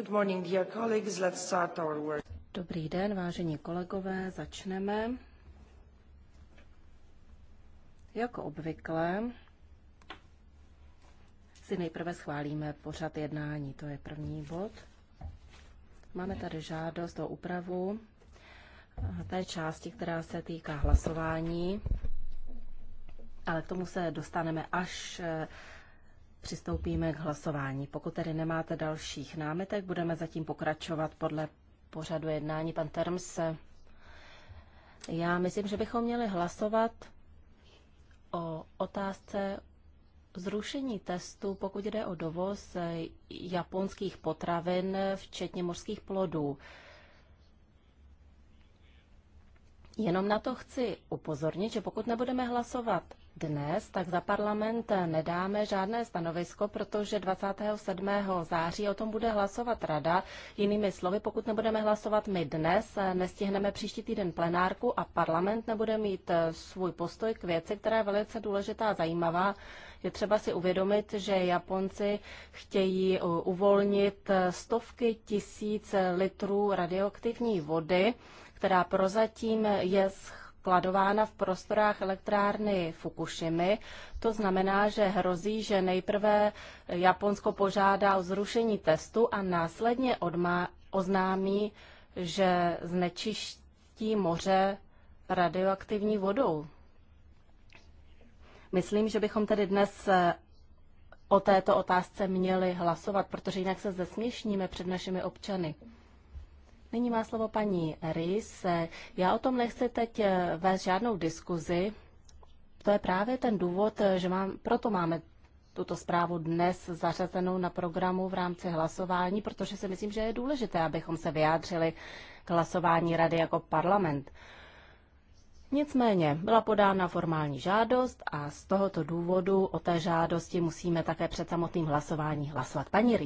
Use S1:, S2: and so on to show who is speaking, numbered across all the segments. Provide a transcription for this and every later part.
S1: Good morning, dear colleagues. Let's start our work.
S2: Dobrý den, vážení kolegové, začneme. Jako obvykle si nejprve schválíme pořad jednání, to je první bod. Máme tady žádost o úpravu té části, která se týká hlasování, ale k tomu se dostaneme až přistoupíme k hlasování. Pokud tedy nemáte dalších námitek, budeme zatím pokračovat podle pořadu jednání. Pan Terms, já myslím, že bychom měli hlasovat o otázce zrušení testu, pokud jde o dovoz japonských potravin, včetně mořských plodů. Jenom na to chci upozornit, že pokud nebudeme hlasovat dnes, tak za parlament nedáme žádné stanovisko, protože 27. září o tom bude hlasovat rada. Jinými slovy, pokud nebudeme hlasovat my dnes, nestihneme příští týden plenárku a parlament nebude mít eh, svůj postoj k věci, která je velice důležitá a zajímavá. Je třeba si uvědomit, že Japonci chtějí eh, uvolnit eh, stovky tisíc litrů radioaktivní vody, která prozatím je schválená skladována v prostorách elektrárny Fukushima. To znamená, že hrozí, že nejprve Japonsko požádá o zrušení testu a následně odma- oznámí, že znečiští moře radioaktivní vodou. Myslím, že bychom tedy dnes eh, o této otázce měli hlasovat, protože jinak se zesměšníme před našimi občany. Nyní má slovo paní Rys. Já o tom nechci teď eh, vést žádnou diskuzi. To je právě ten důvod, eh, že mám, proto máme tuto zprávu dnes zařazenou na programu v rámci hlasování, protože si myslím, že je důležité, abychom se vyjádřili k hlasování rady jako parlament. Nicméně byla podána formální žádost a z tohoto důvodu o té žádosti musíme také před samotným hlasování hlasovat. Paní Je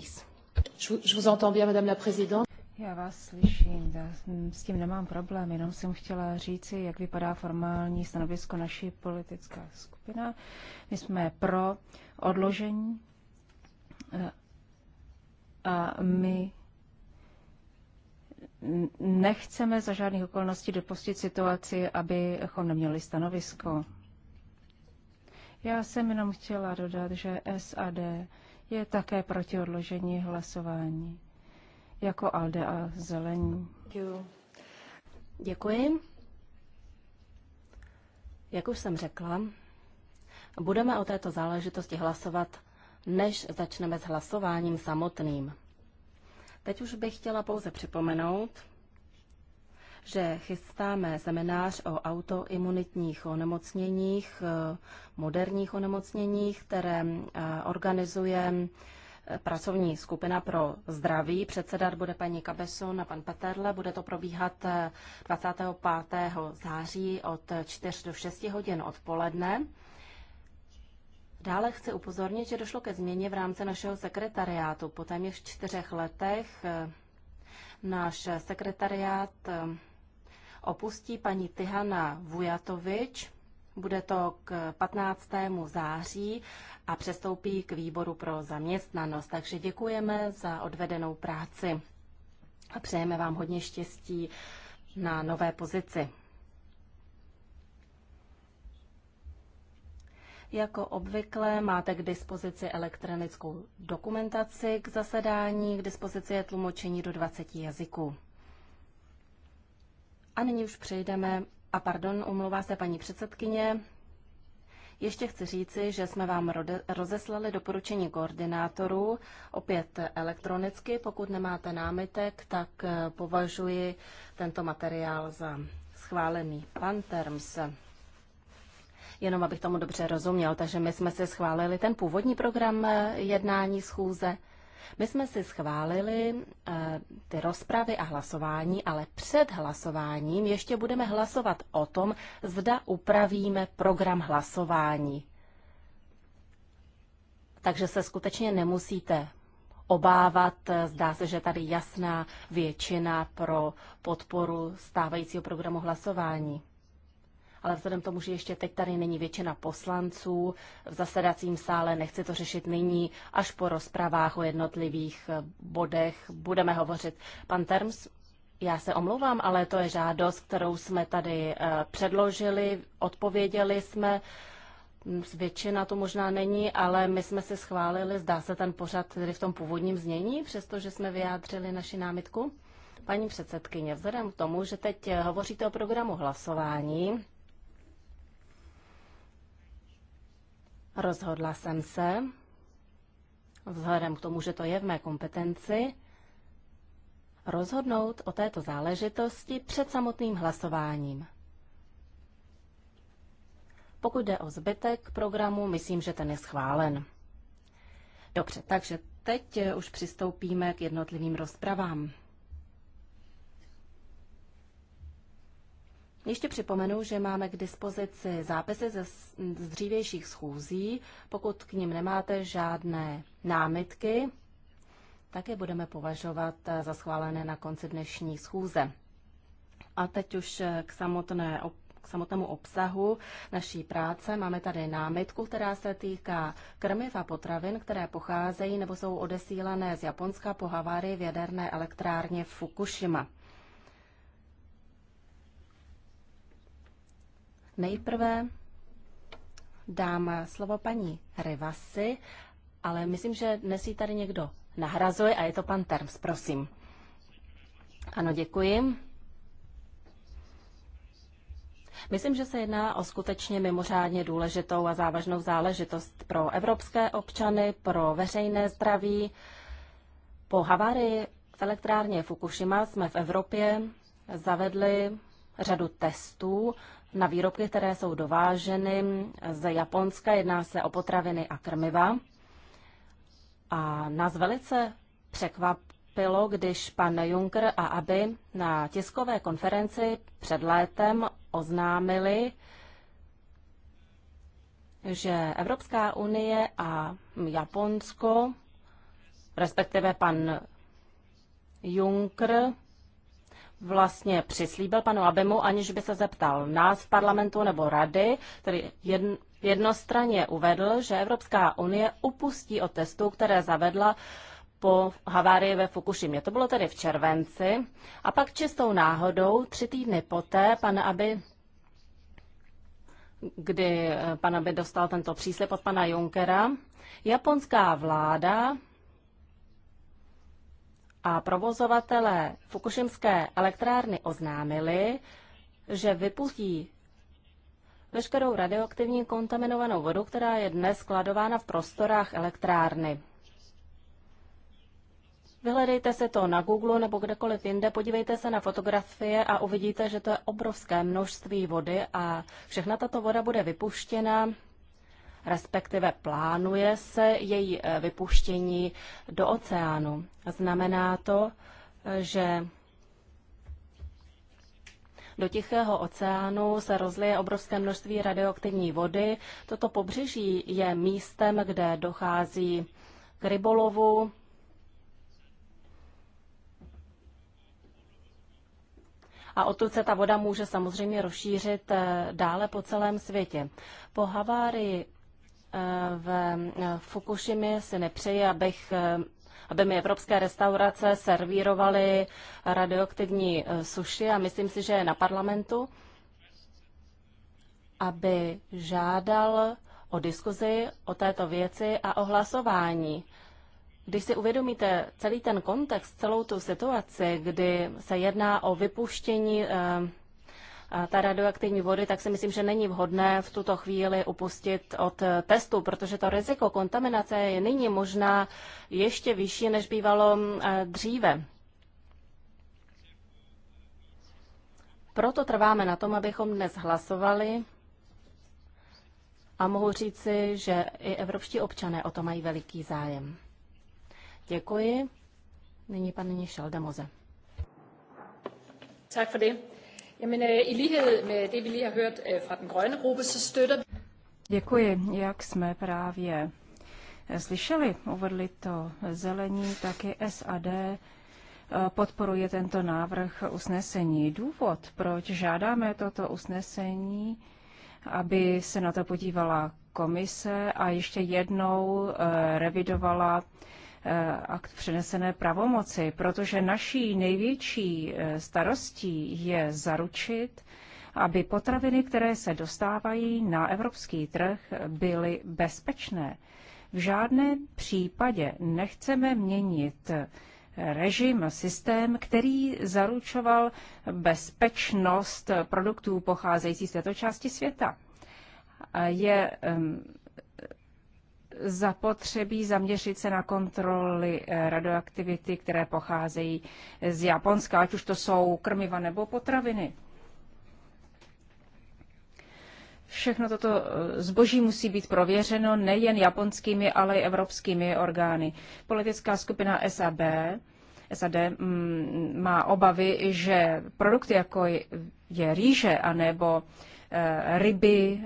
S3: présidente. Já vás slyším, já s tím nemám problém, jenom jsem chtěla říci, jak vypadá formální stanovisko naší politická skupina. My jsme pro odložení eh, a my nechceme za žádných okolností dopustit situaci, abychom neměli stanovisko. Já jsem jenom chtěla dodat, že SAD je také proti odložení hlasování jako ALDE a Zelení. Děkuji.
S2: Jak už jsem řekla, budeme o této záležitosti hlasovat, než začneme s hlasováním samotným. Teď už bych chtěla pouze připomenout, že chystáme seminář o autoimunitních onemocněních, eh, moderních onemocněních, které eh, organizuje pracovní skupina pro zdraví. Předsedat bude paní Kabesun a pan Peterle. Bude to probíhat 25. září od 4 do 6 hodin odpoledne. Dále chci upozornit, že došlo ke změně v rámci našeho sekretariátu. Po téměř čtyřech letech eh, náš sekretariát eh, opustí paní Tihana Vujatovič, bude to k 15. září a přestoupí k výboru pro zaměstnanost. Takže děkujeme za odvedenou práci a přejeme vám hodně štěstí na nové pozici. Jako obvykle máte k dispozici elektronickou dokumentaci k zasedání, k dispozici je tlumočení do 20 jazyků. A nyní už přejdeme a pardon, umluvá se paní předsedkyně. Ještě chci říci, že jsme vám rozeslali doporučení koordinátorů opět elektronicky. Pokud nemáte námitek, tak eh, považuji tento materiál za schválený. Pan Terms, jenom abych tomu dobře rozuměl, takže my jsme si schválili ten původní program eh, jednání schůze my jsme si schválili eh, ty rozpravy a hlasování, ale před hlasováním ještě budeme hlasovat o tom, zda upravíme program hlasování. Takže se skutečně nemusíte obávat. Eh, zdá se, že tady jasná většina pro podporu stávajícího programu hlasování ale vzhledem tomu, že ještě teď tady není většina poslanců v zasedacím sále, nechci to řešit nyní, až po rozpravách o jednotlivých eh, bodech budeme hovořit. Pan Terms, já se omlouvám, ale to je žádost, kterou jsme tady eh, předložili, odpověděli jsme. Mm, většina to možná není, ale my jsme si schválili, zdá se ten pořad tedy v tom původním znění, přestože jsme vyjádřili naši námitku. Paní předsedkyně, vzhledem k tomu, že teď eh, hovoříte o programu hlasování, Rozhodla jsem se, vzhledem k tomu, že to je v mé kompetenci, rozhodnout o této záležitosti před samotným hlasováním. Pokud jde o zbytek programu, myslím, že ten je schválen. Dobře, takže teď už přistoupíme k jednotlivým rozpravám. Ještě připomenu, že máme k dispozici zápisy ze, z dřívějších schůzí. Pokud k ním nemáte žádné námitky, tak je budeme považovat eh, za schválené na konci dnešní schůze. A teď už eh, k, samotné, k samotnému obsahu naší práce. Máme tady námitku, která se týká krmiv a potravin, které pocházejí nebo jsou odesílané z Japonska po havárii v jaderné elektrárně Fukushima. Nejprve dám slovo paní Rivasi, ale myslím, že dnes ji tady někdo nahrazuje a je to pan Terms, prosím. Ano, děkuji. Myslím, že se jedná o skutečně mimořádně důležitou a závažnou záležitost pro evropské občany, pro veřejné zdraví. Po havárii v elektrárně Fukushima jsme v Evropě zavedli řadu testů na výrobky, které jsou dováženy z Japonska. Jedná se o potraviny a krmiva. A nás velice překvapilo, když pan Juncker a Aby na tiskové konferenci před létem oznámili, že Evropská unie a Japonsko, respektive pan Juncker, vlastně přislíbil panu Abemu, aniž by se zeptal nás v parlamentu nebo rady, tedy jedn, jednostranně uvedl, že Evropská unie upustí od testů, které zavedla po havárii ve Fukušimě. To bylo tedy v červenci. A pak čistou náhodou, tři týdny poté, pan Aby kdy pan Aby dostal tento příslip od pana Junkera, japonská vláda a provozovatelé Fukušimské elektrárny oznámili, že vypustí veškerou radioaktivní kontaminovanou vodu, která je dnes skladována v prostorách elektrárny. Vyhledejte se to na Google nebo kdekoliv jinde, podívejte se na fotografie a uvidíte, že to je obrovské množství vody a všechna tato voda bude vypuštěna respektive plánuje se její eh, vypuštění do oceánu. Znamená to, eh, že do Tichého oceánu se rozlije obrovské množství radioaktivní vody. Toto pobřeží je místem, kde dochází k rybolovu, a odtud se ta voda může samozřejmě rozšířit eh, dále po celém světě. Po havárii v eh, Fukušimě si nepřeji, abych eh, aby mi evropské restaurace servírovaly radioaktivní eh, suši a myslím si, že je na parlamentu, aby žádal o diskuzi o této věci a o hlasování. Když si uvědomíte celý ten kontext, celou tu situaci, kdy se jedná o vypuštění ta radioaktivní vody, tak si myslím, že není vhodné v tuto chvíli upustit od eh, testu, protože to riziko kontaminace je nyní možná ještě vyšší, než bývalo mm, eh, dříve. Proto trváme na tom, abychom dnes hlasovali a mohu říci, že i evropští občané o to mají veliký zájem. Děkuji. Nyní pan Nišel
S3: Demoze. Tak for Jamen, øh, i lighed med det, vi lige har hørt øh, fra den grønne gruppe, så støtter vi... Děkuji. Jak jsme právě eh, slyšeli, uvedli to zelení, taky SAD eh, podporuje tento návrh usnesení. Důvod, proč žádáme toto usnesení, aby se na to podívala komise a ještě jednou eh, revidovala Eh, akt přenesené pravomoci, protože naší největší eh, starostí je zaručit, aby potraviny, které se dostávají na evropský trh, byly bezpečné. V žádném případě nechceme měnit eh, režim, systém, který zaručoval bezpečnost produktů pocházející z této části světa. Je zapotřebí zaměřit se na kontroly eh, radioaktivity, které pocházejí z Japonska, ať už to jsou krmiva nebo potraviny. Všechno toto eh, zboží musí být prověřeno nejen japonskými, ale i evropskými orgány. Politická skupina SAB SAD mm, má obavy, že produkty jako je rýže anebo eh, ryby,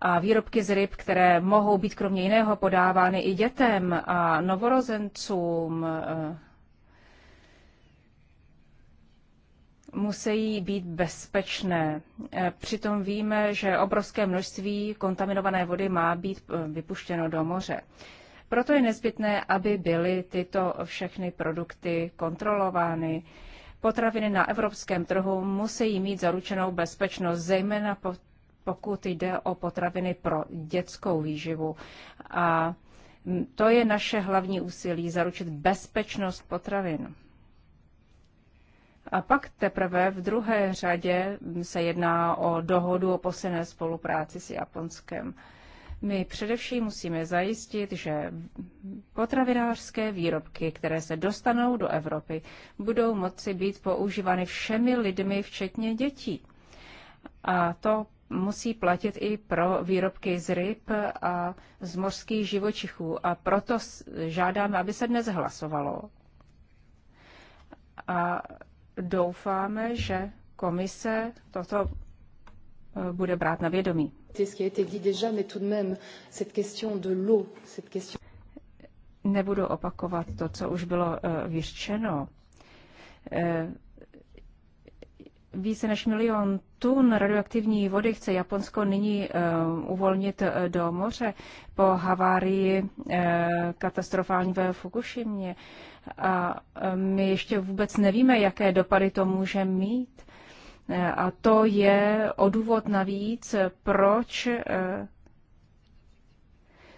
S3: a výrobky z ryb, které mohou být kromě jiného podávány i dětem a novorozencům, eh, musí být bezpečné. Eh, přitom víme, že obrovské množství kontaminované vody má být eh, vypuštěno do moře. Proto je nezbytné, aby byly tyto všechny produkty kontrolovány. Potraviny na evropském trhu musí mít zaručenou bezpečnost, zejména pokud jde o potraviny pro dětskou výživu. A to je naše hlavní úsilí zaručit bezpečnost potravin. A pak teprve v druhé řadě se jedná o dohodu o posilné spolupráci s Japonskem. My především musíme zajistit, že potravinářské výrobky, které se dostanou do Evropy, budou moci být používány všemi lidmi, včetně dětí. A to musí platit i pro výrobky z ryb a z mořských živočichů. A proto žádáme, aby se dnes hlasovalo. A doufáme, že komise toto eh, bude brát na vědomí. Nebudu opakovat to, co už bylo eh, vyřčeno eh, více než milion tun radioaktivní vody chce Japonsko nyní uh, uvolnit eh, do moře po havárii uh, katastrofální ve Fukushimě. A my ještě vůbec nevíme, jaké dopady to může mít. Uh, a to je důvod navíc, proč uh,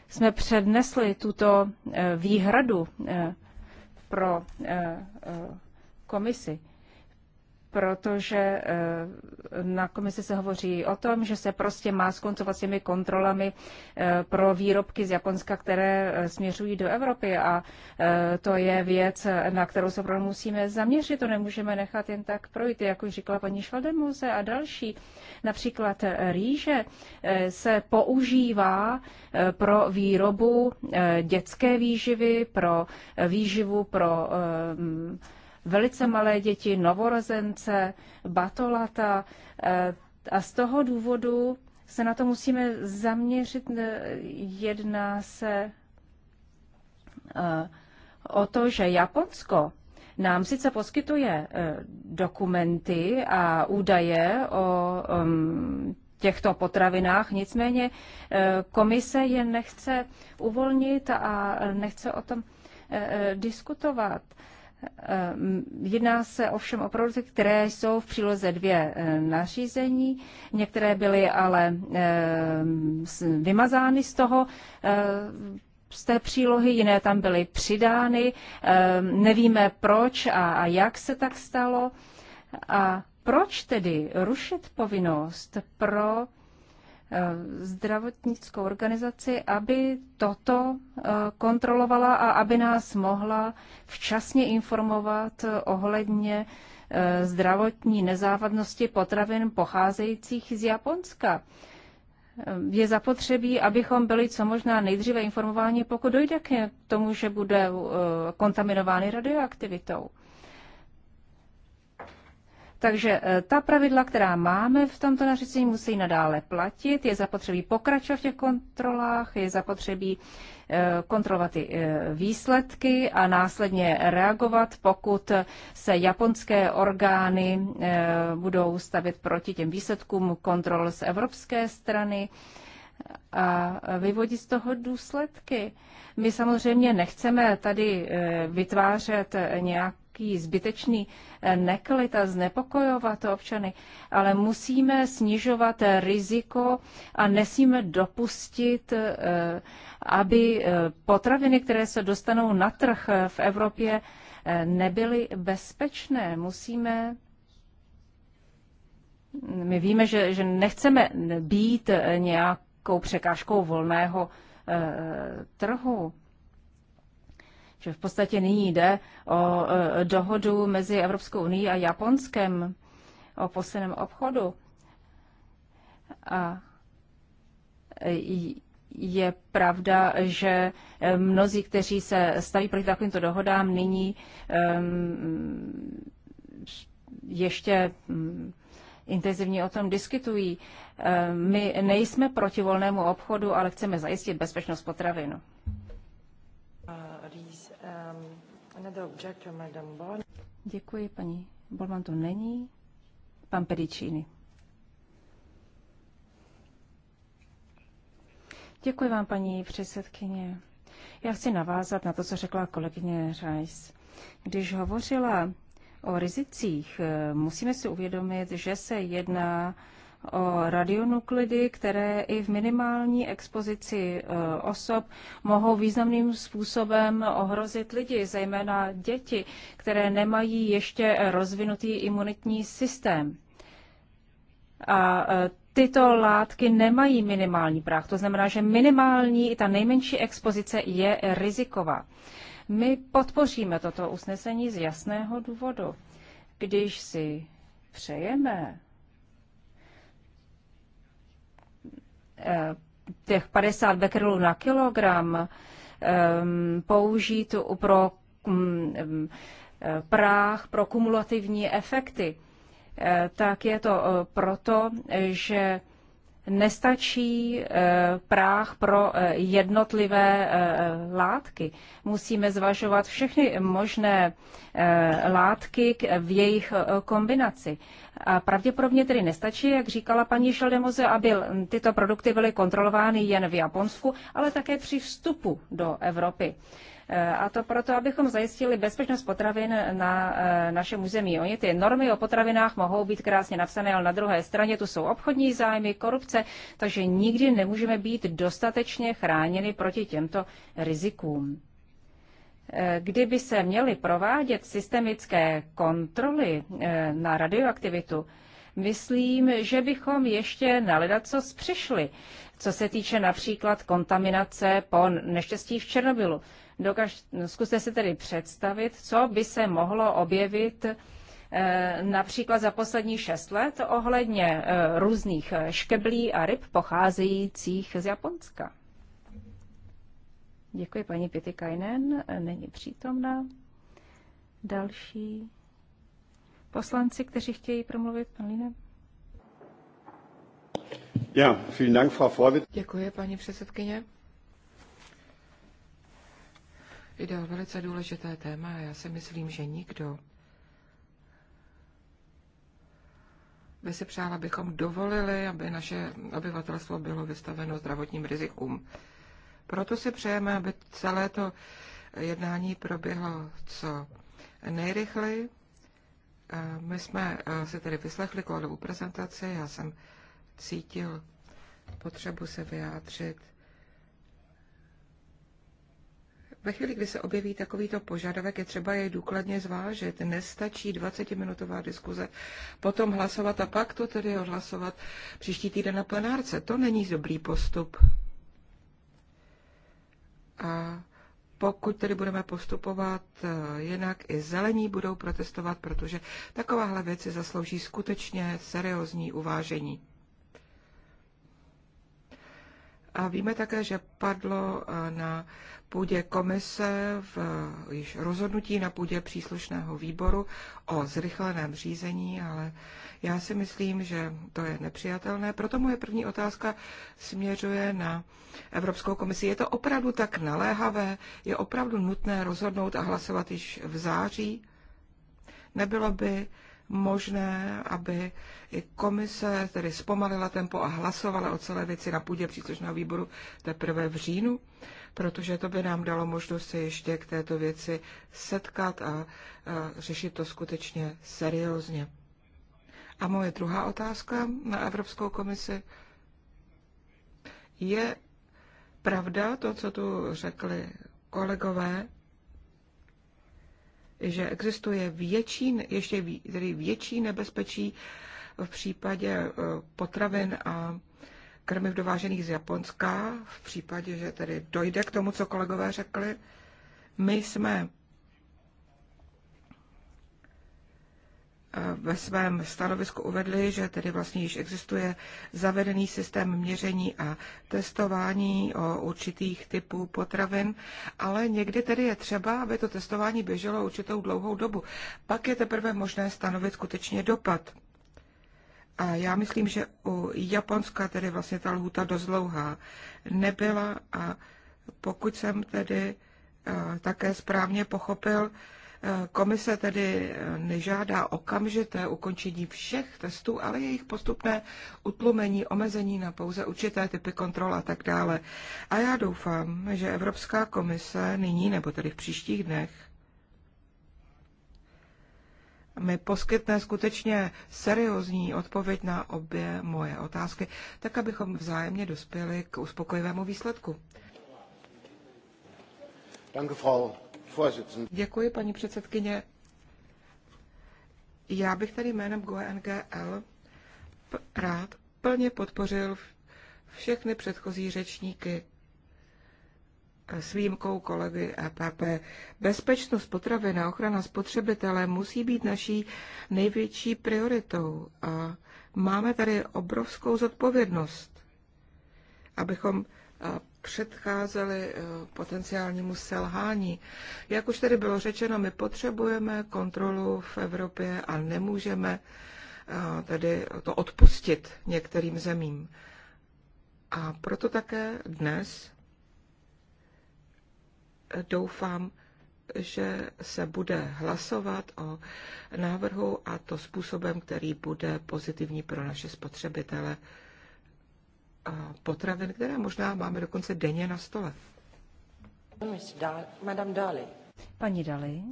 S3: jsme přednesli tuto výhradu pro komisi protože eh, na komisi se hovoří o tom, že se prostě má skoncovat s těmi kontrolami eh, pro výrobky z Japonska, které eh, směřují do Evropy a to je věc, na kterou se opravdu musíme zaměřit, to nemůžeme nechat jen tak projít, jak už říkala paní Švaldemuse a další. Například rýže se používá pro výrobu dětské výživy, pro výživu pro velice malé děti, novorozence, batolata. Eh, a z toho důvodu se na to musíme zaměřit. Eh, jedná se eh, o to, že Japonsko nám sice poskytuje dokumenty a údaje o mm, těchto potravinách, nicméně komise je nechce uvolnit a nechce o tom diskutovat. Eh, jedná se ovšem o produkty, které jsou v příloze dvě eh, nařízení. Některé byly ale eh, vymazány z toho z té přílohy, jiné tam byly přidány. Nevíme proč a jak se tak stalo. A proč tedy rušit povinnost pro zdravotnickou organizaci, aby toto eh, kontrolovala a aby nás mohla včasně informovat ohledně eh, zdravotní nezávadnosti potravin pocházejících z Japonska. Eh, je zapotřebí, abychom byli co možná nejdříve informováni, pokud dojde k tomu, že bude kontaminovány radioaktivitou. Takže eh, ta pravidla, která máme v tomto nařízení, musí nadále platit. Je zapotřebí pokračovat v těch kontrolách, je zapotřebí eh, kontrolovat ty eh, výsledky a následně reagovat, pokud se japonské orgány budou stavit proti těm výsledkům kontrol z evropské strany a vyvodí z toho důsledky. My samozřejmě nechceme tady vytvářet nějak nějaký zbytečný eh, neklid a znepokojovat občany, ale musíme snižovat riziko a nesmíme dopustit, eh, aby eh, potraviny, které se dostanou na trh v Evropě, nebyly bezpečné. Musíme my víme, že, že nechceme být nějakou překážkou volného trhu že v podstatě nyní jde o e, dohodu mezi Evropskou unii a Japonskem o posilném obchodu. A je pravda, že e, mnozí, kteří se staví proti takovýmto dohodám, nyní um, ještě intenzivně o tom diskutují. my nejsme proti volnému obchodu, ale chceme zajistit bezpečnost potravin. Uh, Děkuji, paní Bolman to není. Pan Pedicini. Děkuji vám, paní předsedkyně. Já chci navázat na to, co řekla kolegyně Reis. Když hovořila o rizicích, eh, musíme si uvědomit, že se jedná o radionuklidy, které i v minimální expozici e, osob mohou významným způsobem ohrozit lidi, zejména děti, které nemají ještě rozvinutý imunitní systém. A e, tyto látky nemají minimální práh. To znamená, že minimální i ta nejmenší expozice je riziková. My podpoříme toto usnesení z jasného důvodu. Když si přejeme Eh, těch 50 bekerů na kilogram ehm, použít pro ehm, práh pro kumulativní efekty, eh, tak je to eh, proto, že nestačí eh, práh pro eh, jednotlivé eh, látky. Musíme zvažovat všechny možné látky v jejich kombinaci. A pravděpodobně tedy nestačí, jak říkala paní Šeldemoze, aby tyto produkty byly kontrolovány jen v Japonsku, ale také při vstupu do Evropy. A to proto, abychom zajistili bezpečnost potravin na e, našem území. Oni ty normy o potravinách mohou být krásně napsané, ale na druhé straně tu jsou obchodní zájmy, korupce, takže nikdy nemůžeme být dostatečně chráněni proti těmto rizikům. E, kdyby se měly provádět systemické kontroly e, na radioaktivitu, myslím, že bychom ještě na co přišli, co se týče například kontaminace po neštěstí v Černobylu. Dokaž, zkuste si tedy představit, co by se mohlo objevit eh, například za poslední šest let ohledně eh, různých škeblí a ryb pocházejících z Japonska. Děkuji paní Pitikainen, není přítomna. Další poslanci, kteří chtějí promluvit, pan Línem.
S2: vielen Dank, Frau
S1: Děkuji, paní předsedkyně. Jde o velice důležité téma a já si myslím, že nikdo by si přála, abychom dovolili, aby naše obyvatelstvo bylo vystaveno zdravotním rizikům. Proto si přejeme, aby celé to jednání proběhlo co nejrychleji. My jsme si tedy vyslechli kolovou prezentaci, já jsem cítil potřebu se vyjádřit Ve chvíli, kdy se objeví takovýto požadavek, je třeba jej důkladně zvážit. Nestačí 20-minutová diskuze, potom hlasovat a pak to tedy odhlasovat příští týden na plenárce. To není dobrý postup. A pokud tedy budeme postupovat eh, jinak, i zelení budou protestovat, protože takováhle věci zaslouží skutečně seriózní uvážení. A víme také, že padlo eh, na půdě komise v eh, již rozhodnutí na půdě příslušného výboru o zrychleném řízení, ale já si myslím, že to je nepřijatelné. Proto moje první otázka směřuje na Evropskou komisi. Je to opravdu tak naléhavé? Je opravdu nutné rozhodnout a hlasovat již v září? Nebylo by možné, aby i komise tedy zpomalila tempo a hlasovala o celé věci na půdě příslušného výboru teprve v říjnu, protože to by nám dalo možnost se ještě k této věci setkat a, a řešit to skutečně seriózně. A moje druhá otázka na Evropskou komisi je pravda to, co tu řekli kolegové, že existuje větší, ještě tedy větší nebezpečí v případě eh, potravin a krmiv dovážených z Japonska, v případě, že tedy dojde k tomu, co kolegové řekli. My jsme Eh, ve svém stanovisku uvedli, že tedy vlastně již existuje zavedený systém měření a testování o určitých typů potravin, ale někdy tedy je třeba, aby to testování běželo určitou dlouhou dobu. Pak je teprve možné stanovit skutečně dopad. A já myslím, že u Japonska tedy vlastně ta lhůta dost dlouhá nebyla a pokud jsem tedy eh, také správně pochopil, Komise tedy eh, nežádá okamžité ukončení všech testů, ale jejich postupné utlumení, omezení na pouze určité typy kontrol a tak dále. A já doufám, že Evropská komise nyní, nebo tedy v příštích dnech, mi poskytne skutečně seriózní odpověď na obě moje otázky, tak abychom vzájemně dospěli k uspokojivému výsledku. Danke, Frau Děkuji, paní předsedkyně. Já bych tady jménem GoNGL e rád plně podpořil všechny předchozí řečníky s výjimkou kolegy EPP. Bezpečnost potravin a ochrana spotřebitele musí být naší největší prioritou a máme tady obrovskou zodpovědnost, abychom předcházeli eh, potenciálnímu selhání. Jak už tedy bylo řečeno, my potřebujeme kontrolu v Evropě a nemůžeme eh, tedy to odpustit některým zemím. A proto také dnes eh, doufám, že se bude hlasovat o návrhu a to způsobem, který bude pozitivní pro naše spotřebitele potravin, které možná máme dokonce denně na stole. Madame Dali. Paní Dali.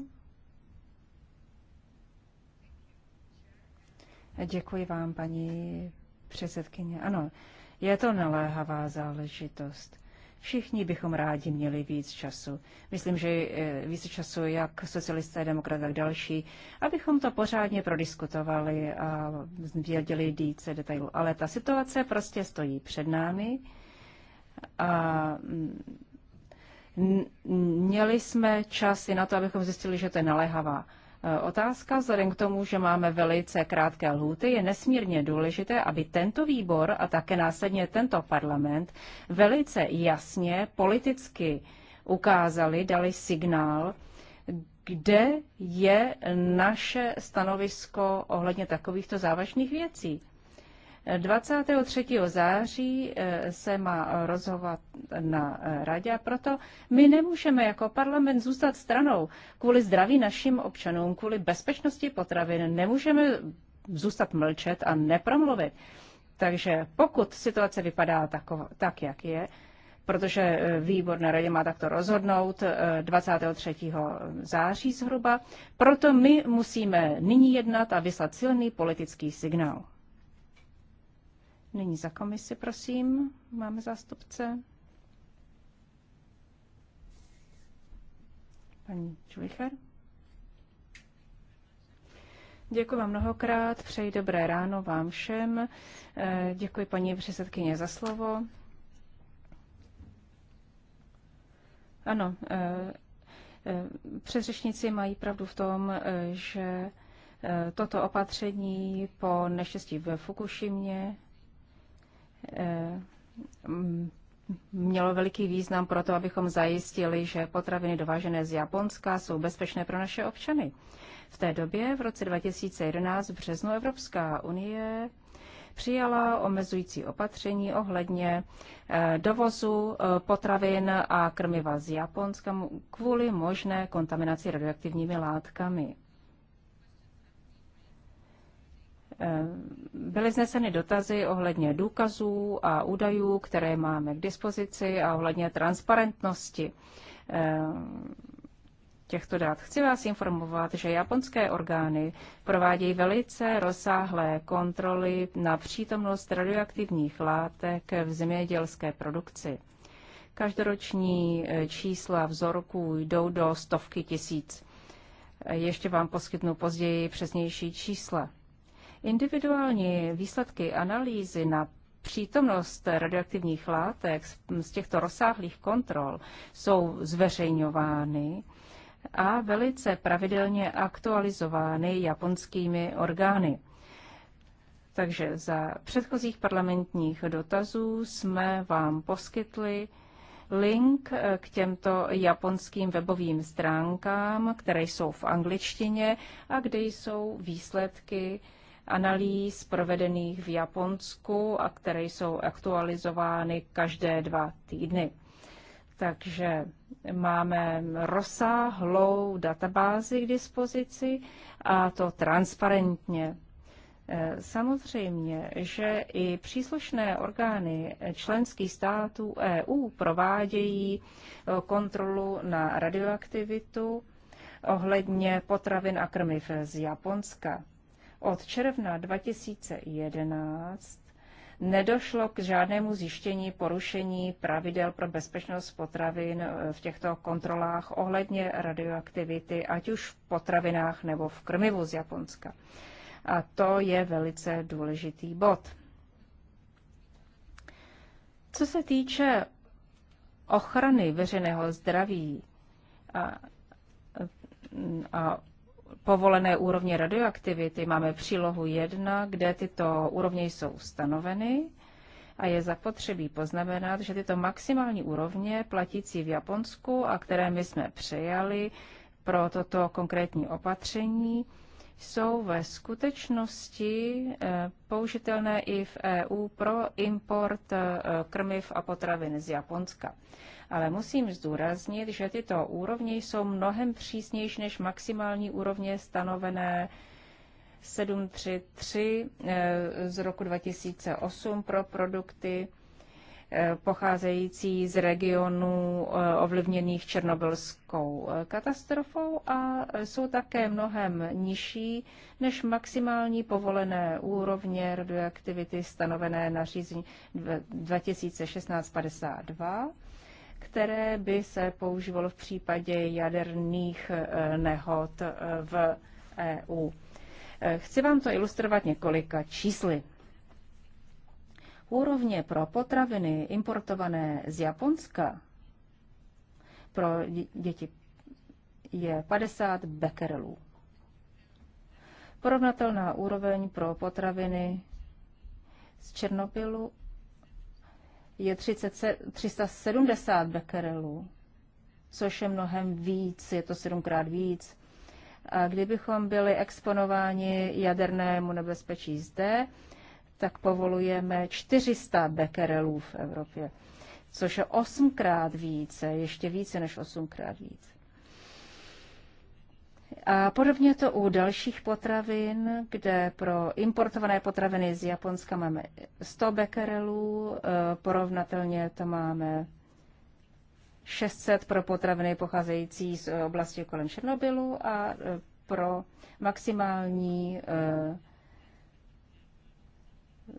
S3: Děkuji vám, paní předsedkyně. Ano, je to naléhavá záležitost. Všichni bychom rádi měli víc času. Myslím, že eh, víc času jak socialisté, demokraté, tak další, abychom to pořádně prodiskutovali a věděli více detailů. Ale ta situace prostě stojí před námi a mm, měli jsme čas i na to, abychom zjistili, že to je naléhavá otázka. Vzhledem k tomu, že máme velice krátké lhůty, je nesmírně důležité, aby tento výbor a také následně tento parlament velice jasně politicky ukázali, dali signál, kde je naše stanovisko ohledně takovýchto závažných věcí. 23. září eh, se má rozhovat na eh, radě a proto my nemůžeme jako parlament zůstat stranou. Kvůli zdraví našim občanům, kvůli bezpečnosti potravin nemůžeme zůstat mlčet a nepromluvit. Takže pokud situace vypadá tako, tak, jak je, protože eh, výbor na radě má takto rozhodnout 23. září zhruba. Proto my musíme nyní jednat a vyslat silný politický signál. Nyní za komisi, prosím. Máme zástupce. Paní Čulicher. Děkuji vám mnohokrát, přeji dobré ráno vám všem. Eh, děkuji paní předsedkyně za slovo. Ano, eh, eh, předřečníci mají pravdu v tom, že toto opatření po neštěstí ve Fukušimě Eh, mm, mělo veliký význam pro to, abychom zajistili, že potraviny dovážené z Japonska jsou bezpečné pro naše občany. V té době, v roce 2011 v březnu, Evropská unie přijala omezující opatření ohledně eh, dovozu eh, potravin a krmiva z Japonska kvůli možné kontaminaci radioaktivními látkami. Eh, byly vzneseny dotazy ohledně důkazů a údajů, které máme k dispozici a ohledně transparentnosti eh, těchto dat. Chci vás informovat, že japonské orgány provádějí velice rozsáhlé kontroly na přítomnost radioaktivních látek v zemědělské produkci. Každoroční eh, čísla vzorků jdou do stovky tisíc. Ještě vám poskytnu později přesnější čísla. Individuální výsledky analýzy na přítomnost radioaktivních látek z těchto rozsáhlých kontrol jsou zveřejňovány a velice pravidelně aktualizovány japonskými orgány. Takže za předchozích parlamentních dotazů jsme vám poskytli link k těmto japonským webovým stránkám, které jsou v angličtině a kde jsou výsledky analýz provedených v Japonsku a které jsou aktualizovány každé dva týdny. Takže máme rozsáhlou databázi k dispozici a to transparentně. Eh, samozřejmě, že i příslušné orgány členských států EU provádějí eh, kontrolu na radioaktivitu ohledně potravin a krmiv z Japonska od června 2011 nedošlo k žádnému zjištění porušení pravidel pro bezpečnost potravin eh, v těchto kontrolách ohledně radioaktivity, ať už v potravinách nebo v krmivu z Japonska. A to je velice důležitý bod. Co se týče ochrany veřejného zdraví a, a povolené úrovně radioaktivity. Máme přílohu 1, kde tyto úrovně jsou stanoveny a je zapotřebí poznamenat, že tyto maximální úrovně platící v Japonsku a které my jsme přejali pro toto konkrétní opatření, jsou ve skutečnosti eh, použitelné i v EU pro import eh, krmiv a potravin z Japonska ale musím zdůraznit, že tyto úrovně jsou mnohem přísnější než maximální úrovně stanovené 733 eh, z roku 2008 pro produkty eh, pocházející z regionů eh, ovlivněných černobylskou katastrofou a jsou také mnohem nižší než maximální povolené úrovně radioaktivity stanovené nařízení 2016-52 které by se používalo v případě jaderných eh, nehod eh, v EU. Eh, chci vám to ilustrovat několika čísly. Úrovně pro potraviny importované z Japonska pro děti je 50 bekerelů. Porovnatelná úroveň pro potraviny z Černobylu je 30, 370 bekerelů, což je mnohem víc, je to sedmkrát víc. A kdybychom byli exponováni jadernému nebezpečí zde, tak povolujeme 400 bekerelů v Evropě, což je osmkrát více, ještě více než osmkrát více. A podobně to u dalších potravin, kde pro importované potraviny z Japonska máme 100 bekerelů, e, porovnatelně to máme 600 pro potraviny pocházející z oblasti kolem Černobylu a e, pro maximální e,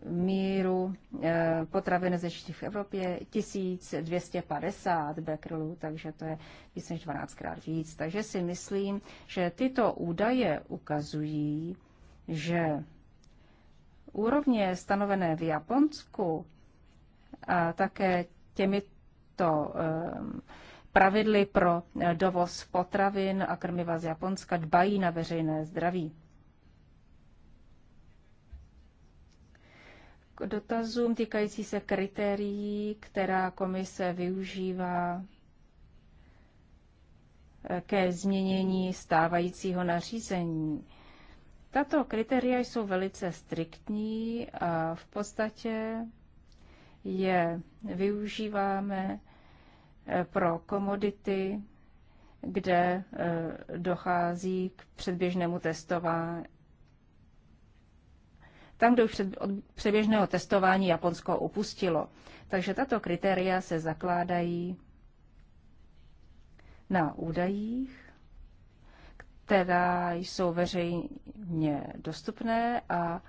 S3: míru eh, potravin ze v Evropě 1250 bekrylů, takže to je víc než 12 krát víc. Takže si myslím, že tyto údaje ukazují, že úrovně stanovené v Japonsku a také těmito eh, pravidly pro eh, dovoz potravin a krmiva z Japonska dbají na veřejné zdraví. k dotazům týkající se kritérií, která komise využívá eh, ke změnění stávajícího nařízení. Tato kritéria jsou velice striktní a v podstatě je využíváme eh, pro komodity, kde eh, dochází k předběžnému testování tam, kde už před, od předběžného testování Japonsko upustilo. Takže tato kritéria se zakládají na údajích, která jsou veřejně dostupné a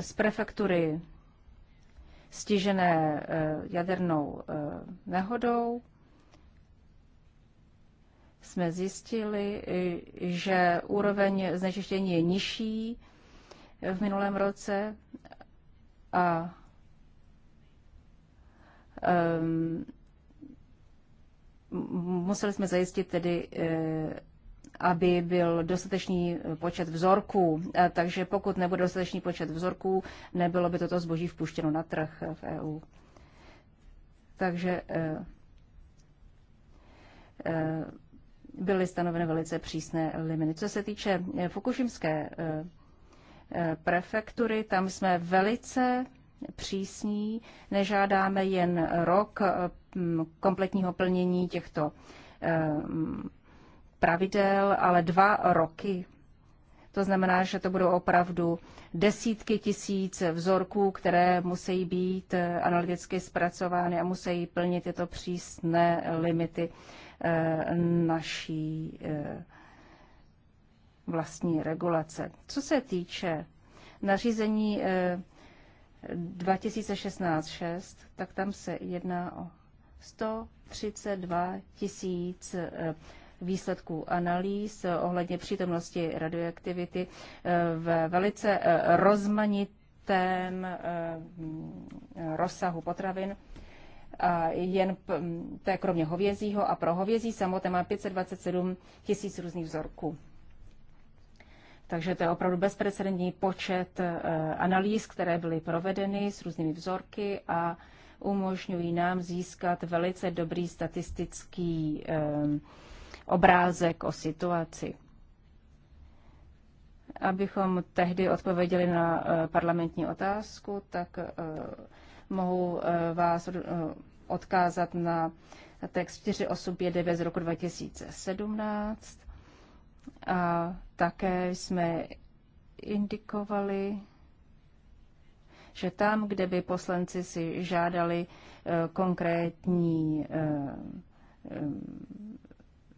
S3: z prefektury stižené eh, jadernou eh, nehodou jsme zjistili, eh, že úroveň znečištění je nižší v minulém roce a um, museli jsme zajistit tedy, eh, aby byl dostatečný počet vzorků. Takže pokud nebude dostatečný počet vzorků, nebylo by toto zboží vpuštěno na trh v EU. Takže eh, eh, byly stanoveny velice přísné limity. Co se týče fukušimské Eh, prefektury. Tam jsme velice přísní, nežádáme jen rok eh, kompletního plnění těchto eh, pravidel, ale dva roky. To znamená, že to budou opravdu desítky tisíc vzorků, které musí být analyticky zpracovány a musí plnit tyto přísné limity naší vlastní regulace. Co se týče nařízení 2016-6, eh, tak tam se jedná o 132 tisíc eh, výsledků analýz ohledně přítomnosti radioaktivity eh, v velice rozmanitém mm, rozsahu potravin. A jen, mm, to je kromě hovězího a pro hovězí samotné má 527 tisíc různých vzorků. Takže to je opravdu bezprecedentní počet eh, analýz, které byly provedeny s různými vzorky a umožňují nám získat velice dobrý statistický eh, obrázek o situaci. Abychom tehdy odpověděli na eh, parlamentní otázku, tak mohu vás odkázat na text 4859 z roku 2017. A také jsme indikovali, že tam, kde by poslanci si žádali eh, konkrétní eh, eh,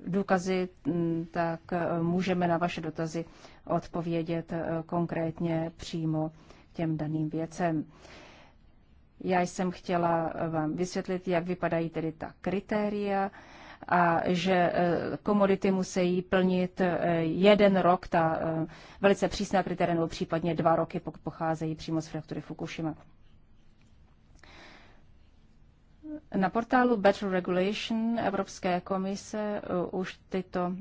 S3: důkazy, mm, tak můžeme na vaše dotazy odpovědět konkrétně přímo těm daným věcem. Já jsem chtěla vám vysvětlit, jak vypadají tedy ta kritéria, a že e, komodity musí plnit e, jeden rok, ta e, velice přísná kritéria, nebo případně dva roky, pokud pocházejí přímo z fraktury Fukushima. Na portálu Better Regulation Evropské komise už tyto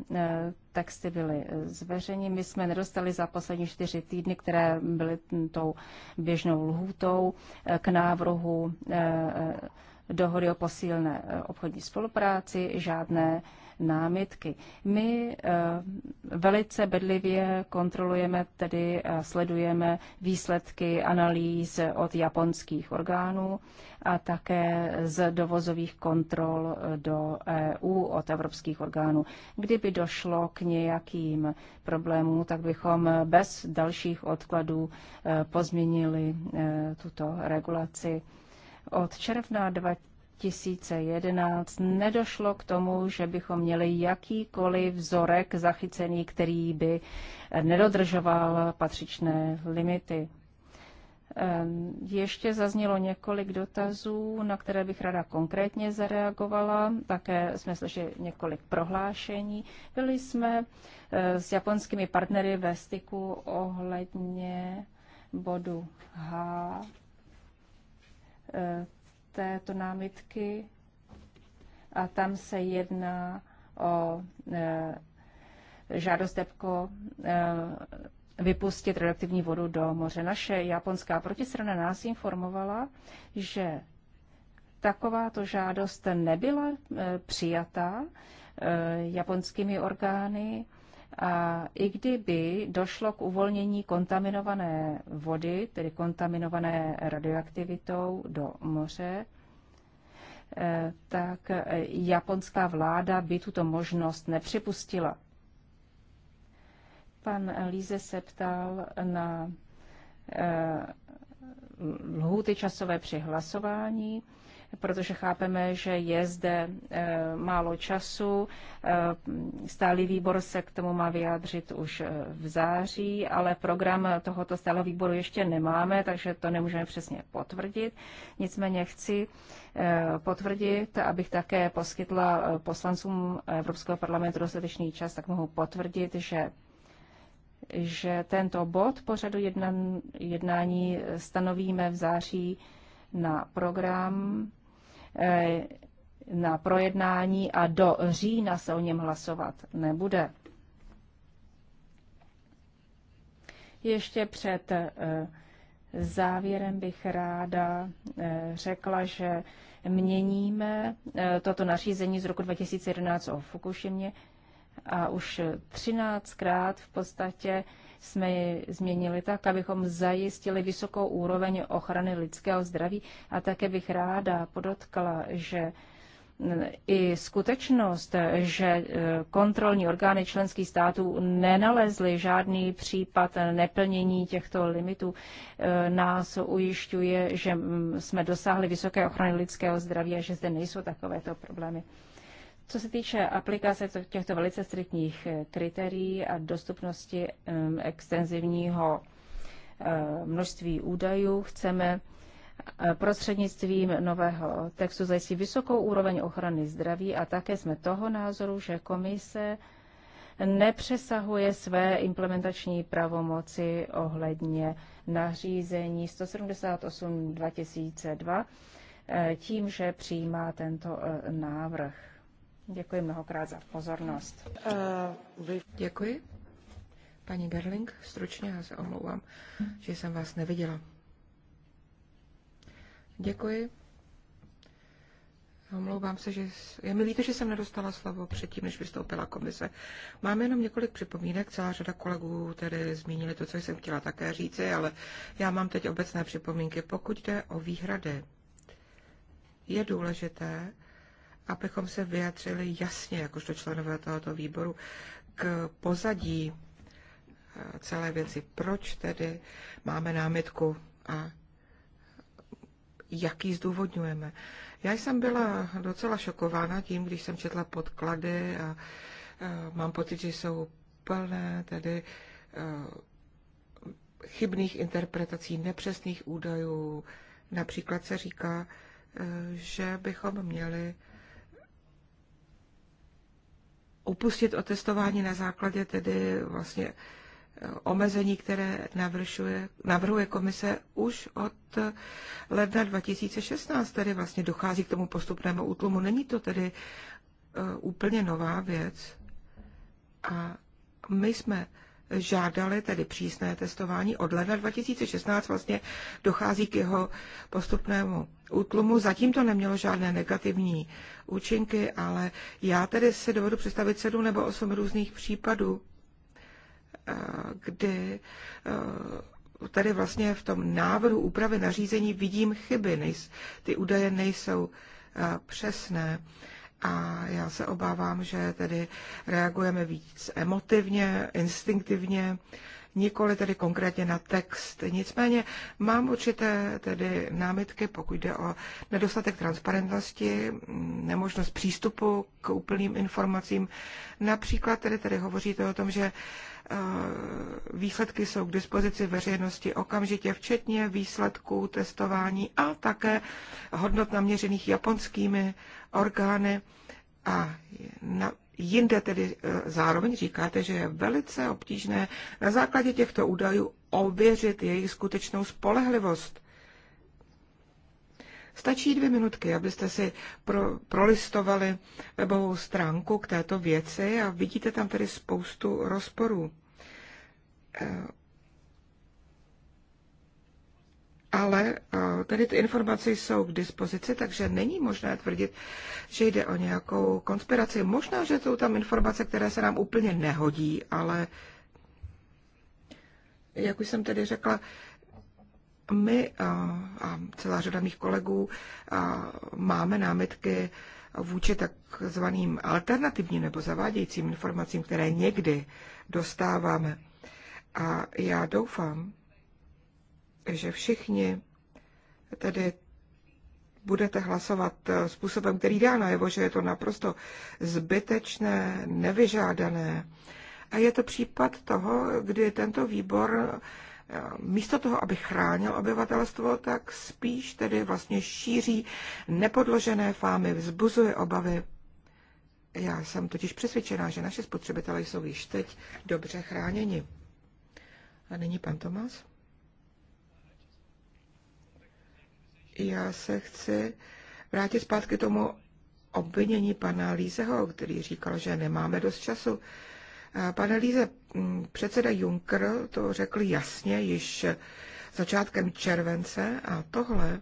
S3: texty byly zveřejněny. My jsme nedostali za poslední čtyři týdny, které byly tou běžnou lhůtou k návrhu dohody o posílné eh, obchodní spolupráci, žádné námitky. My eh, velice bedlivě kontrolujeme, tedy eh, sledujeme výsledky analýz od japonských orgánů a také z dovozových kontrol do EU od evropských orgánů. Kdyby došlo k nějakým problémům, tak bychom bez dalších odkladů pozměnili tuto regulaci. Od června 2011 nedošlo k tomu, že bychom měli jakýkoliv vzorek zachycený, který by nedodržoval patřičné limity. Ehm, ještě zaznělo několik dotazů, na které bych rada konkrétně zareagovala. Také jsme slyšeli několik prohlášení. Byli jsme eh, s japonskými partnery ve styku ohledně bodu H Eh, této námitky a tam se jedná o eh, žádost DEPKO eh, vypustit radioaktivní vodu do moře. Naše japonská protistrana nás informovala, že takováto žádost nebyla přijata japonskými orgány a i kdyby došlo k uvolnění kontaminované vody, tedy kontaminované radioaktivitou do moře, eh, tak eh, japonská vláda by tuto možnost nepřipustila. Pan Líze se ptal na eh, lhůty časové přihlasování protože chápeme, že je zde eh, málo času. Eh, stálý výbor se k tomu má vyjádřit už eh, v září, ale program tohoto stálého výboru ještě nemáme, takže to nemůžeme přesně potvrdit. Nicméně chci potvrdit, abych také poskytla poslancům Evropského parlamentu dostatečný čas, tak mohu potvrdit, že že tento bod pořadu jednání stanovíme v září na program Eh, na projednání a do října se o něm hlasovat nebude. Ještě před eh, závěrem bych ráda eh, řekla, že měníme toto nařízení z roku 2011 o Fukušimě a už 13krát v podstatě jsme ji změnili tak, abychom zajistili vysokou úroveň ochrany lidského zdraví. A také bych ráda podotkla, že eh, i skutečnost, že eh, kontrolní orgány členských států nenalezly žádný případ neplnění těchto limitů, eh, nás ujišťuje, že mm, jsme dosáhli vysoké ochrany lidského zdraví a že zde nejsou takovéto problémy. Co se týče aplikace těchto velice striktních eh, kritérií a dostupnosti ehm, extenzivního eh, množství údajů, chceme eh, prostřednictvím nového textu zajistí vysokou úroveň ochrany zdraví a také jsme toho názoru, že komise nepřesahuje své implementační pravomoci ohledně nařízení 178 2002 tím, že přijímá tento návrh.
S1: Děkuji mnohokrát za pozornost. Děkuji. Paní Gerling, stručně já se omlouvám, že jsem vás neviděla. Děkuji. Omlouvám se, že je mi líto, že jsem nedostala slovo předtím, než vystoupila komise. Mám jenom několik připomínek, celá řada kolegů tedy zmínili to, co jsem chtěla také říci, ale já mám teď obecné připomínky. Pokud jde o výhrady, je důležité, abychom se vyjadřili jasně, jakožto členové tohoto výboru, k pozadí eh, celé věci. Proč tedy máme námitku a jaký zdůvodňujeme. Já jsem byla docela šokována tím, když jsem četla podklady a, a eh, mám pocit, že jsou plné tedy a, eh, chybných interpretací, nepřesných údajů. Například se říká, že bychom měli upustit o testování na základě tedy vlastně e, omezení, které navrhuje komise už od e, ledna 2016, tedy vlastně dochází k tomu postupnému útlumu. Není to tedy e, úplně nová věc. A my jsme žádali tedy přísné testování. Od ledna 2016 vlastně dochází k jeho postupnému útlumu. Zatím to nemělo žádné negativní účinky, ale já tedy si dovedu představit sedm nebo osm různých případů, eh, kdy eh, tady vlastně v tom návrhu úpravy nařízení vidím chyby, ty údaje nejsou eh, přesné a já se obávám, že tedy reagujeme víc emotivně, instinktivně, nikoli tedy konkrétně na text. Nicméně mám určité tedy námitky, pokud jde o nedostatek transparentnosti, nemožnost přístupu k úplným informacím. Například tedy, tady hovoříte o tom, že Eh, výsledky jsou k dispozici veřejnosti okamžitě, včetně výsledků testování a také hodnot naměřených japonskými orgány. A na, jinde tedy eh, zároveň říkáte, že je velice obtížné na základě těchto údajů ověřit jejich skutečnou spolehlivost. Stačí dvě minutky, abyste si pro, prolistovali webovou stránku k této věci a vidíte tam tedy spoustu rozporů. Eh, ale eh, tady ty informace jsou k dispozici, takže není možné tvrdit, že jde o nějakou konspiraci. Možná, že jsou tam informace, které se nám úplně nehodí, ale jak už jsem tedy řekla, my a celá řada mých kolegů máme námitky vůči takzvaným alternativním nebo zavádějícím informacím, které někdy dostáváme. A já doufám, že všichni tedy budete hlasovat způsobem, který dá najevo, že je to naprosto zbytečné, nevyžádané. A je to případ toho, kdy tento výbor místo toho, aby chránil obyvatelstvo, tak spíš tedy vlastně šíří nepodložené fámy, vzbuzuje obavy. Já jsem totiž přesvědčená, že naše spotřebitelé jsou již teď dobře chráněni. A není pan Tomas? Já se chci vrátit zpátky tomu obvinění pana Lízeho, který říkal, že nemáme dost času. Pane Líze, mm, předseda Juncker to řekl jasně již začátkem července a tohle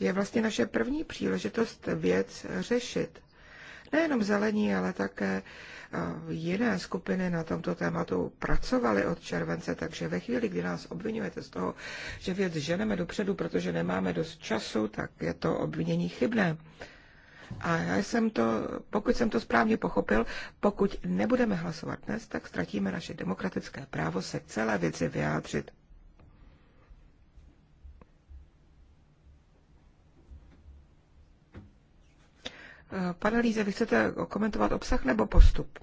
S1: je vlastně naše první příležitost věc řešit. Nejenom zelení, ale také jiné skupiny na tomto tématu pracovaly od července, takže ve chvíli, kdy nás obvinujete z toho, že věc ženeme dopředu, protože nemáme dost času, tak je to obvinění chybné. A já jsem to, pokud jsem to správně pochopil, pokud nebudeme hlasovat dnes, tak ztratíme naše demokratické právo se celé věci vyjádřit. Eh, pane Líze, vy chcete komentovat obsah nebo postup?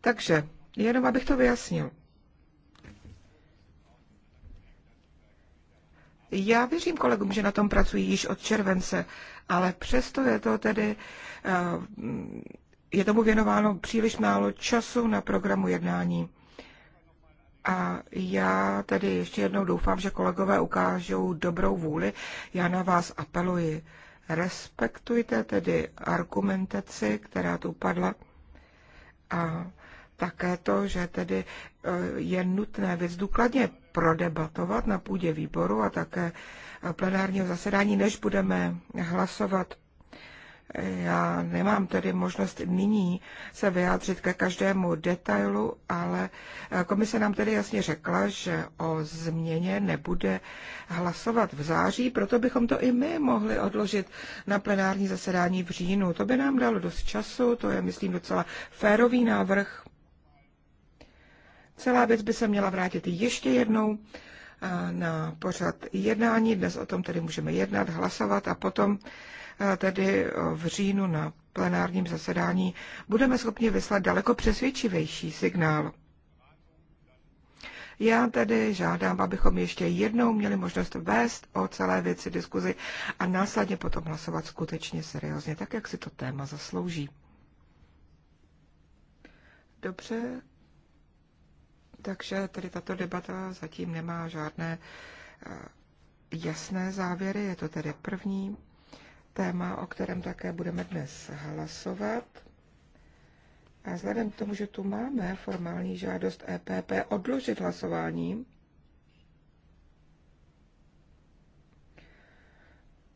S1: Takže, jenom abych to vyjasnil. Já věřím kolegům, že na tom pracují již od července, ale přesto je to tedy, eh, je tomu věnováno příliš málo času na programu jednání. A já tedy ještě jednou doufám, že kolegové ukážou dobrou vůli. Já na vás apeluji. Respektujte tedy argumentaci, která tu padla. A také to, že tedy eh, je nutné věc důkladně prodebatovat na půdě výboru a také plenárního zasedání, než budeme hlasovat. Já nemám tedy možnost nyní se vyjádřit ke každému detailu, ale komise nám tedy jasně řekla, že o změně nebude hlasovat v září, proto bychom to i my mohli odložit na plenární zasedání v říjnu. To by nám dalo dost času, to je, myslím, docela férový návrh Celá věc by se měla vrátit ještě jednou na pořad jednání. Dnes o tom tedy můžeme jednat, hlasovat a potom tedy v říjnu na plenárním zasedání budeme schopni vyslat daleko přesvědčivější signál. Já tedy žádám, abychom ještě jednou měli možnost vést o celé věci diskuzi a následně potom hlasovat skutečně seriózně, tak jak si to téma zaslouží. Dobře, takže tedy tato debata zatím nemá žádné eh, jasné závěry. Je to tedy první téma, o kterém také budeme dnes hlasovat. A vzhledem k tomu, že tu máme formální žádost EPP odložit hlasování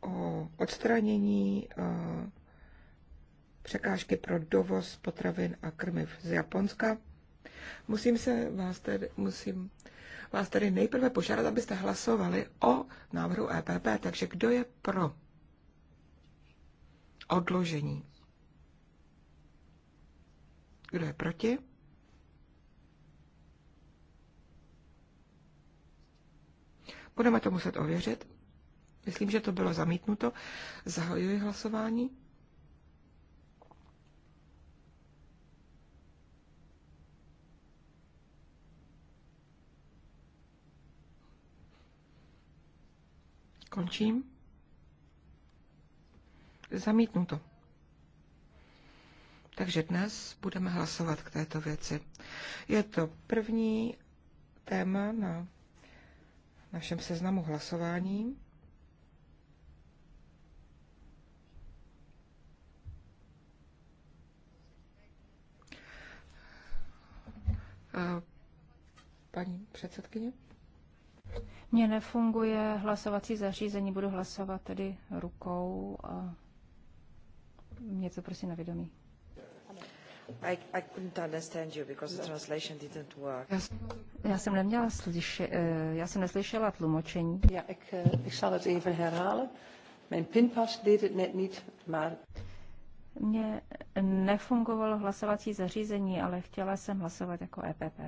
S1: o odstranění eh, překážky pro dovoz potravin a krmiv z Japonska, Musím se vás tedy, musím vás tedy nejprve požádat, abyste hlasovali o návrhu EPP. Takže kdo je pro odložení? Kdo je proti? Budeme to muset ověřit. Myslím, že to bylo zamítnuto. Zahajuji hlasování. Končím. Zamítnuto. Takže dnes budeme hlasovat k této věci. Je to první téma na našem seznamu hlasování. Paní předsedkyně?
S3: Mně nefunguje hlasovací zařízení, budu hlasovat tedy rukou a mě to prosím na vědomí.
S1: I, I couldn't understand you because the translation didn't work. Já,
S3: já jsem neměla slyše, eh, já jsem neslyšela tlumočení. Ja, eh, ik, ik zal het even herhalen. Mijn pinpas deed het net niet, maar... Mně nefungovalo hlasovací zařízení, ale chtěla
S1: jsem hlasovat jako EPP.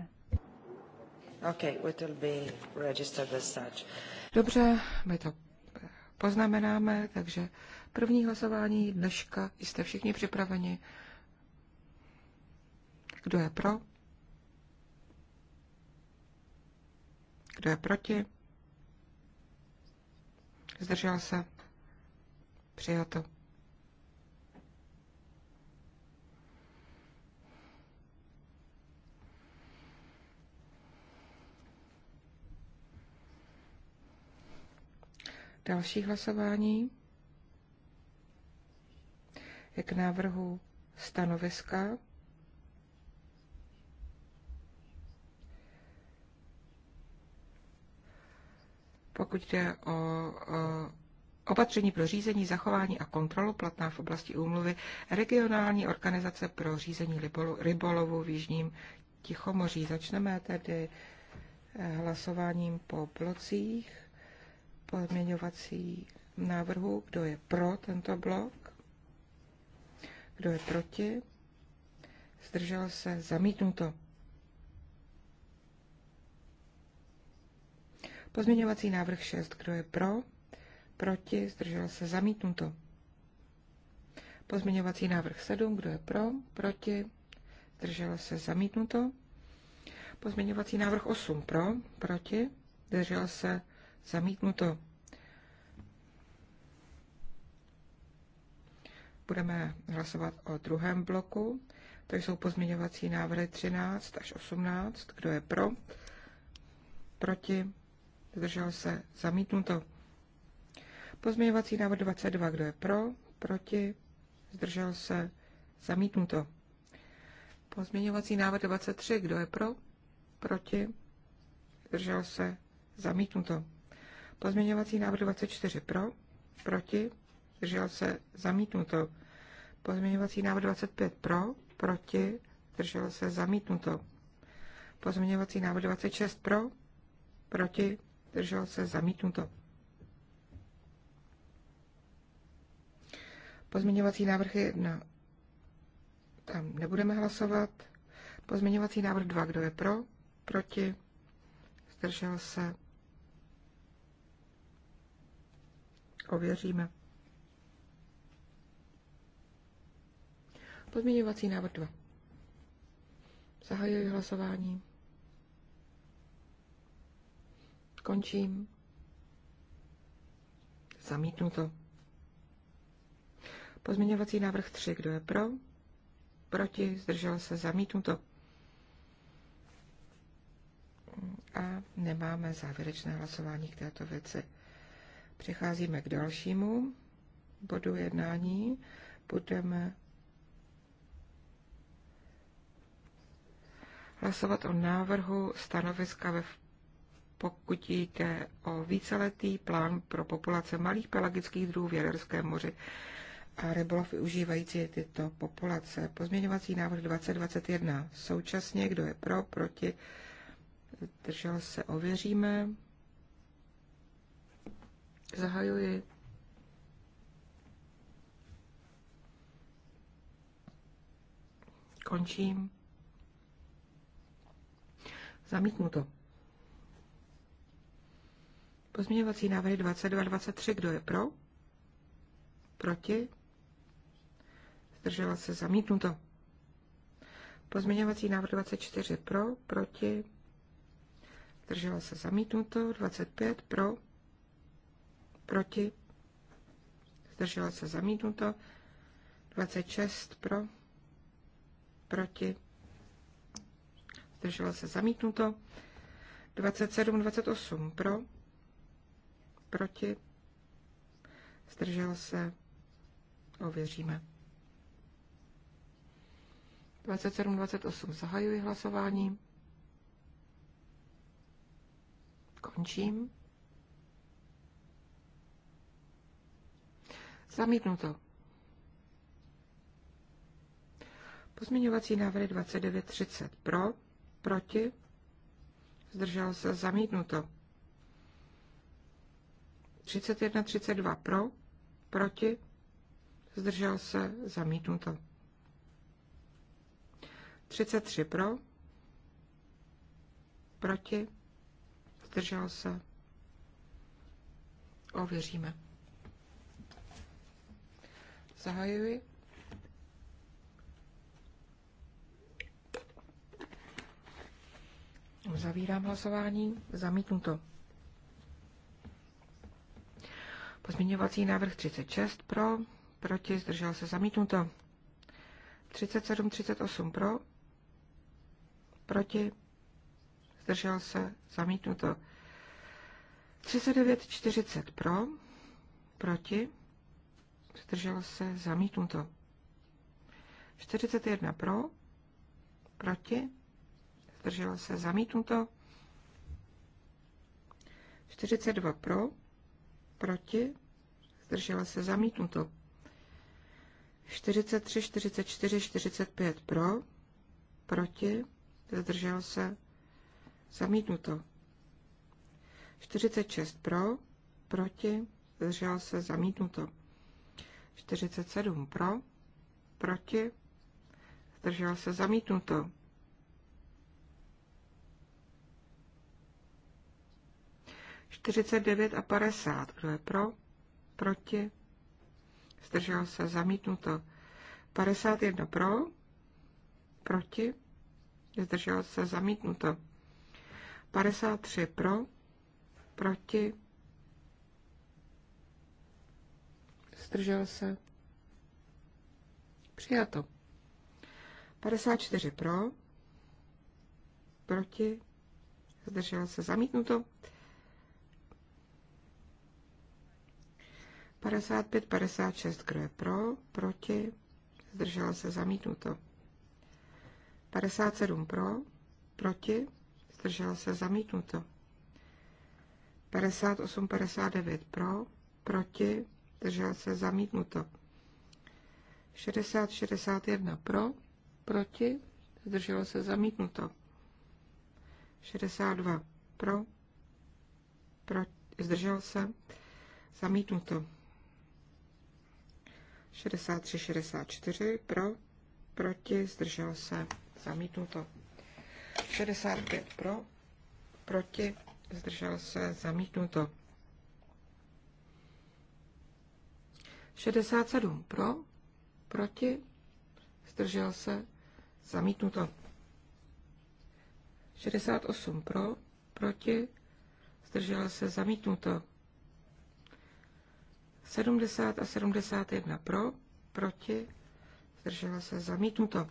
S1: Dobře, my to poznamenáme, takže první hlasování dneška. Jste všichni připraveni? Kdo je pro? Kdo je proti? Zdržel se? Přijato. Další hlasování je k návrhu stanoviska. Pokud jde o, o opatření pro řízení, zachování a kontrolu platná v oblasti úmluvy regionální organizace pro řízení rybolovu v Jižním Tichomoří. Začneme tedy eh, hlasováním po blocích pozměňovací návrhu, Kdo je pro tento blok? Kdo je proti? Zdržel se? Zamítnuto. Pozměňovací návrh 6. Kdo je pro? Proti? Zdržel se? Zamítnuto. Pozměňovací návrh 7. Kdo je pro? Proti? Zdržel se? Zamítnuto. Pozměňovací návrh 8. Pro? Proti? Zdržel se? Zamítnuto. Budeme hlasovat o druhém bloku. To jsou pozměňovací návrhy 13 až 18. Kdo je pro? Proti? Zdržel se? Zamítnuto. Pozměňovací návrh 22. Kdo je pro? Proti? Zdržel se? Zamítnuto. Pozměňovací návrh 23. Kdo je pro? Proti? Zdržel se? Zamítnuto. Pozměňovací návrh 24 pro, proti, držel se zamítnuto. Pozměňovací návrh 25 pro, proti, držel se zamítnuto. Pozměňovací návrh 26 pro, proti, držel se zamítnuto. Pozměňovací návrhy 1. Tam nebudeme hlasovat. Pozměňovací návrh 2. Kdo je pro? Proti? Zdržel se? Ověříme. Pozměňovací návrh 2. Zahajuji hlasování. Končím. to. Pozměňovací návrh 3. Kdo je pro? Proti? Zdržel se? Zamítnu to. A nemáme závěrečné hlasování k této věci. Přecházíme k dalšímu bodu jednání. Budeme hlasovat o návrhu stanoviska ve pokud jde o víceletý plán pro populace malých pelagických druhů v Jaderském moři a rybolov využívající tyto populace. Pozměňovací návrh 2021. Současně, kdo je pro, proti, držel se, ověříme. Zahajuji. Končím. Zamítnu to. Pozměňovací návrhy 22 23. Kdo je pro? Proti? Zdržela se zamítnu to. Pozměňovací návrh 24 pro, proti, zdržela se zamítnuto, 25 pro, proti, zdržela se zamítnuto, 26 pro, proti, zdržela se zamítnuto, 27, 28 pro, proti, zdržel se, ověříme. 27, 28 zahajuji hlasování, končím. Zamítnuto. Pozměňovací návrh 29.30 pro, proti, zdržel se, zamítnuto. 31.32 pro, proti, zdržel se, zamítnuto. 33 pro, proti, zdržel se, ověříme. Zahajuji. Uzavírám hlasování. Zamítnuto. Pozměňovací návrh 36 pro, proti, zdržel se zamítnuto. 37, 38 pro, proti, zdržel se zamítnuto. 39, 40 pro, proti, zdržel se, zamítnuto. 41 pro, proti, zdržel se, zamítnuto. 42 pro, proti, zdržel se, zamítnuto. 43, 44, 45 pro, proti, zdržel se, zamítnuto. 46 pro, proti, zdržel se, zamítnuto. 47 pro, proti, zdržel se zamítnuto. Čtyřicet devět a padesát. Kdo je pro? Proti? Zdržel se zamítnuto. Padesát jedna pro? Proti? Zdržel se zamítnuto. Padesát tři pro? Proti? zdržel se. Přijato. 54 pro, proti, zdržel se, zamítnuto. 55, 56, kdo je pro, proti, zdržel se, zamítnuto. 57 pro, proti, zdržel se, zamítnuto. 58, 59 pro, proti, zdržel se, zamítnuto. 60-61 pro, proti, zdrželo se, zamítnuto. 62 pro, pro zdržel se, zamítnuto. 63-64 pro, proti, zdržel se, zamítnuto. 65 pro, proti, zdržel se, zamítnuto. 67 pro, proti, zdržel se, zamítnuto. 68 pro, proti, zdržel se, zamítnuto. 70 a 71 pro, proti, zdržel se, zamítnuto.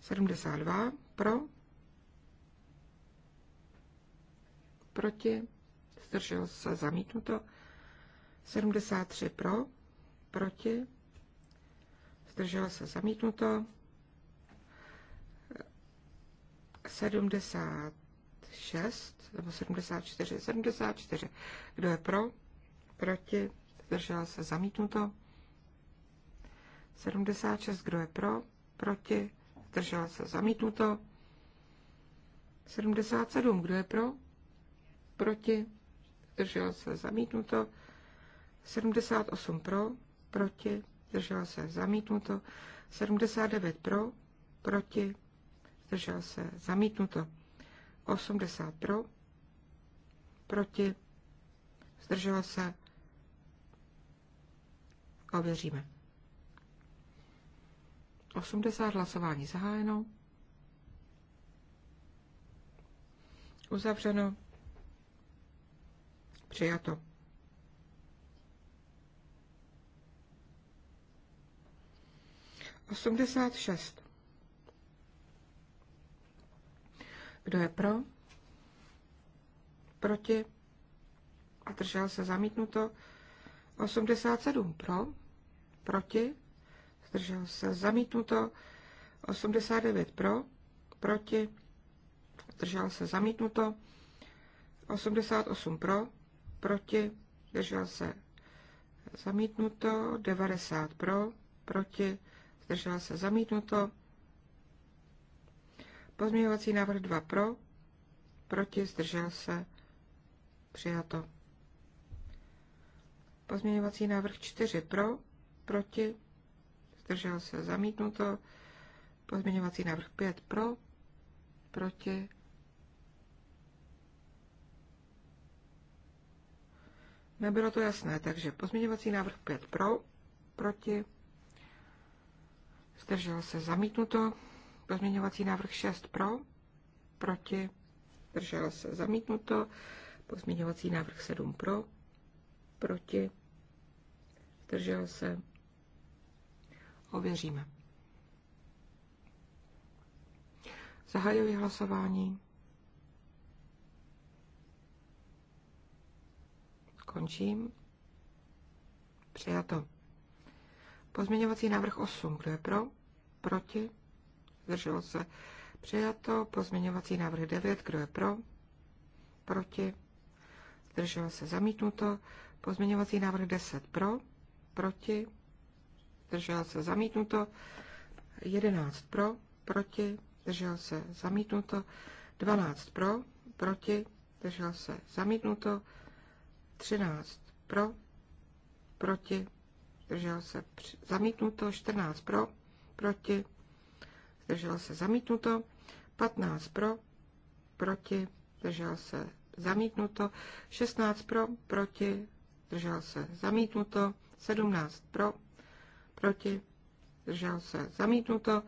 S1: 72 pro, proti, zdržel se, zamítnuto. 73 pro, proti, zdrželo se zamítnuto, 76 nebo 74, 74, kdo je pro, proti, zdrželo se zamítnuto, 76, kdo je pro, proti, zdrželo se zamítnuto, 77, kdo je pro, proti, zdrželo se zamítnuto, 78 pro, proti, zdržel se zamítnuto. 79 pro, proti, zdržel se zamítnuto. 80 pro, proti, zdržel se, ověříme. 80 hlasování zahájeno. Uzavřeno. Přijato. 86. Kdo je pro? Proti? Zdržel se zamítnuto. 87 pro, proti, zdržel se zamítnuto. 89 pro, proti, zdržel se zamítnuto. 88 pro, proti, zdržel se zamítnuto. 90 pro, proti, zdržel se zamítnuto. Pozměňovací návrh 2 pro, proti, zdržel se přijato. Pozměňovací návrh 4 pro, proti, zdržel se zamítnuto. Pozměňovací návrh 5 pro, proti, Nebylo to jasné, takže pozměňovací návrh 5 pro, proti, zdrželo se zamítnuto. Pozměňovací návrh 6 pro, proti, zdrželo se zamítnuto. Pozměňovací návrh 7 pro, proti, zdrželo se. Ověříme. Zahajuji hlasování. Končím. Přijato. Pozměňovací návrh 8, kdo je pro? Proti? Zdrželo se. Přijato. Pozměňovací návrh 9, kdo je pro? Proti? Zdrželo se. Zamítnuto. Pozměňovací návrh 10 pro? Proti? Zdrželo se. Zamítnuto. 11 pro? Proti? Zdrželo se. Zamítnuto. 12 pro? Proti? Zdrželo se. Zamítnuto. 13 pro? Proti? zdržel se zamítnuto, 14 pro, proti, zdržel se zamítnuto, 15 pro, proti, zdržel se zamítnuto, 16 pro, proti, zdržel se zamítnuto, 17 pro, proti, zdržel se zamítnuto,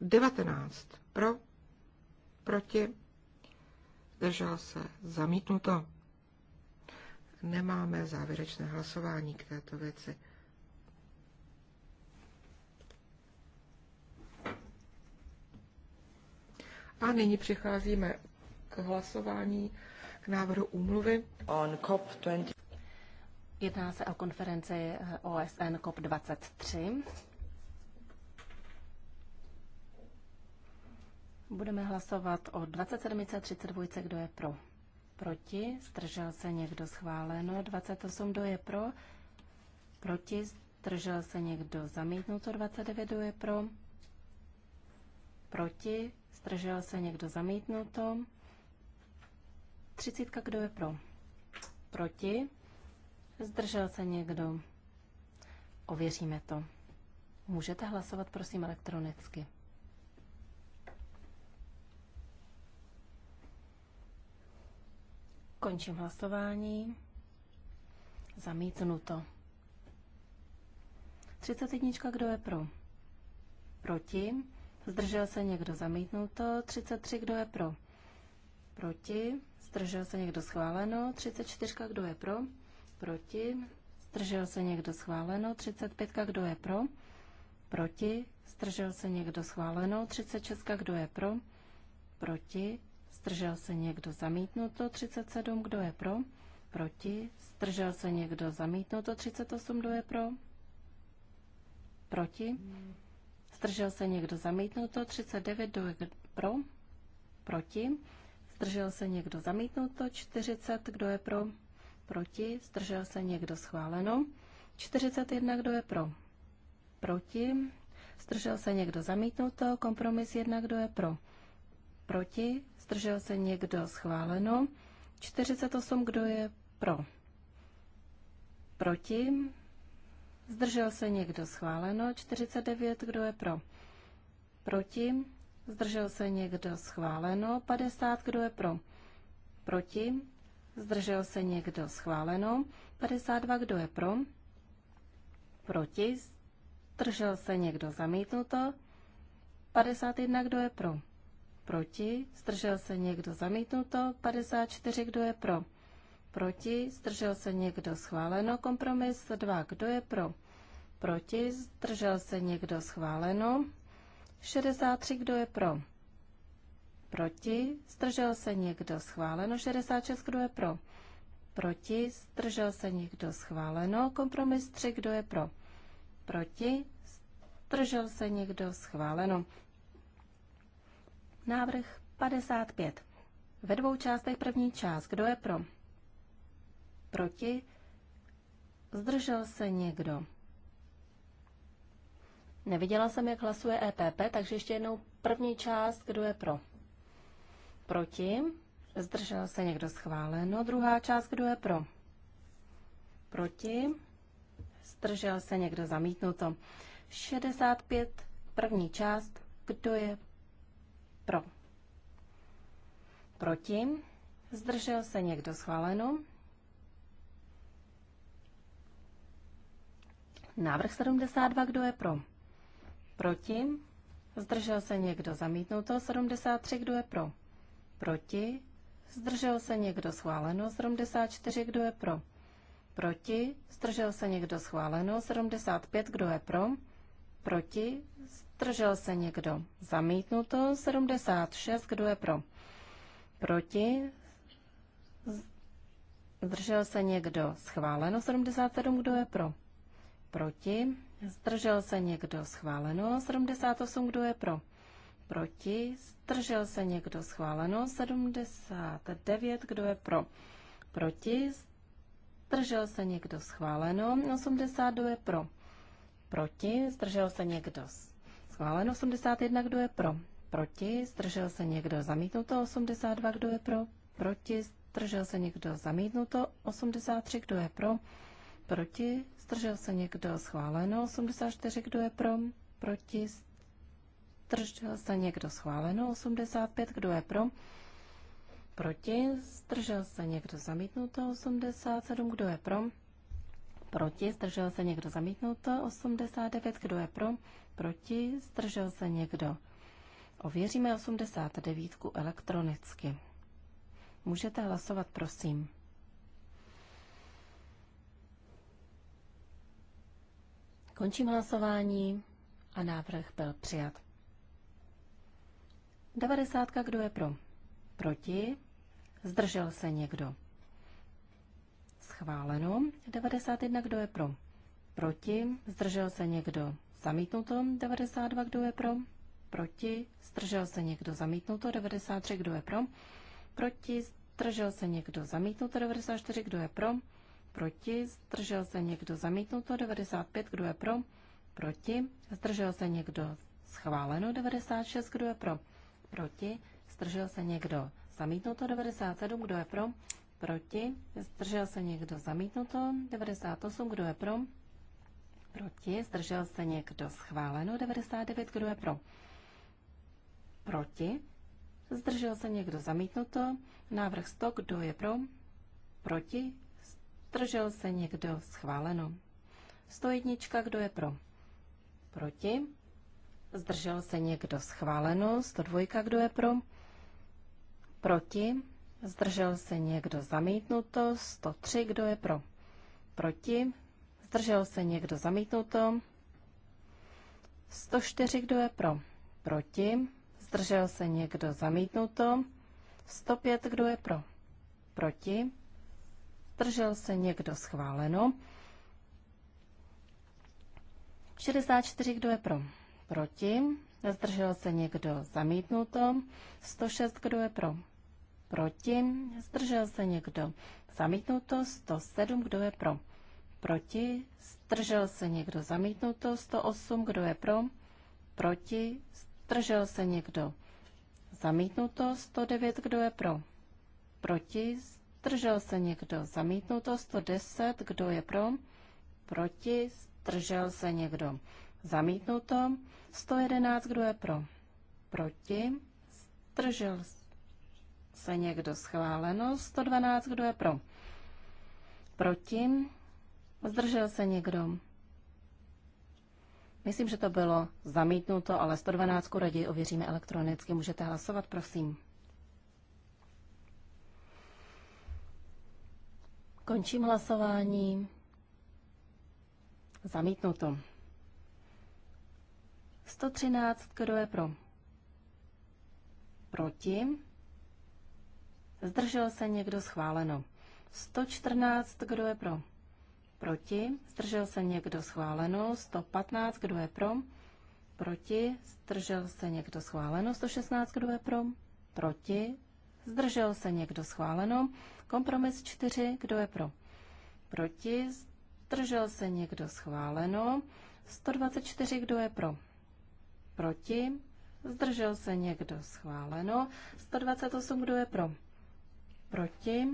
S1: 19 pro, proti, zdržel se zamítnuto nemáme závěrečné hlasování k této věci. A nyní přicházíme k hlasování k návrhu úmluvy. On COP20. Jedná se o konferenci eh, OSN
S2: COP23. Budeme hlasovat o 27, kdo je pro proti, zdržel se někdo schváleno, 28, do je pro, proti, zdržel se někdo zamítnuto, 29, do je pro, proti, zdržel se někdo zamítnuto, 30, kdo je pro, proti, zdržel se někdo, ověříme to. Můžete hlasovat prosím elektronicky. Končím hlasování. Zamítnuto. 31. Kdo je pro? Proti. Zdržel se někdo zamítnuto. 33. Kdo je pro? Proti. Zdržel se někdo schváleno. 34. Kdo je pro? Proti. Zdržel se někdo schváleno. 35. Kdo je pro? Proti. Zdržel se někdo schváleno. 36. Kdo je pro? Proti. Zdržel se někdo zamítnuto 37, kdo je pro? Proti. Zdržel se někdo zamítnuto 38, kdo je pro? Proti. Zdržel se někdo zamítnuto 39, kdo je pro? Proti. Zdržel se někdo zamítnuto 40, kdo je pro? Proti. Zdržel se někdo schváleno 41, kdo je pro? Proti. Zdržel se někdo zamítnuto kompromis 1, kdo je pro? Proti. Zdržel se někdo? Schváleno. 48. Kdo je pro? Proti? Zdržel se někdo? Schváleno. 49. Kdo je pro? Proti? Zdržel se někdo? Schváleno. 50. Kdo je pro? Proti? Zdržel se někdo? Schváleno. 52. Kdo je pro? Proti? Zdržel se někdo? Zamítnuto. 51. Kdo je pro? Proti? Zdržel se někdo? Zamítnuto. 54. Kdo je pro? Proti? Zdržel se někdo? Schváleno. Kompromis 2. Kdo je pro? Proti? Zdržel se někdo? Schváleno. 63. Kdo je pro? Proti? Zdržel se někdo? Schváleno. 66. Kdo je pro? Proti? Zdržel se někdo? Schváleno. Kompromis 3. Kdo je pro? Proti? Zdržel se někdo? Schváleno. Návrh 55. Ve dvou částech první část. Kdo je pro? Proti? Zdržel se někdo? Neviděla jsem, jak hlasuje EPP, takže ještě jednou první část, kdo je pro. Proti? Zdržel se někdo schváleno. Druhá část, kdo je pro. Proti? Zdržel se někdo zamítnuto. 65, první část, kdo je pro? Proti? Zdržel se někdo schváleno? Návrh 72, kdo je pro? Proti? Zdržel se někdo zamítnuto? 73, kdo je pro? Proti? Zdržel se někdo schváleno? 74, kdo je pro? Proti? Zdržel se někdo schváleno? 75, kdo je pro? Proti? Zdržel se někdo? Zamítnuto 76. Kdo je pro? Proti? Zdržel se někdo? Schváleno 77. Kdo je pro? Proti? Zdržel se někdo? Schváleno 78. Kdo je pro? Proti? Zdržel se někdo? Schváleno 79. Kdo je pro? Proti? Zdržel se někdo? Schváleno 82. Pro proti, zdržel se někdo. Schváleno 81, kdo je pro, proti, zdržel se někdo. Zamítnuto 82, kdo je pro, proti, zdržel se někdo. Zamítnuto 83, kdo je pro, proti, zdržel se někdo. Schváleno 84, kdo je pro, proti, zdržel se někdo. Schváleno 85, kdo je pro, proti, zdržel se někdo. Zamítnuto 87, kdo je pro, Proti? Zdržel se někdo? Zamítnuto. 89. Kdo je pro? Proti? Zdržel se někdo? Ověříme 89 elektronicky. Můžete hlasovat, prosím. Končím hlasování a návrh byl přijat. 90. Kdo je pro? Proti? Zdržel se někdo? Schváleno. 91, kdo je pro? Proti. Zdržel se někdo? Zamítnuto. 92, kdo je pro? Proti. Zdržel se někdo? Zamítnuto. 93, kdo je pro? Proti. Zdržel se někdo? Zamítnuto. 94, kdo je pro? Proti. Zdržel se někdo? Zamítnuto. 95, kdo je pro? Proti. Zdržel se někdo? Schváleno. 96, kdo je pro? Proti. Zdržel se někdo? Zamítnuto. 97, kdo je pro? proti, zdržel se někdo zamítnuto, 98, kdo je pro, proti, zdržel se někdo schváleno, 99, kdo je pro, proti, zdržel se někdo zamítnuto, návrh 100, kdo je pro, proti, zdržel se někdo schváleno. 101, kdo je pro, proti, zdržel se někdo schváleno, 102, kdo je pro, proti, Zdržel se někdo zamítnuto? 103. Kdo je pro? Proti? Zdržel se někdo zamítnuto? 104. Kdo je pro? Proti? Zdržel se někdo zamítnuto? 105. Kdo je pro? Proti? Zdržel se někdo schváleno? 64. Kdo je pro? Proti? Zdržel se někdo zamítnuto? 106. Kdo je pro? Proti? Zdržel se někdo? Zamítnuto 107. Kdo je pro? Proti? Zdržel se někdo? Zamítnuto 108. Kdo je pro? Proti? Zdržel se někdo? Zamítnuto 109. Kdo je pro? Proti? Zdržel se někdo? Zamítnuto 110. Kdo je pro? Proti? Zdržel se někdo? Zamítnuto 111. Kdo je pro? Proti? Zdržel se se někdo schváleno. 112, kdo je pro? Proti? Zdržel se někdo? Myslím, že to bylo zamítnuto, ale 112 raději ověříme elektronicky. Můžete hlasovat, prosím. Končím hlasování. Zamítnuto. 113, kdo je pro? Proti? Zdržel se někdo schváleno. 114, kdo je pro? Proti. Zdržel se někdo schváleno. 115, kdo je pro? Proti. Zdržel se někdo schváleno. 116, kdo je pro? Proti. Zdržel se někdo schváleno. Kompromis 4, kdo je pro? Proti. Zdržel se někdo schváleno. 124, kdo je pro? Proti. Zdržel se někdo schváleno. 128, kdo je pro? Proti?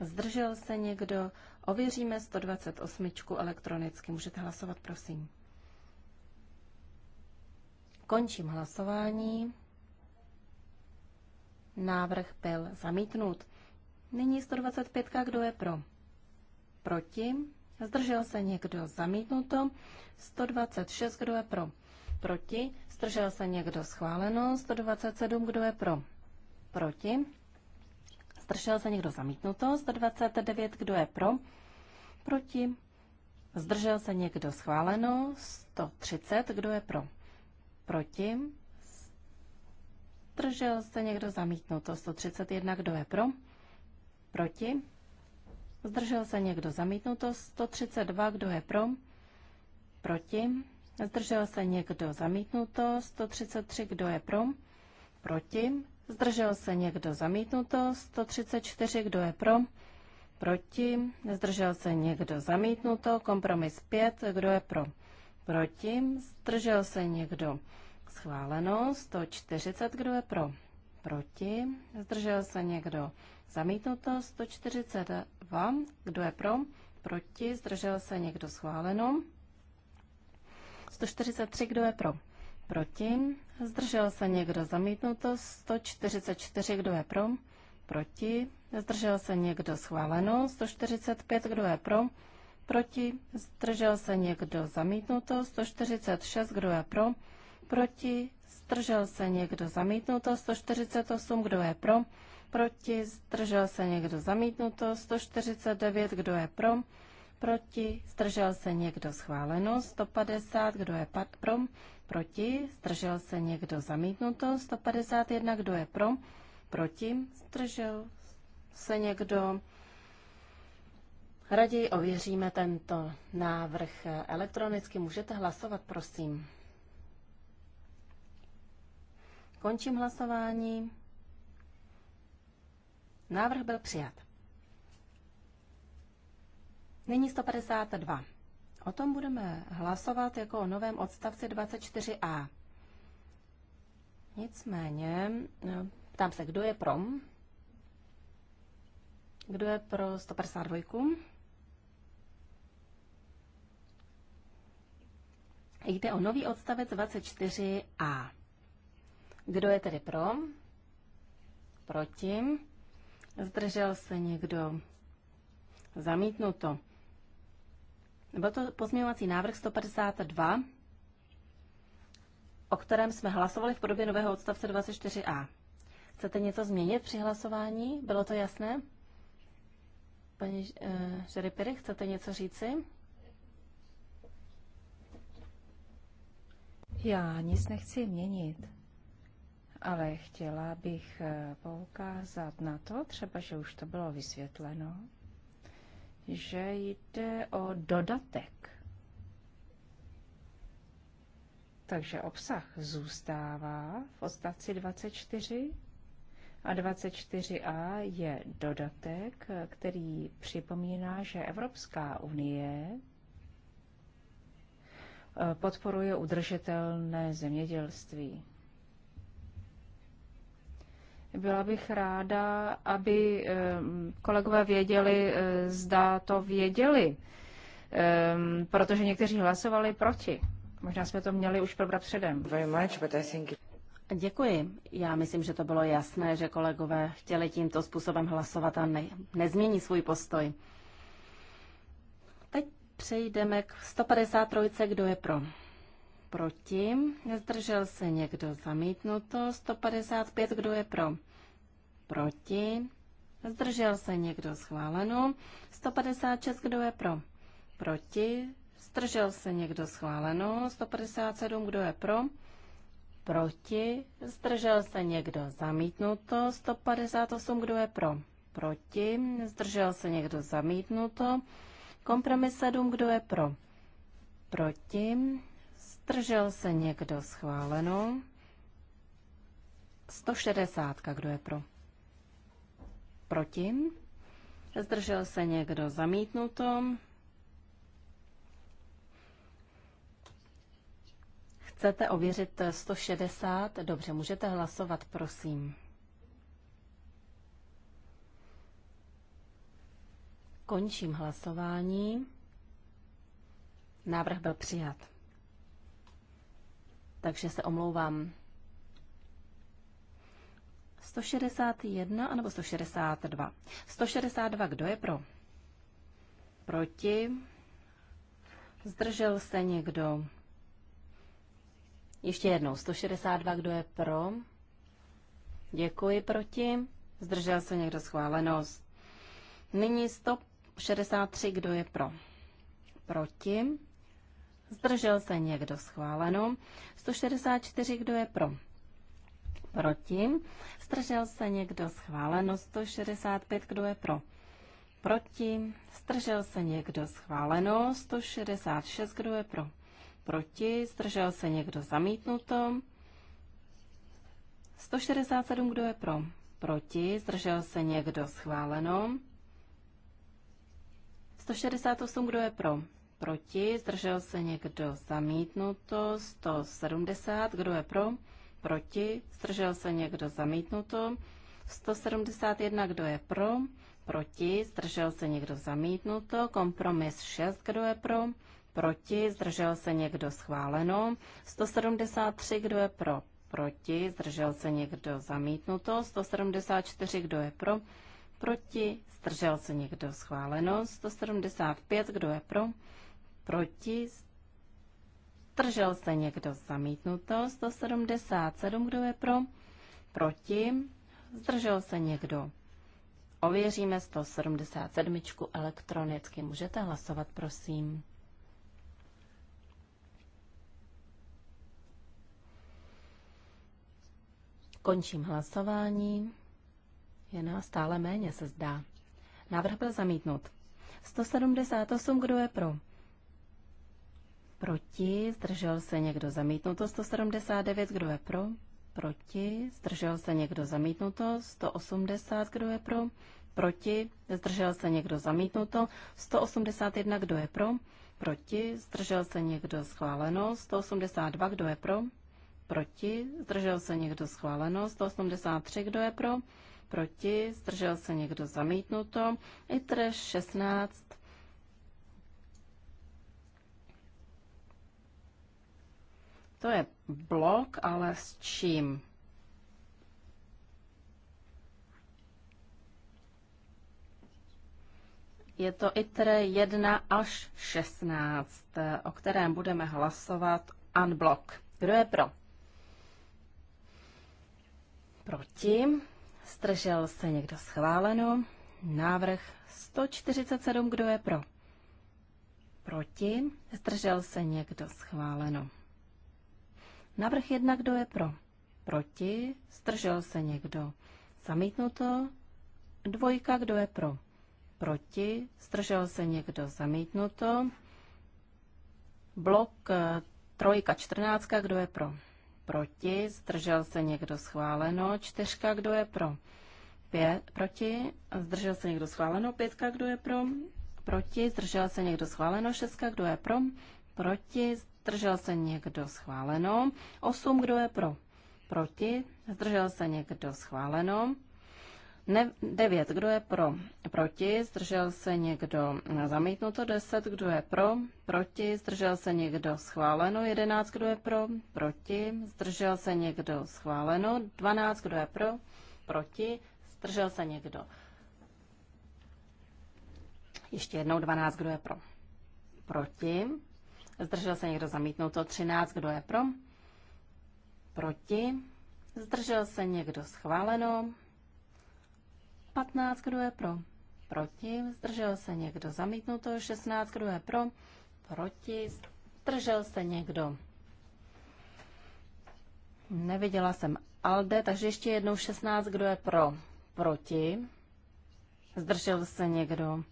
S2: Zdržel se někdo? Ověříme 128 elektronicky. Můžete hlasovat, prosím. Končím hlasování. Návrh byl zamítnut. Nyní 125. Kdo je pro? Proti? Zdržel se někdo? Zamítnuto. 126. Kdo je pro? Proti? Zdržel se někdo? Schváleno. 127. Kdo je pro? Proti? Zdržel se někdo zamítnuto? 129. Kdo je pro? Proti? Zdržel se někdo schváleno? 130. Kdo je pro? Proti? Zdržel se někdo zamítnuto? 131. Kdo je pro? Proti? Zdržel se někdo zamítnuto? 132. Kdo je pro? Proti? Zdržel se někdo zamítnuto? 133. Kdo je pro? Proti? Zdržel se někdo zamítnuto? 134. Kdo je pro? Proti. Zdržel se někdo zamítnuto? Kompromis 5. Kdo je pro? Proti. Zdržel se někdo schváleno? 140. Kdo je pro? Proti. Zdržel se někdo zamítnuto? 142. Kdo je pro? Proti. Zdržel se někdo schváleno? 143. Kdo je pro? Proti. Zdržel se někdo zamítnuto? 144, kdo je pro? Proti. Zdržel se někdo schváleno? 145, kdo je pro? Proti. Zdržel se někdo zamítnuto? 146, kdo je pro? Proti. Zdržel se někdo zamítnuto? 148, kdo je pro? Proti. Zdržel se někdo zamítnuto? 149, kdo je pro? Proti. Zdržel se někdo schváleno? 150, kdo je pro? proti, zdržel se někdo zamítnuto, 151, kdo je pro, proti, zdržel se někdo. Raději ověříme tento návrh elektronicky. Můžete hlasovat, prosím. Končím hlasování. Návrh byl přijat. Nyní 152. O tom budeme hlasovat jako o novém odstavci 24a. Nicméně, no, ptám se, kdo je pro? Kdo je pro 152? Jde o nový odstavec 24a. Kdo je tedy pro? Proti? Zdržel se někdo? Zamítnuto. Byl to pozměňovací návrh 152, o kterém jsme hlasovali v podobě nového odstavce 24a. Chcete něco změnit při hlasování? Bylo to jasné? Paní e, eh, Žeripiry, chcete něco říci?
S3: Já nic nechci měnit, ale chtěla bych eh, poukázat na to, třeba, že už to bylo vysvětleno, že jde o dodatek. Takže obsah zůstává v odstavci 24 a 24a je dodatek, který připomíná, že Evropská unie eh, podporuje udržitelné zemědělství. Byla bych ráda, aby eh, kolegové věděli, eh, zda to věděli, eh, protože někteří hlasovali proti. Možná jsme to měli už probrat předem.
S2: Děkuji. Já myslím, že to bylo jasné, že kolegové chtěli tímto způsobem hlasovat a ne, nezmění svůj postoj. Teď přejdeme k 153. Kdo je pro? proti? Zdržel se někdo zamítnuto? 155, kdo je pro? Proti? Zdržel se někdo schváleno? 156, kdo je pro? Proti? Zdržel se někdo schváleno? 157, kdo je pro? Proti? Zdržel se někdo zamítnuto? 158, kdo je pro? Proti? Zdržel se někdo zamítnuto? Kompromis 7, kdo je pro? Proti? Zdržel se někdo schváleno? 160. Kdo je pro? Proti? Zdržel se někdo zamítnuto? Chcete ověřit 160? Dobře, můžete hlasovat, prosím. Končím hlasování. Návrh byl přijat takže se omlouvám. 161 anebo 162. 162, kdo je pro? Proti? Zdržel se někdo? Ještě jednou, 162, kdo je pro? Děkuji, proti? Zdržel se někdo schválenost? Nyní 163, kdo je pro? Proti? Zdržel se někdo schváleno. 164, kdo je pro? Proti. Zdržel se někdo schváleno. 165, kdo je pro? Proti. Zdržel se někdo schváleno. 166, kdo je pro? Proti. Zdržel se někdo zamítnuto. 167, kdo je pro? Proti. Zdržel se někdo schváleno. 168, kdo je pro? proti, zdržel se někdo zamítnuto, 170, kdo je pro, proti, zdržel se někdo zamítnuto, 171, kdo je pro, proti, zdržel se někdo zamítnuto, kompromis 6, kdo je pro, proti, zdržel se někdo schváleno, 173, kdo je pro, proti, zdržel se někdo zamítnuto, 174, kdo je pro, proti, zdržel se někdo schváleno, 175, kdo je pro, proti, zdržel se někdo zamítnuto, 177, kdo je pro, proti, zdržel se někdo. Ověříme 177 elektronicky. Můžete hlasovat, prosím. Končím hlasování. Je nás stále méně, se zdá. Návrh byl zamítnut. 178, kdo je pro? Proti? Zdržel se někdo zamítnuto? 179. Kdo je pro? Proti? Zdržel se někdo zamítnuto? 180. Kdo je pro? Proti? Zdržel se někdo zamítnuto? 181. Kdo je pro? Proti? Zdržel se někdo schváleno? 182. Kdo je pro? Proti? Zdržel se někdo schváleno? 183. Kdo je pro? Proti? Zdržel se někdo zamítnuto? ITR 16 To je blok, ale s čím? Je to ITR 1 až 16, o kterém budeme hlasovat unblock. Kdo je pro? Proti? Stržel se někdo schváleno? Návrh 147, kdo je pro? Proti? Stržel se někdo schváleno? Navrh jedna, kdo je pro. Proti. Zdržel se někdo. Zamítnuto. Dvojka, kdo je pro. Proti. Zdržel se někdo. Zamítnuto. Blok eh, trojka, čtrnáctka, kdo je pro. Proti. Zdržel se někdo. Schváleno. Čtyřka, kdo je pro. Pět, proti. Zdržel se někdo. Schváleno. Pětka, kdo je pro. Proti. Zdržel se někdo. Schváleno. Šestka, kdo je pro proti, zdržel se někdo schváleno. 8, kdo je pro, proti, zdržel se někdo schváleno. 9, kdo je pro, proti, zdržel se někdo zamítnuto, 10, kdo je pro, proti, zdržel se někdo schváleno, 11, kdo je pro, proti, zdržel se někdo schváleno, 12, kdo je pro, proti, zdržel se někdo. Ještě jednou 12, kdo je pro, proti, Zdržel se někdo to 13. Kdo je pro? Proti? Zdržel se někdo schváleno? 15. Kdo je pro? Proti? Zdržel se někdo to 16. Kdo je pro? Proti? Zdržel se někdo? Neviděla jsem Alde, takže ještě jednou 16. Kdo je pro? Proti? Zdržel se někdo?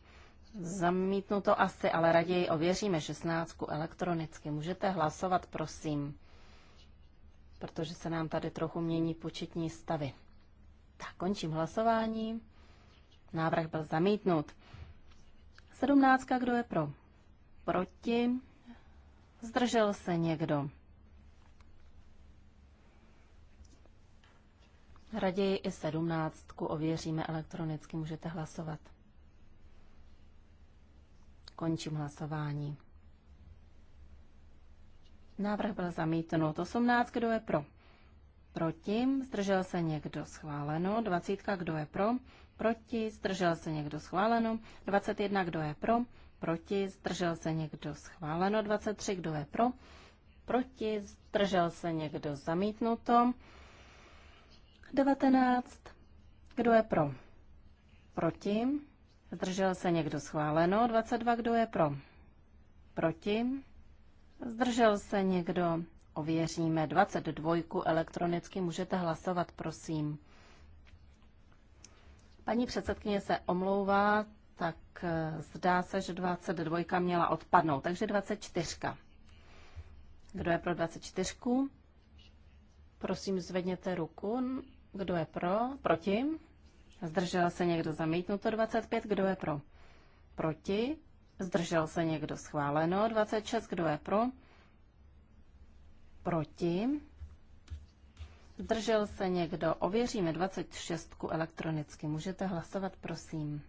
S2: Zamítnu to asi, ale raději ověříme 16 elektronicky. Můžete hlasovat, prosím, protože se nám tady trochu mění početní stavy. Tak, končím hlasování. Návrh byl zamítnut. 17. Kdo je pro? Proti? Zdržel se někdo? Raději i sedmnáctku ověříme elektronicky, můžete hlasovat. Končím hlasování. Návrh byl zamítnut. 18, kdo je pro? Proti, zdržel se někdo schváleno. 20, kdo je pro? Proti, zdržel se někdo schváleno. 21, kdo je pro? Proti, zdržel se někdo schváleno. 23, kdo je pro? Proti, zdržel se někdo zamítnuto. 19, kdo je pro? Proti, Zdržel se někdo schváleno? 22, kdo je pro? Proti? Zdržel se někdo? Ověříme 22 elektronicky. Můžete hlasovat, prosím. Paní předsedkyně se omlouvá, tak eh, zdá se, že 22 měla odpadnout, takže 24. Kdo je pro 24? Prosím, zvedněte ruku. Kdo je pro? Proti? Zdržel se někdo zamítnuto 25, kdo je pro? Proti? Zdržel se někdo schváleno 26, kdo je pro? Proti? Zdržel se někdo? Ověříme 26 elektronicky. Můžete hlasovat, prosím.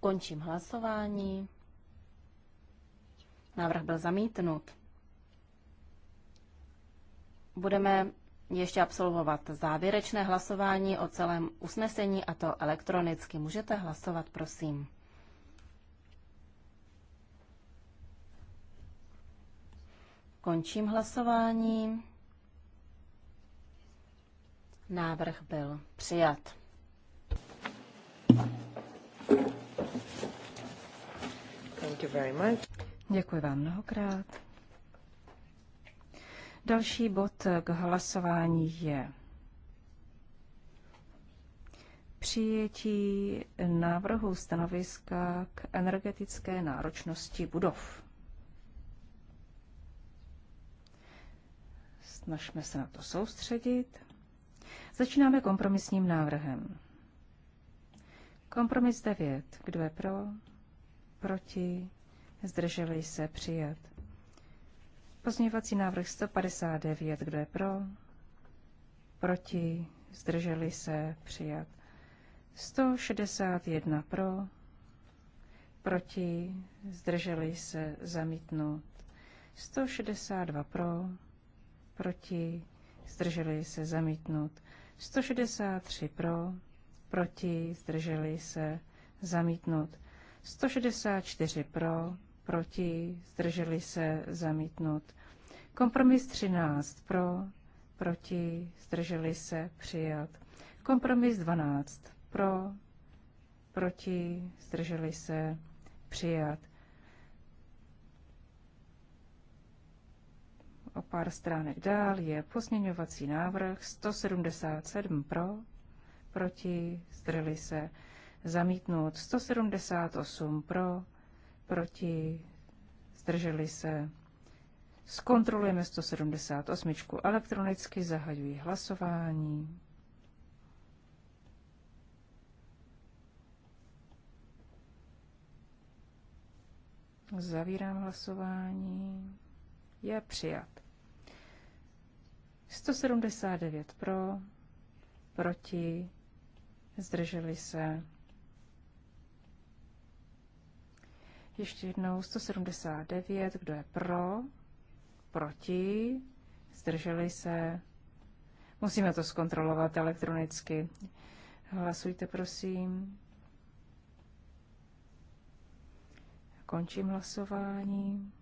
S2: Končím hlasování. Návrh byl zamítnut. Budeme ještě absolvovat závěrečné hlasování o celém usnesení a to elektronicky. Můžete hlasovat, prosím. Končím hlasování. Návrh byl přijat.
S1: Thank you very much.
S3: Děkuji vám mnohokrát. Další bod k hlasování je přijetí návrhu stanoviska k energetické náročnosti budov. Snažme se na to soustředit. Začínáme kompromisním návrhem. Kompromis 9. Kdo je pro? Proti? Zdrželi se přijat. Pozměňovací návrh 159, kdo je pro? Proti? Zdrželi se? Přijat. 161 pro? Proti? Zdrželi se? Zamítnut. 162 pro? Proti? Zdrželi se? Zamítnut. 163 pro? Proti? Zdrželi se? Zamítnut. 164 pro? proti, zdrželi se zamítnout. Kompromis 13 pro, proti, zdrželi se, přijat. Kompromis 12 pro, proti, zdrželi se, přijat. O pár stránek dál je posměňovací návrh 177 pro, proti, zdrželi se, zamítnout 178 pro, proti, zdrželi se, Zkontrolujeme 178. Elektronicky zahajuji hlasování. Zavírám hlasování. Je přijat. 179 pro, proti, zdrželi se. Ještě jednou 179, kdo je pro, proti, zdrželi se. Musíme to zkontrolovat elektronicky. Hlasujte, prosím. Končím hlasování.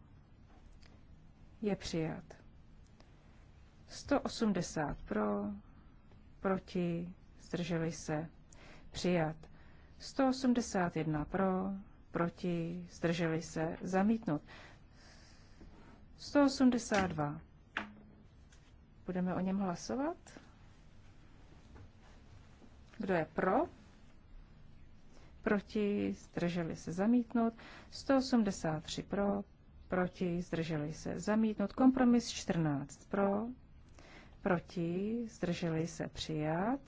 S3: Je přijat. 180 pro, proti, zdrželi se. Přijat. 181 pro, proti, zdrželi se. Zamítnut. 182. Budeme o něm hlasovat? Kdo je pro? Proti, zdrželi se zamítnout. 183 pro, proti, zdrželi se zamítnout. Kompromis 14 pro, proti, zdrželi se přijat.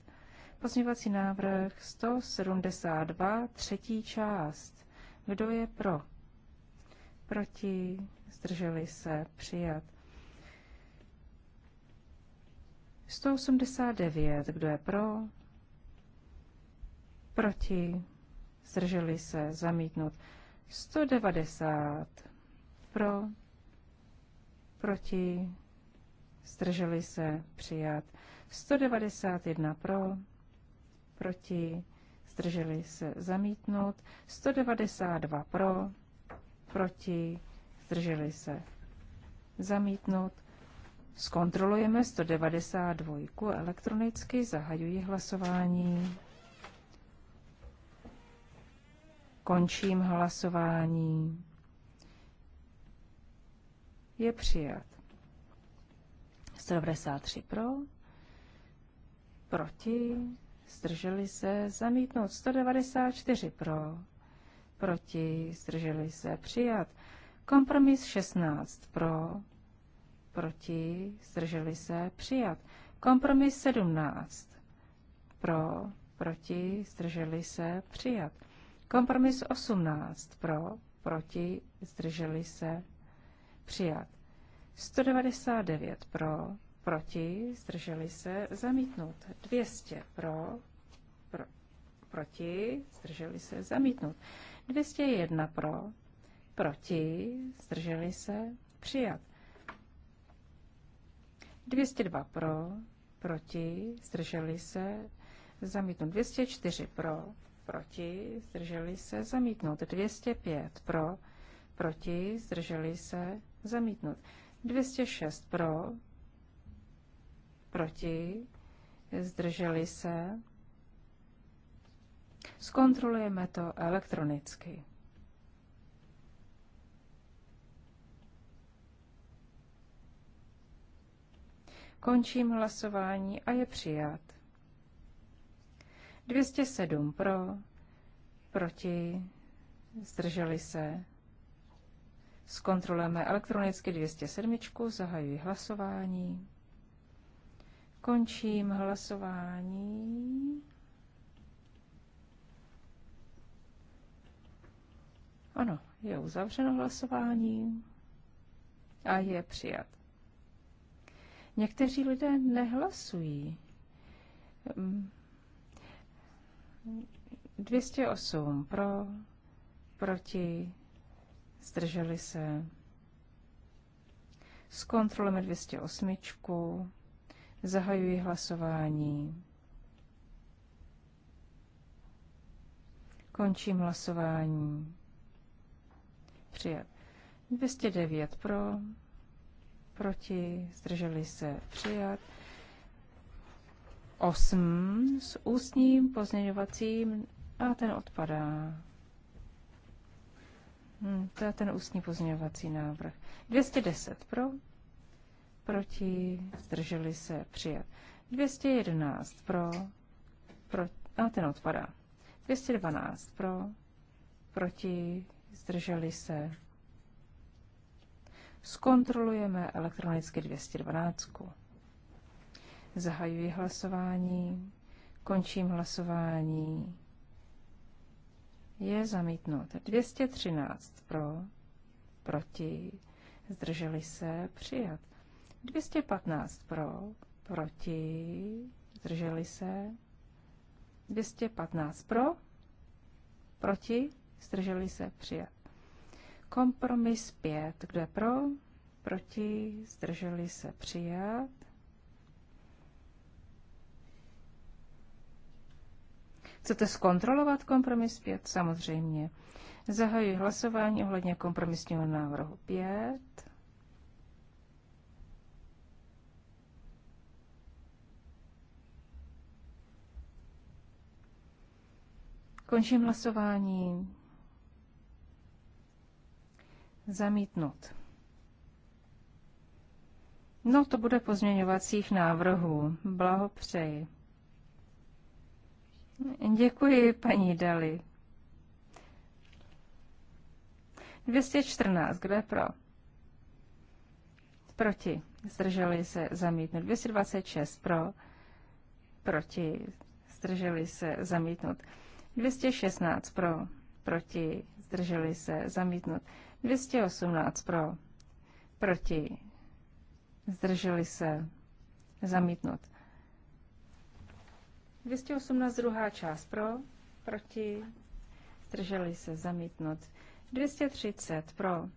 S3: Pozměňovací návrh 172, třetí část. Kdo je pro? Proti, zdrželi se, přijat. 189, kdo je pro, proti, zdrželi se, zamítnut. 190, pro, proti, zdrželi se, přijat. 191 pro, proti, zdrželi se, zamítnout 192 pro, proti, zdrželi se zamítnout. Zkontrolujeme 192 elektronicky, zahajuji hlasování. Končím hlasování. Je přijat. 193 pro, proti, zdrželi se, zamítnout 194 pro, proti, zdrželi se, přijat. Kompromis 16 pro, proti, zdrželi se, přijat. Kompromis 17 pro, proti, zdrželi se, přijat. Kompromis 18 pro, proti, zdrželi se, přijat. 199 pro, proti, zdrželi se, zamítnout. 200 pro, pro proti, zdrželi se, zamítnout. 201 pro, proti, zdrželi se, přijat. 202 pro, proti, zdrželi se, zamítnout. 204 pro, proti, zdrželi se, zamítnout. 205 pro, proti, zdrželi se, zamítnout. 206 pro, proti, zdrželi se. Zkontrolujeme to elektronicky. Končím hlasování a je přijat. 207 pro, proti, zdrželi se. Zkontrolujeme elektronicky 207, zahajuji hlasování. Končím hlasování. Ano, je uzavřeno hlasování a je přijat. Někteří lidé nehlasují. 208 pro, proti, zdrželi se. Zkontrolujeme 208. Zahajuji hlasování. Končím hlasování. Přijat. 209 pro, proti, zdrželi se přijat. 8 s ústním pozměňovacím a ten odpadá. Hmm, to je ten ústní pozměňovací návrh. 210 pro, proti, zdrželi se přijat. 211 pro, pro a ten odpadá. 212 pro, proti, zdrželi se Zkontrolujeme elektronicky 212. Zahajuji hlasování, končím hlasování. Je zamítnut 213 pro, proti, zdrželi se, přijat. 215 pro, proti, zdrželi se. 215 pro, proti, zdrželi se, přijat. Kompromis 5. Kdo je pro? Proti? Zdrželi se přijat. Chcete zkontrolovat kompromis 5? Samozřejmě. Zahajuji hlasování ohledně kompromisního návrhu 5. Končím hlasování. Zamítnut. No, to bude pozměňovacích návrhů. Blahopřeji. Děkuji, paní Dali. 214, je pro? Proti. Zdrželi se zamítnout. 226 pro. Proti. Zdrželi se zamítnout. 216 pro. Proti. Zdrželi se zamítnout. 218 pro, proti, zdrželi se, zamítnut. 218 druhá část pro, proti, zdrželi se, zamítnut. 230 pro,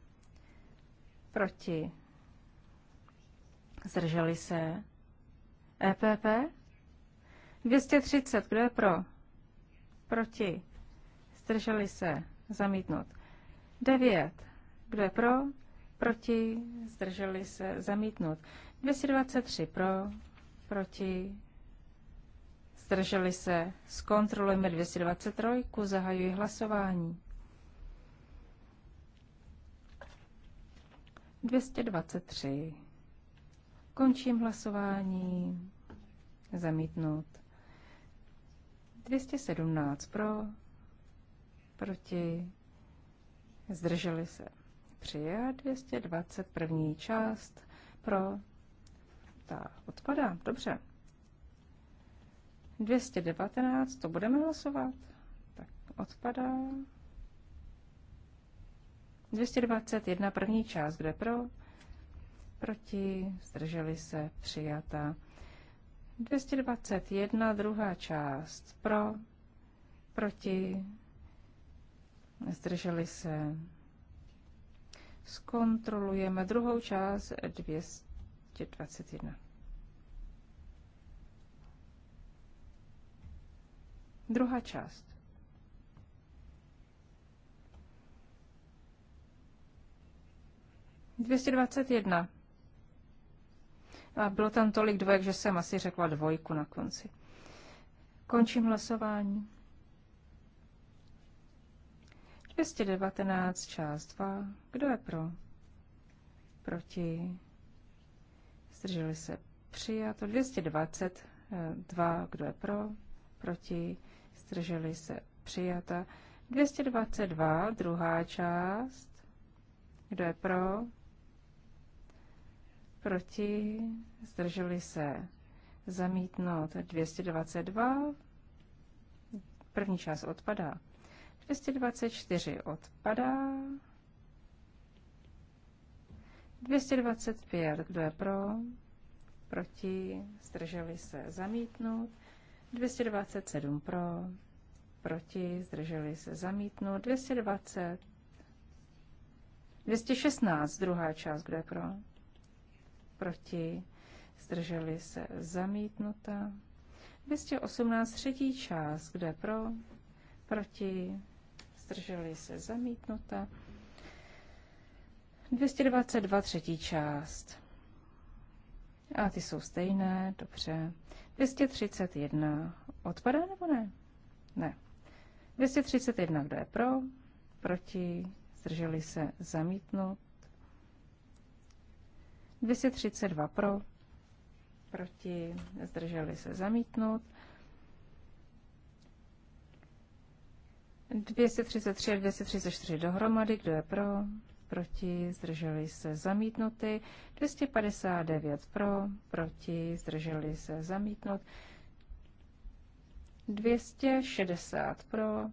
S3: proti, zdrželi se, EPP, 230, kdo je pro, proti, zdrželi se, zamítnout. 9 kdo je pro? Proti? Zdrželi se? Zamítnut. 223 pro? Proti? Zdrželi se? Zkontrolujeme 223. Zahajuji hlasování. 223. Končím hlasování. Zamítnut. 217 pro, proti, zdrželi se přijat, 220 první část pro, ta odpadá, dobře. 219, to budeme hlasovat, tak odpadá. 221 první část, kde pro, proti, zdrželi se, přijata. 221 druhá část, pro, proti, zdrželi se, Zkontrolujeme druhou část 221.
S1: Druhá část.
S3: Dvěstě dvacet jedna. A bylo tam tolik dvojek, že jsem asi řekla dvojku na konci. Končím hlasování. 219 část 2. Kdo je pro? Proti? Zdrželi se přijato. 222. Kdo je pro? Proti? Zdrželi se přijata. 222. Druhá část. Kdo je pro? Proti? Zdrželi se zamítnout. 222. První část odpadá. 224 odpadá. 225, kdo je pro? Proti, zdrželi se zamítnout. 227 pro, proti, zdrželi se zamítnout. 220, 216, druhá část, kdo je pro? Proti, zdrželi se zamítnuta. 218, třetí část, kdo je pro? Proti, zdrželi se zamítnuta. 222 třetí část. A ty jsou stejné, dobře. 231 odpadá nebo ne? Ne. 231, kdo je pro, proti, zdrželi se zamítnout. 232 pro, proti, zdrželi se zamítnout. 233 a 234 dohromady, kdo je pro, proti, zdrželi se zamítnuty, 259 pro, proti, zdrželi se zamítnut, 260 pro,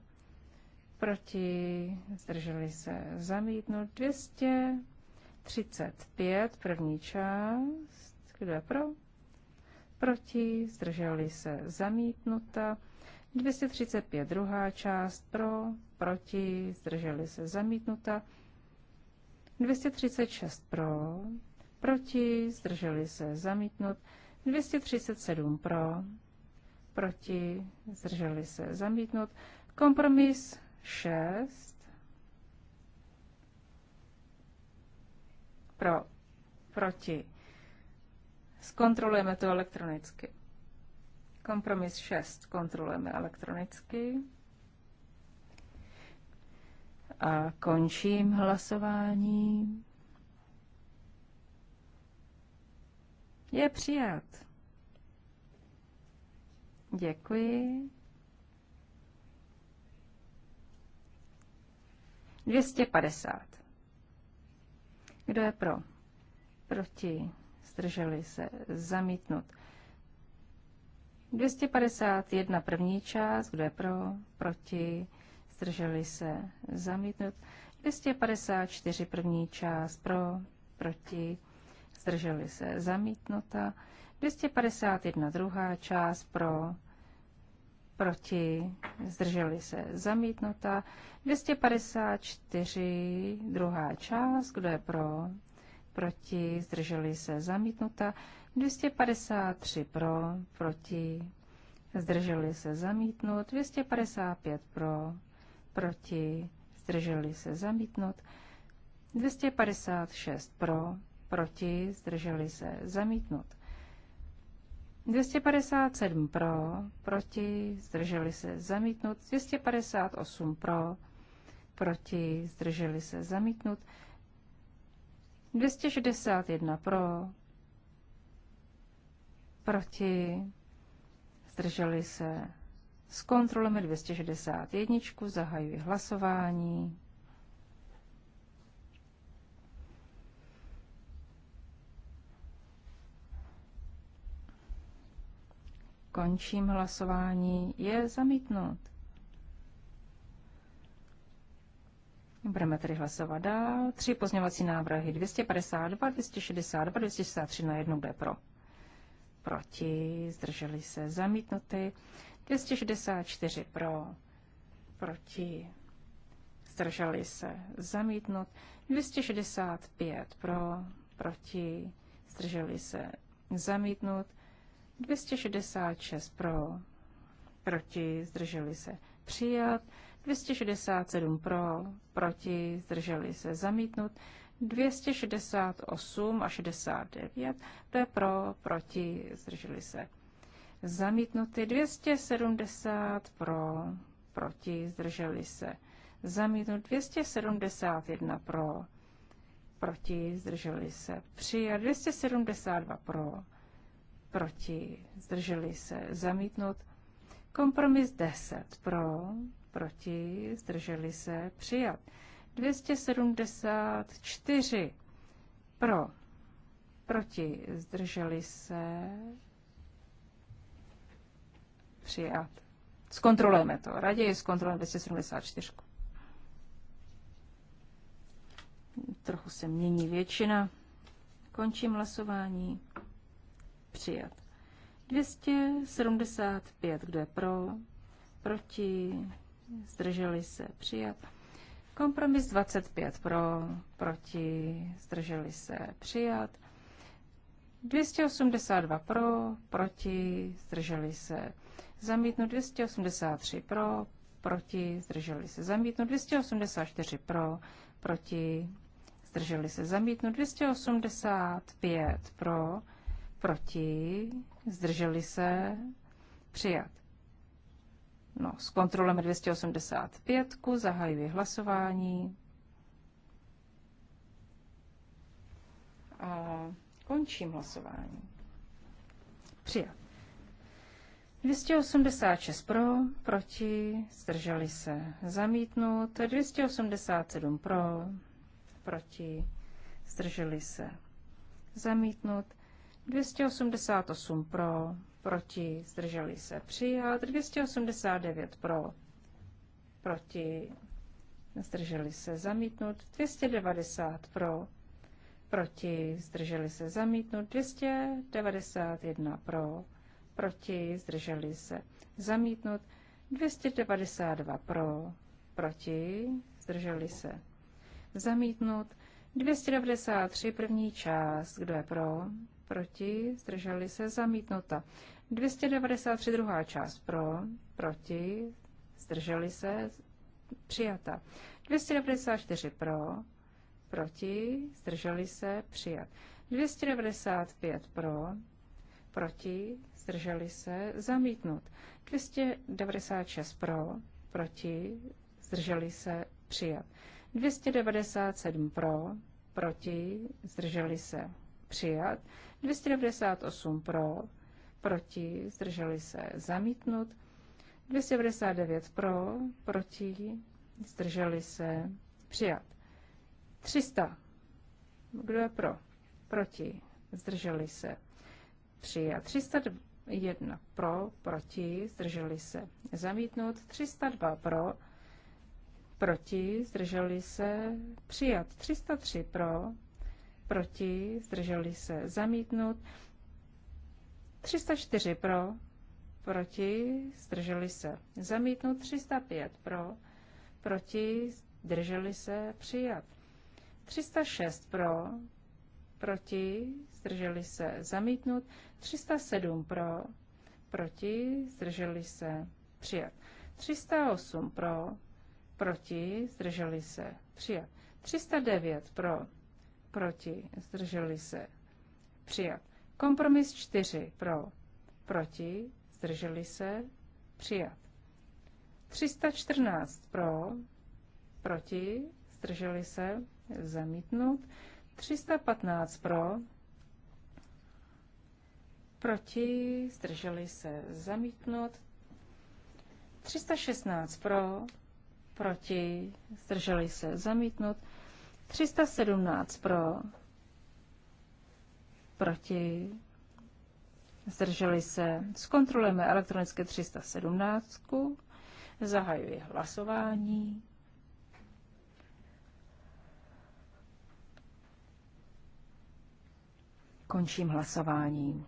S3: proti, zdrželi se zamítnut, 235 první část, kdo je pro, proti, zdrželi se zamítnuta, 235 druhá část pro, proti, zdrželi se zamítnuta. 236 pro, proti, zdrželi se zamítnut. 237 pro, proti, zdrželi se zamítnut. Kompromis 6 pro, proti. Zkontrolujeme to elektronicky. Kompromis 6 kontrolujeme elektronicky. A končím hlasování. Je přijat. Děkuji. 250. Kdo je pro? Proti? Zdrželi se? Zamítnut. 251 první část, kdo je pro, proti, zdrželi se, zamítnut. 254 první část, pro, proti, zdrželi se, zamítnuta. 251 druhá část, pro, proti, zdrželi se, zamítnuta. 254 druhá část, kdo je pro, proti, zdrželi se, zamítnuta. 253 pro, proti, zdrželi se zamítnout, 255 pro, proti, zdrželi se zamítnout, 256 pro, proti, zdrželi se zamítnout. 257 pro, proti, zdrželi se zamítnout, 258 pro, proti, zdrželi se zamítnout, 261 pro, proti, zdrželi se. Zkontrolujeme 261, zahajuji hlasování. Končím hlasování. Je zamítnut. Budeme tedy hlasovat dál. Tři pozměňovací návrhy 252, 262, 263 na jednu kde pro proti, zdrželi se zamítnuty, 264 pro, proti, zdrželi se zamítnut, 265 pro, proti, zdrželi se zamítnut, 266 pro, proti, zdrželi se přijat, 267 pro, proti, zdrželi se zamítnut, 268 a 69, to je pro, proti, zdrželi se. Zamítnuty 270 pro, proti, zdrželi se. Zamítnut 271 pro, proti, zdrželi se. Přijat 272 pro, proti, zdrželi se. Zamítnut kompromis 10 pro, proti, zdrželi se. Přijat 274 pro, proti, zdrželi se, přijat. Zkontrolujeme to. Raději zkontrolujeme 274. Trochu se mění většina. Končím hlasování. Přijat. 275, kdo je pro, proti, zdrželi se, přijat. Kompromis 25 pro, proti, zdrželi se, přijat. 282 pro, proti, zdrželi se, zamítnu 283 pro, proti, zdrželi se, zamítnu 284 pro, proti, zdrželi se, zamítnu 285 pro, proti, zdrželi se, přijat. No, s kontrolem 285 zahajuji hlasování. A končím hlasování. Přijat. 286 pro, proti, zdrželi se zamítnout, 287 pro, proti, zdrželi se zamítnout, 288 pro, proti, zdrželi se přijat, 289 pro, proti, zdrželi se zamítnut, 290 pro, proti, zdrželi se zamítnut, 291 pro, proti, zdrželi se zamítnut, 292 pro, proti, zdrželi se zamítnut, 293 první část, kdo je pro, proti, zdrželi se, zamítnuta. 293 druhá část pro, proti, zdrželi se, přijata. 294 pro, proti, zdrželi se, přijat. 295 pro, proti, zdrželi se, zamítnut. 296 pro, proti, zdrželi se, přijat. 297 pro, proti, zdrželi se, přijat. 298 pro, proti, zdrželi se zamítnut. 299 pro, proti, zdrželi se přijat. 300. Kdo je pro? Proti, zdrželi se přijat. 301 pro, proti, zdrželi se zamítnut. 302 pro, proti, zdrželi se přijat. 303 pro, proti, zdrželi se zamítnut. 304 pro, proti, zdrželi se zamítnut. 305 pro, proti, zdrželi se přijat. 306 pro, proti, zdrželi se zamítnut. 307 pro, proti, zdrželi se přijat. 308 pro, proti, zdrželi se přijat. 309 pro, proti, zdrželi se, přijat. Kompromis 4 pro, proti, zdrželi se, přijat. 314 pro, proti, zdrželi se, zamítnut. 315 pro, proti, zdrželi se, zamítnut. 316 pro, proti, zdrželi se, zamítnut. 317 pro, proti, zdrželi se. Zkontrolujeme elektronické 317. Zahajuji hlasování. Končím hlasování.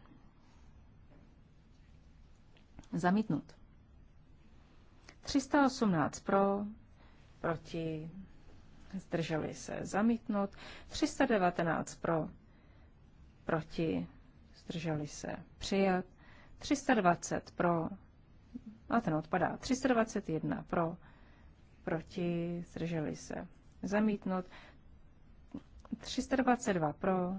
S3: Zamítnut. 318 pro, proti, zdrželi se zamítnout, 319 pro, proti, zdrželi se přijat, 320 pro, a ten odpadá, 321 pro, proti, zdrželi se zamítnout, 322 pro,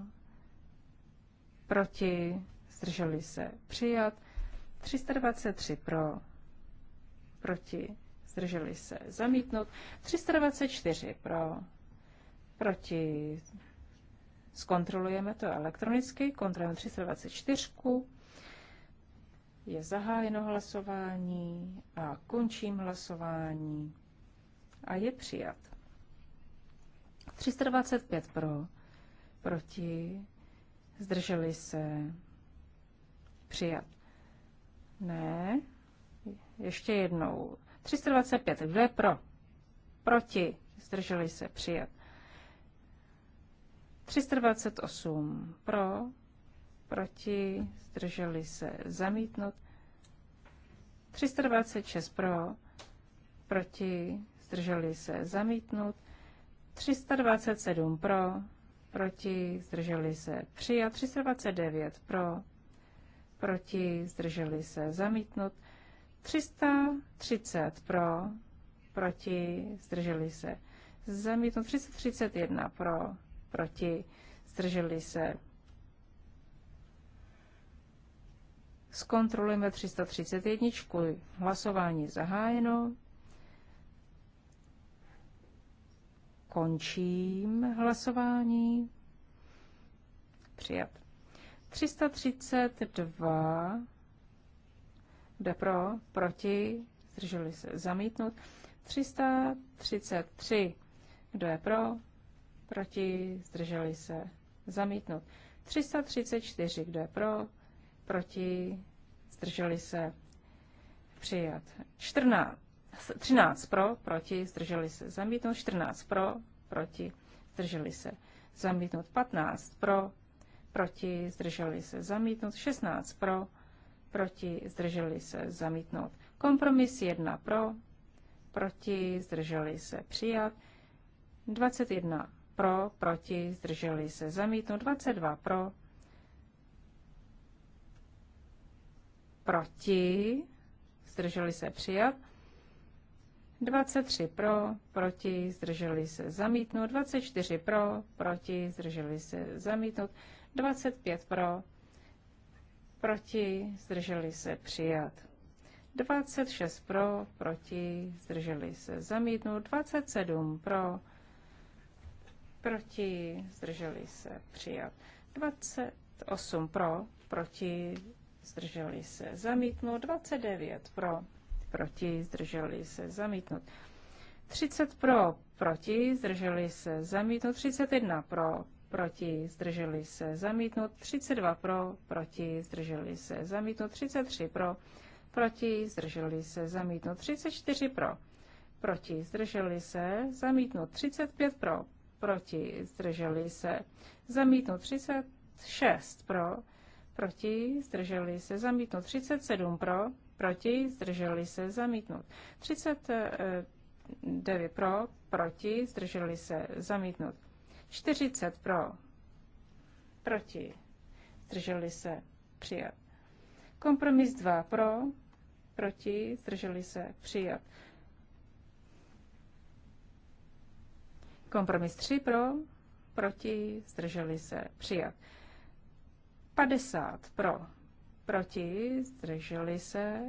S3: proti, zdrželi se přijat, 323 pro, proti, zdrželi se zamítnout, 324 pro, proti, zkontrolujeme to elektronicky, kontrolujeme 324, je zahájeno hlasování a končím hlasování a je přijat. 325 pro, proti, zdrželi se, přijat. Ne, ještě jednou. 325. Kdo je pro? Proti? Zdrželi se přijat. 328. Pro? Proti? Zdrželi se zamítnout. 326 pro, proti, zdrželi se zamítnout. 327 pro, proti, zdrželi se přijat. 329 pro, proti, zdrželi se zamítnout. 330 pro, proti, zdrželi se. Zamítnu 331 pro, proti, zdrželi se. Zkontrolujeme 331. Hlasování zahájeno. Končím hlasování. Přijat. 332 kdo pro? Proti? Zdrželi se zamítnut. 333. Kdo je pro? Proti? Zdrželi se zamítnut. 334. Kdo je pro? Proti? Zdrželi se přijat. 14. 13 pro, proti, zdrželi se zamítnout, 14 pro, proti, zdrželi se zamítnout, 15 pro, proti, zdrželi se zamítnout, 16 pro, proti, zdrželi se, zamítnout. Kompromis 1 pro, proti, zdrželi se, přijat. 21 pro, proti, zdrželi se, zamítnout. 22 pro, proti, zdrželi se, přijat. 23 pro, proti, zdrželi se, zamítnout. 24 pro, proti, zdrželi se, zamítnout. 25 pro, proti, zdrželi se přijat. 26 pro, proti, zdrželi se zamítnout. 27 pro, proti, zdrželi se přijat. 28 pro, proti, zdrželi se zamítnout. 29 pro, proti, zdrželi se zamítnout. 30 pro, proti, zdrželi se zamítnout. 31 pro, proti, zdrželi se, zamítnut, 32 pro, proti, zdrželi se, zamítnut, 33 pro, proti, zdrželi se, zamítnut, 34 pro, proti, zdrželi se, zamítnut, 35 pro, proti, zdrželi se, zamítnut, 36 pro, proti, zdrželi se, zamítnut, 37 pro, proti, zdrželi se, zamítnut, 39 pro, proti, zdrželi se, zamítnut, 40 pro, proti, zdrželi se, přijat. Kompromis 2 pro, proti, zdrželi se, přijat. Kompromis 3 pro, proti, zdrželi se, přijat. 50 pro, proti, zdrželi se.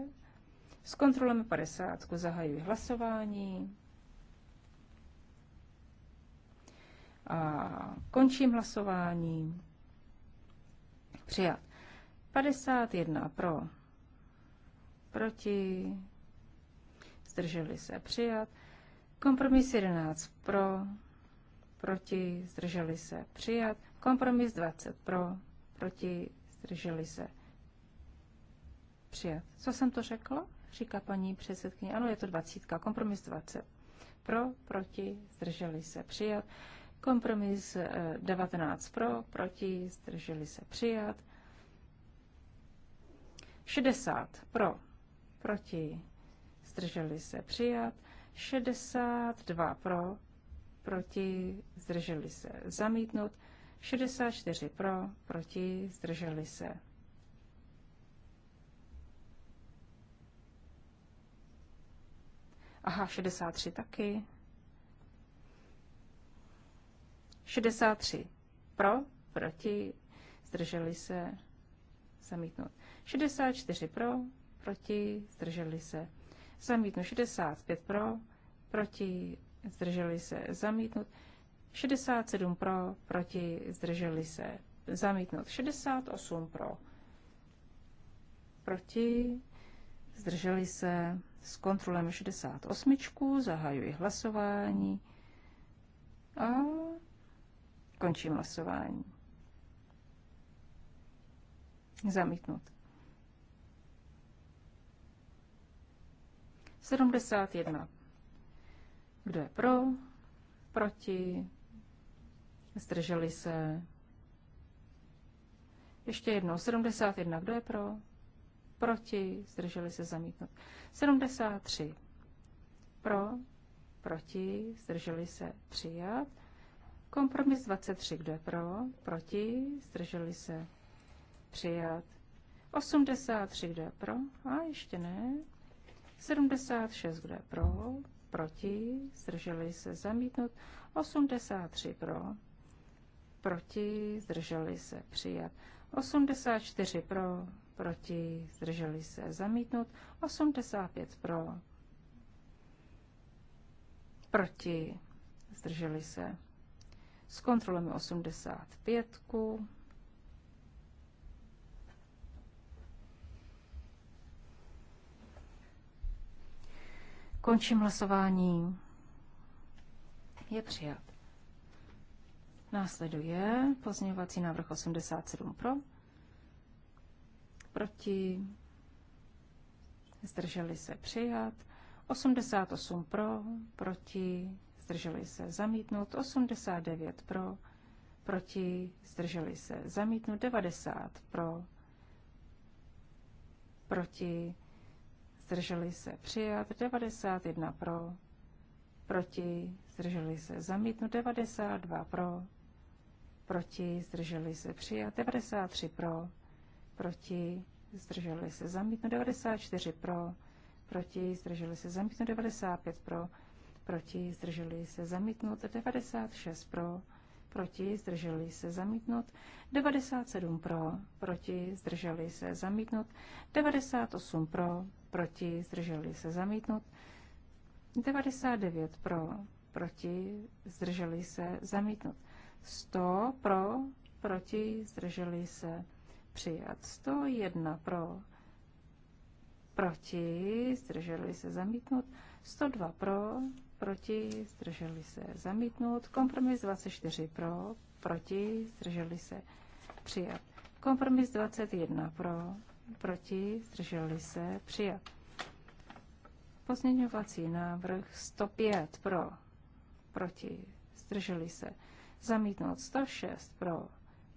S3: S kontrolem 50. Zahajuji hlasování. A končím hlasování. Přijat. 51 pro. Proti. Zdrželi se. Přijat. Kompromis 11 pro. Proti. Zdrželi se. Přijat. Kompromis 20 pro. Proti. Zdrželi se. Přijat. Co jsem to řekla? Říká paní předsedkyně. Ano, je to 20. Kompromis 20. Pro, proti, zdrželi se. Přijat. Kompromis 19 eh, pro, proti, zdrželi se přijat. 60 pro, proti, zdrželi se přijat. 62 pro, proti, zdrželi se zamítnout. 64 pro, proti, zdrželi se. Aha, 63 taky. 63 pro, proti, zdrželi se, zamítnout. 64 pro, proti, zdrželi se, zamítnout. 65 pro, proti, zdrželi se, zamítnout. 67 pro, proti, zdrželi se, zamítnout. 68 pro, proti, zdrželi se, s kontrolem 68, zahajuji hlasování a Končím hlasování. Zamítnut. 71. Kdo je pro? Proti? Zdrželi se? Ještě jednou. 71. Kdo je pro? Proti? Zdrželi se zamítnout. 73. Pro? Proti? Zdrželi se přijat. Kompromis 23, kdo je pro? Proti? Zdrželi se? Přijat. 83, kdo je pro? A ještě ne. 76, kdo je pro? Proti? Zdrželi se? Zamítnut. 83 pro? Proti? Zdrželi se? Přijat. 84 pro? Proti? Zdrželi se? Zamítnut. 85 pro? Proti? Zdrželi se? Zkontrolujeme 85. Končím hlasování. Je přijat. Následuje pozměňovací návrh 87 pro. Proti. Zdrželi se přijat. 88 pro, proti, zdrželi se zamítnout, 89 pro, proti, zdrželi se zamítnout, 90 pro, proti, zdrželi se přijat, 91 pro, proti, zdrželi se zamítnout, 92 pro, proti, zdrželi se přijat, 93 pro, proti, zdrželi se zamítnout, 94 pro, proti, zdrželi se zamítnout, 95 pro, proti, zdrželi se zamítnut, 96 pro, proti, zdrželi se zamítnut, 97 pro, proti, zdrželi se zamítnut, 98 pro, proti, zdrželi se zamítnut, 99 pro, proti, zdrželi se zamítnut, 100 pro, proti, zdrželi se přijat, 101 pro, proti, zdrželi se zamítnut, 102 pro, proti, zdrželi se zamítnout. Kompromis 24 pro, proti, zdrželi se přijat. Kompromis 21 pro, proti, zdrželi se přijat. Pozměňovací návrh 105 pro, proti, zdrželi se zamítnout. 106 pro,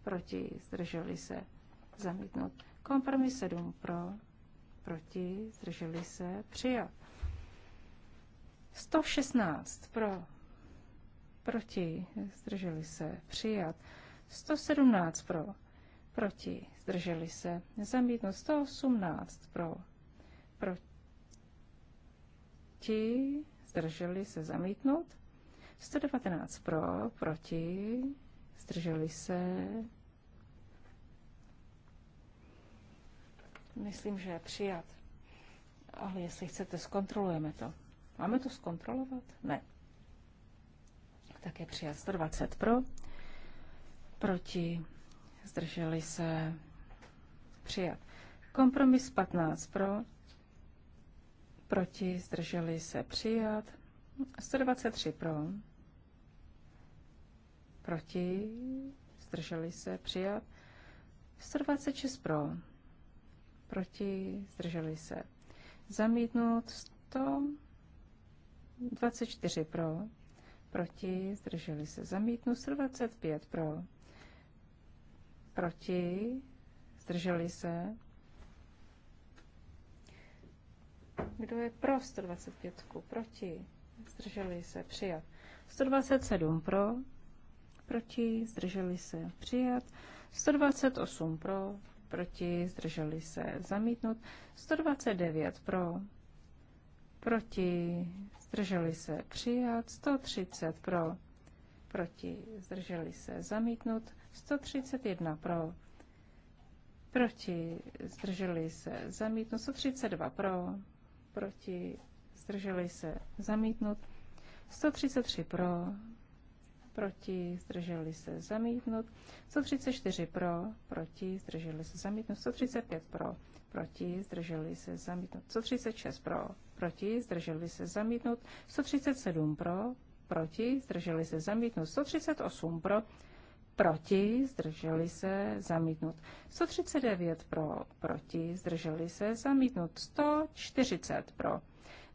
S3: proti, zdrželi se zamítnout. Kompromis 7 pro, proti, zdrželi se přijat. 116 pro, proti, zdrželi se, přijat. 117 pro, proti, zdrželi se, zamítnout. 118 pro, proti, zdrželi se, zamítnout. 119 pro, proti, zdrželi se. Myslím, že je přijat. Ale jestli chcete, zkontrolujeme to. Máme to zkontrolovat? Ne. Tak je přijat 120 pro, proti, zdrželi se, přijat. Kompromis 15 pro, proti, zdrželi se, přijat. 123 pro, proti, zdrželi se, přijat. 126 pro, proti, zdrželi se, zamítnout 100, 24 pro, proti, zdrželi se zamítnu se, 25 pro, proti, zdrželi se. Kdo je pro 125? Proti, zdrželi se, přijat. 127 pro, proti, zdrželi se, přijat. 128 pro, proti, zdrželi se, zamítnout. 129 pro, proti, zdrželi se přijat, 130 pro, proti, zdrželi se zamítnut, 131 pro, proti, zdrželi se zamítnut, 132 pro, proti, zdrželi se zamítnut, 133 pro, proti, zdrželi se zamítnut, 134 pro, proti, zdrželi se zamítnut, 135 pro, proti, zdrželi se zamítnout. 136 pro, proti, zdrželi se zamítnout. 137 pro, proti, zdrželi se zamítnout. 138 pro, proti, zdrželi se zamítnout. 139 pro, proti, zdrželi se zamítnout. 140 pro,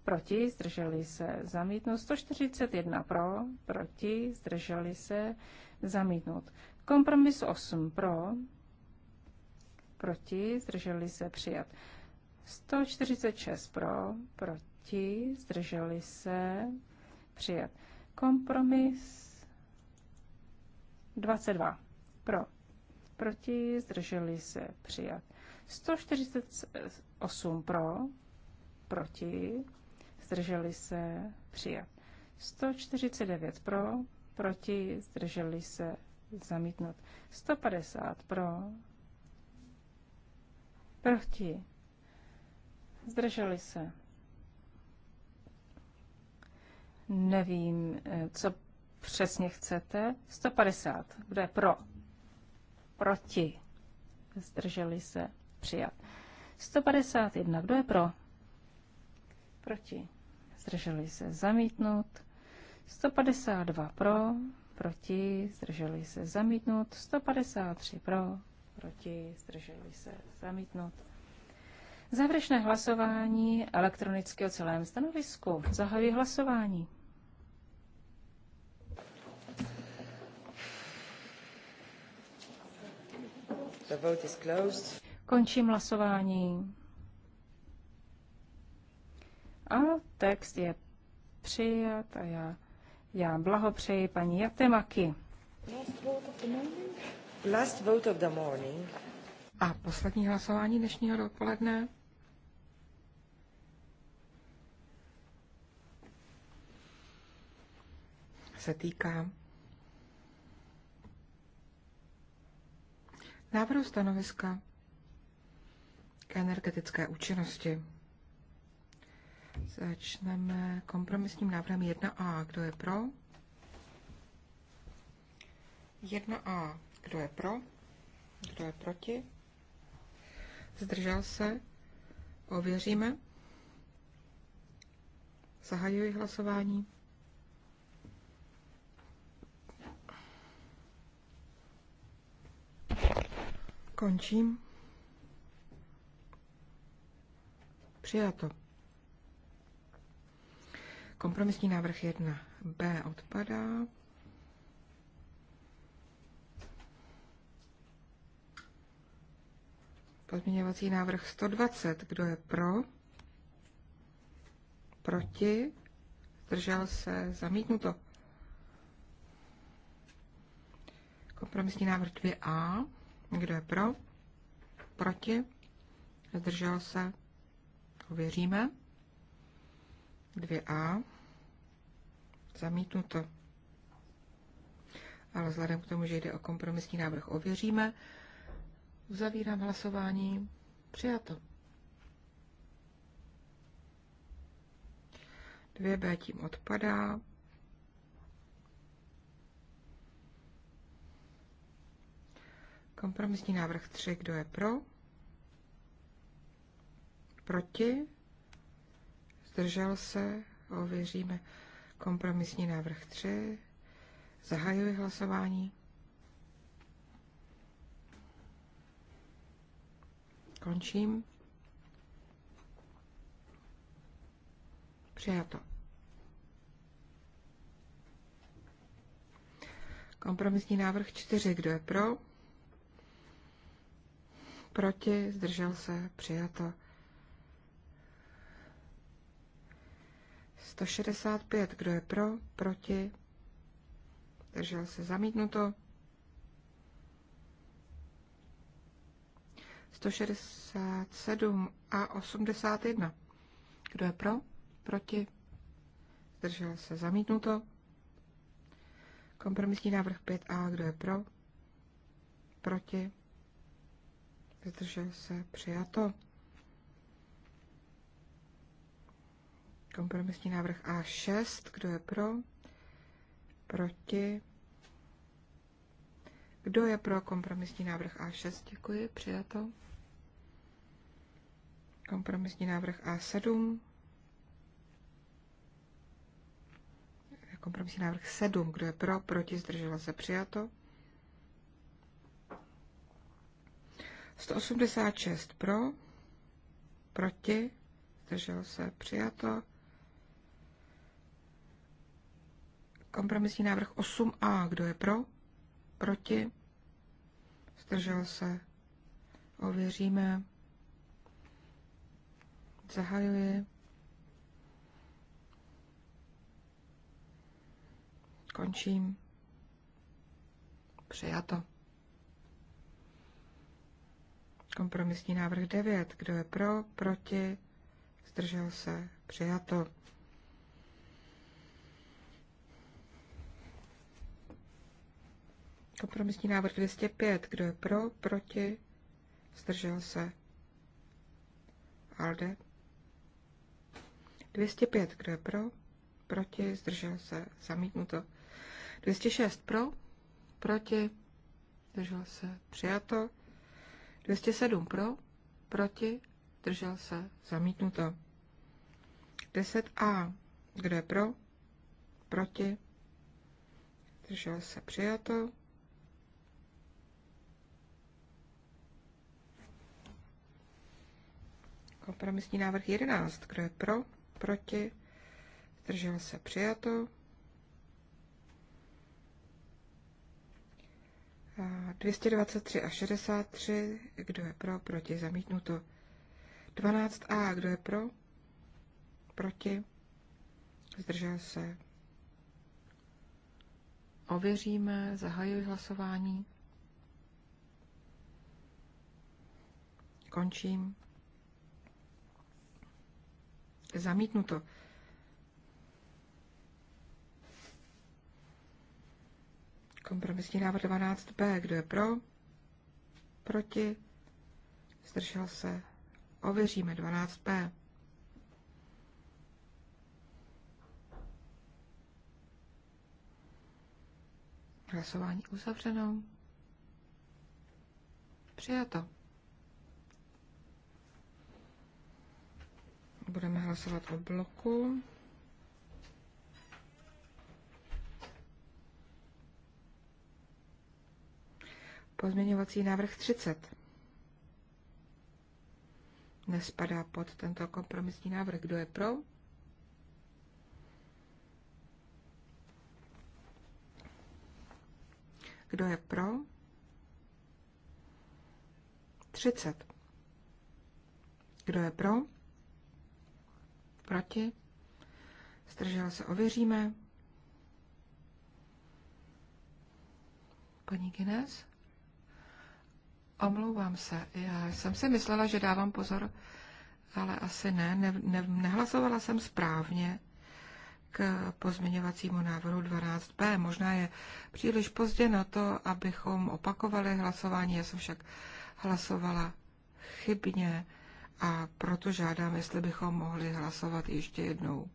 S3: proti, zdrželi se zamítnout. 141 pro, proti, zdrželi se zamítnout. Kompromis 8 pro, proti, zdrželi se přijat. 146 pro, proti, zdrželi se přijat. Kompromis 22 pro, proti, zdrželi se přijat. 148 pro, proti, zdrželi se přijat. 149 pro, proti, zdrželi se zamítnout 150 pro, Proti. Zdrželi se. Nevím, eh, co přesně chcete. 150. Kdo je pro? Proti. Zdrželi se. Přijat. 151. Kdo je pro? Proti. Zdrželi se. Zamítnout. 152 pro, proti, zdrželi se zamítnout, 153 pro, proti, zdrželi se, zamítnout. Závěrečné hlasování elektronicky o celém stanovisku. Zahajuji hlasování.
S1: The vote is closed.
S3: Končím hlasování. A text je přijat a já, já blahopřeji paní Jatemaki.
S1: Last vote of the moment. Last vote of the morning. A poslední hlasování dnešního dopoledne. se týká návrhu stanoviska k energetické účinnosti. Začneme kompromisním návrhem 1a. Kdo je pro? 1a. Kdo je pro? Kdo je proti? Zdržel se? Ověříme. Zahajuji hlasování. Končím. Přijato. Kompromisní návrh 1b odpadá. Pozměňovací návrh 120. Kdo je pro? Proti? Zdržel se? Zamítnuto. Kompromisní návrh 2a. Kdo je pro? Proti? Zdržel se? Ověříme. 2a. Zamítnuto. Ale vzhledem k tomu, že jde o kompromisní návrh, ověříme. Uzavírám hlasování. Přijato. 2b tím odpadá. Kompromisní návrh 3, kdo je pro? Proti? Zdržel se? Ověříme. Kompromisní návrh 3. Zahajuji hlasování. Končím. Přijato. Kompromisní návrh 4. Kdo je pro? Proti? Zdržel se? Přijato. 165. Kdo je pro? Proti? Zdržel se? Zamítnuto. 167 a 81. Kdo je pro? Proti? Zdržel se zamítnuto. Kompromisní návrh 5a. Kdo je pro? Proti? Zdržel se přijato. Kompromisní návrh A6. Kdo je pro? Proti? Kdo je pro kompromisní návrh A6? Děkuji, přijato. Kompromisní návrh A7. Kompromisní návrh 7. Kdo je pro? Proti? Zdržela se? Přijato. 186 pro, proti, zdržel se, přijato. Kompromisní návrh 8a, kdo je pro, proti, zdržel se, ověříme. Zahajuji. Končím. Přijato. Kompromisní návrh 9. Kdo je pro, proti, zdržel se, přijato. Kompromisní návrh 205. Kdo je pro, proti, zdržel se, Alde, 205, kdo je pro, proti, zdržel se, zamítnuto. 206 pro, proti, zdržel se, přijato. 207 pro, proti, zdržel se, zamítnuto. 10a, kdo je pro, proti, zdržel se, přijato. Kompromisní návrh 11, kdo je pro, proti, zdržel se přijato. 223 a 63, kdo je pro, proti, zamítnuto. 12a, kdo je pro, proti, zdržel se. Ověříme, zahajuji hlasování. Končím zamítnuto. Kompromisní návrh 12b. Kdo je pro? Proti? Zdržel se? Ověříme 12b. Hlasování uzavřeno. Přijato. Budeme hlasovat o bloku. Pozměňovací návrh 30 nespadá pod tento kompromisní návrh. Kdo je pro? Kdo je pro? 30. Kdo je pro? Proti? Zdržel se? Ověříme. Paní Gines? Omlouvám se. Já jsem si myslela, že dávám pozor, ale asi ne. ne, ne nehlasovala jsem správně k pozměňovacímu návrhu 12b. Možná je příliš pozdě na to, abychom opakovali hlasování. Já jsem však hlasovala chybně a proto žádám, jestli bychom mohli hlasovat ještě jednou.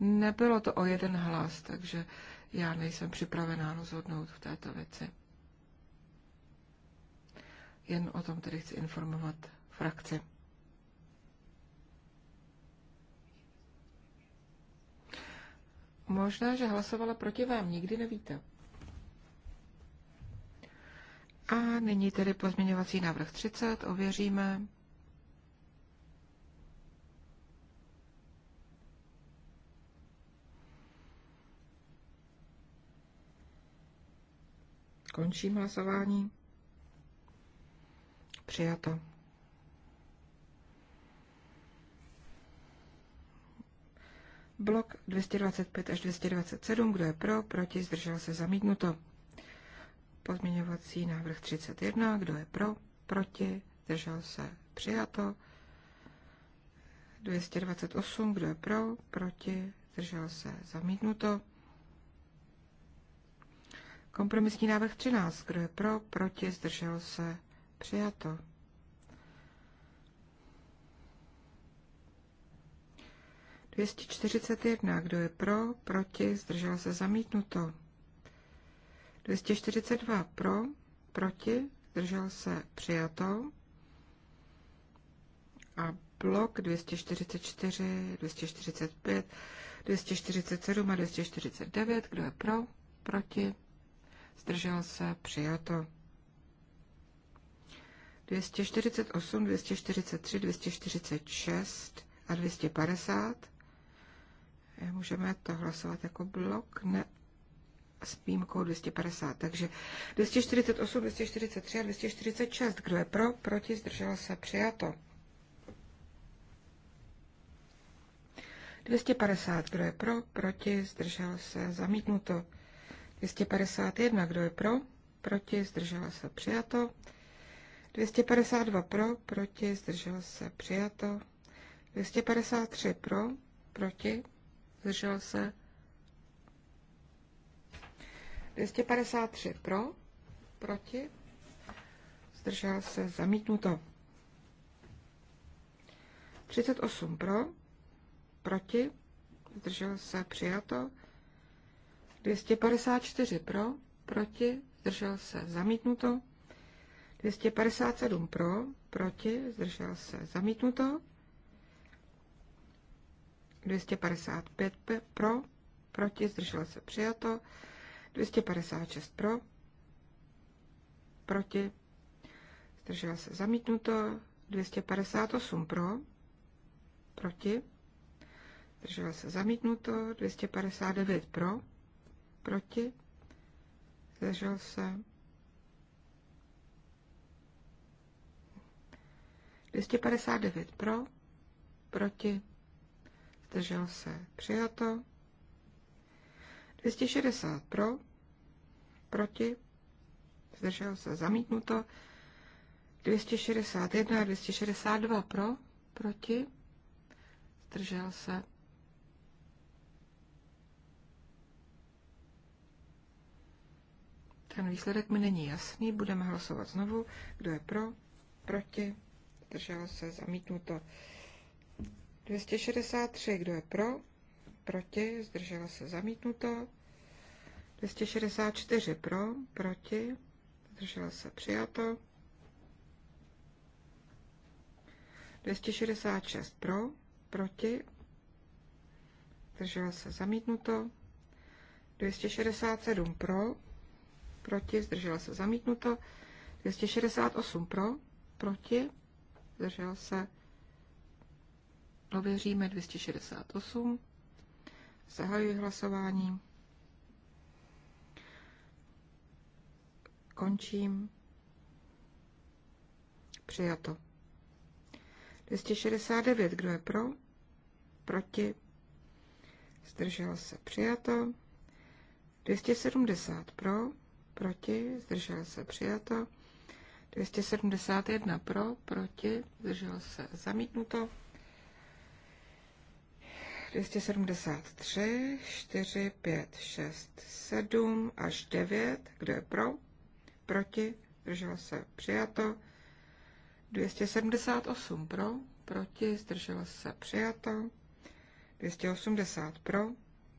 S1: Nebylo to o jeden hlas, takže já nejsem připravená rozhodnout v této věci. Jen o tom tedy chci informovat frakci. Možná, že hlasovala proti vám, nikdy nevíte. A nyní tedy pozměňovací návrh 30, ověříme. Končím hlasování. Přijato. Blok 225 až 227, kdo je pro, proti, zdržel se zamítnuto. Pozměňovací návrh 31. Kdo je pro? Proti? Držel se? Přijato. 228. Kdo je pro? Proti? Držel se? Zamítnuto. Kompromisní návrh 13. Kdo je pro? Proti? Zdržel se? Přijato. Dvěstě čtyřicet jedna. Kdo je pro? Proti? Zdržel se? Zamítnuto. 242 pro, proti, zdržel se přijato. A blok 244, 245, 247 a 249, kdo je pro, proti, zdržel se přijato. 248, 243, 246 a 250. Můžeme to hlasovat jako blok? Ne, s výjimkou 250. Takže 248, 243 a 246. Kdo je pro, proti, zdržel se, přijato. 250. Kdo je pro, proti, zdržel se, zamítnuto. 251. Kdo je pro, proti, zdržel se, přijato. 252 pro, proti, zdržel se, přijato. 253 pro, proti, zdržel se, 253 pro, proti, zdržel se, zamítnuto. 38 pro, proti, zdržel se, přijato. 254 pro, proti, zdržel se, zamítnuto. 257 pro, proti, zdržel se, zamítnuto. 255 pro, proti, zdržel se, přijato. 256 pro, proti, zdržel se zamítnuto, 258 pro, proti, zdržel se zamítnuto, 259 pro, proti, zdržel se 259 pro, proti, zdržel se přijato, 260 pro, proti, zdržel se zamítnuto, 261 a 262 pro, proti, zdržel se Ten výsledek mi není jasný, budeme hlasovat znovu. Kdo je pro? Proti? zdržel se zamítnuto. 263, kdo je pro? proti, zdrželo se zamítnuto. 264 pro, proti, zdrželo se přijato. 266 pro, proti, zdrželo se zamítnuto. 267 pro, proti, zdrželo se zamítnuto. 268 pro, proti, zdržela se. Ověříme 268. Zahajuji hlasování. Končím. Přijato. 269, kdo je pro? Proti? Zdržel se. Přijato. 270 pro, proti, zdržel se přijato. 271 pro, proti, zdržel se zamítnuto. 273, 4, 5, 6, 7 až 9. Kdo je pro? Proti? Zdrželo se přijato. 278 pro, proti, zdrželo se přijato. 280 pro,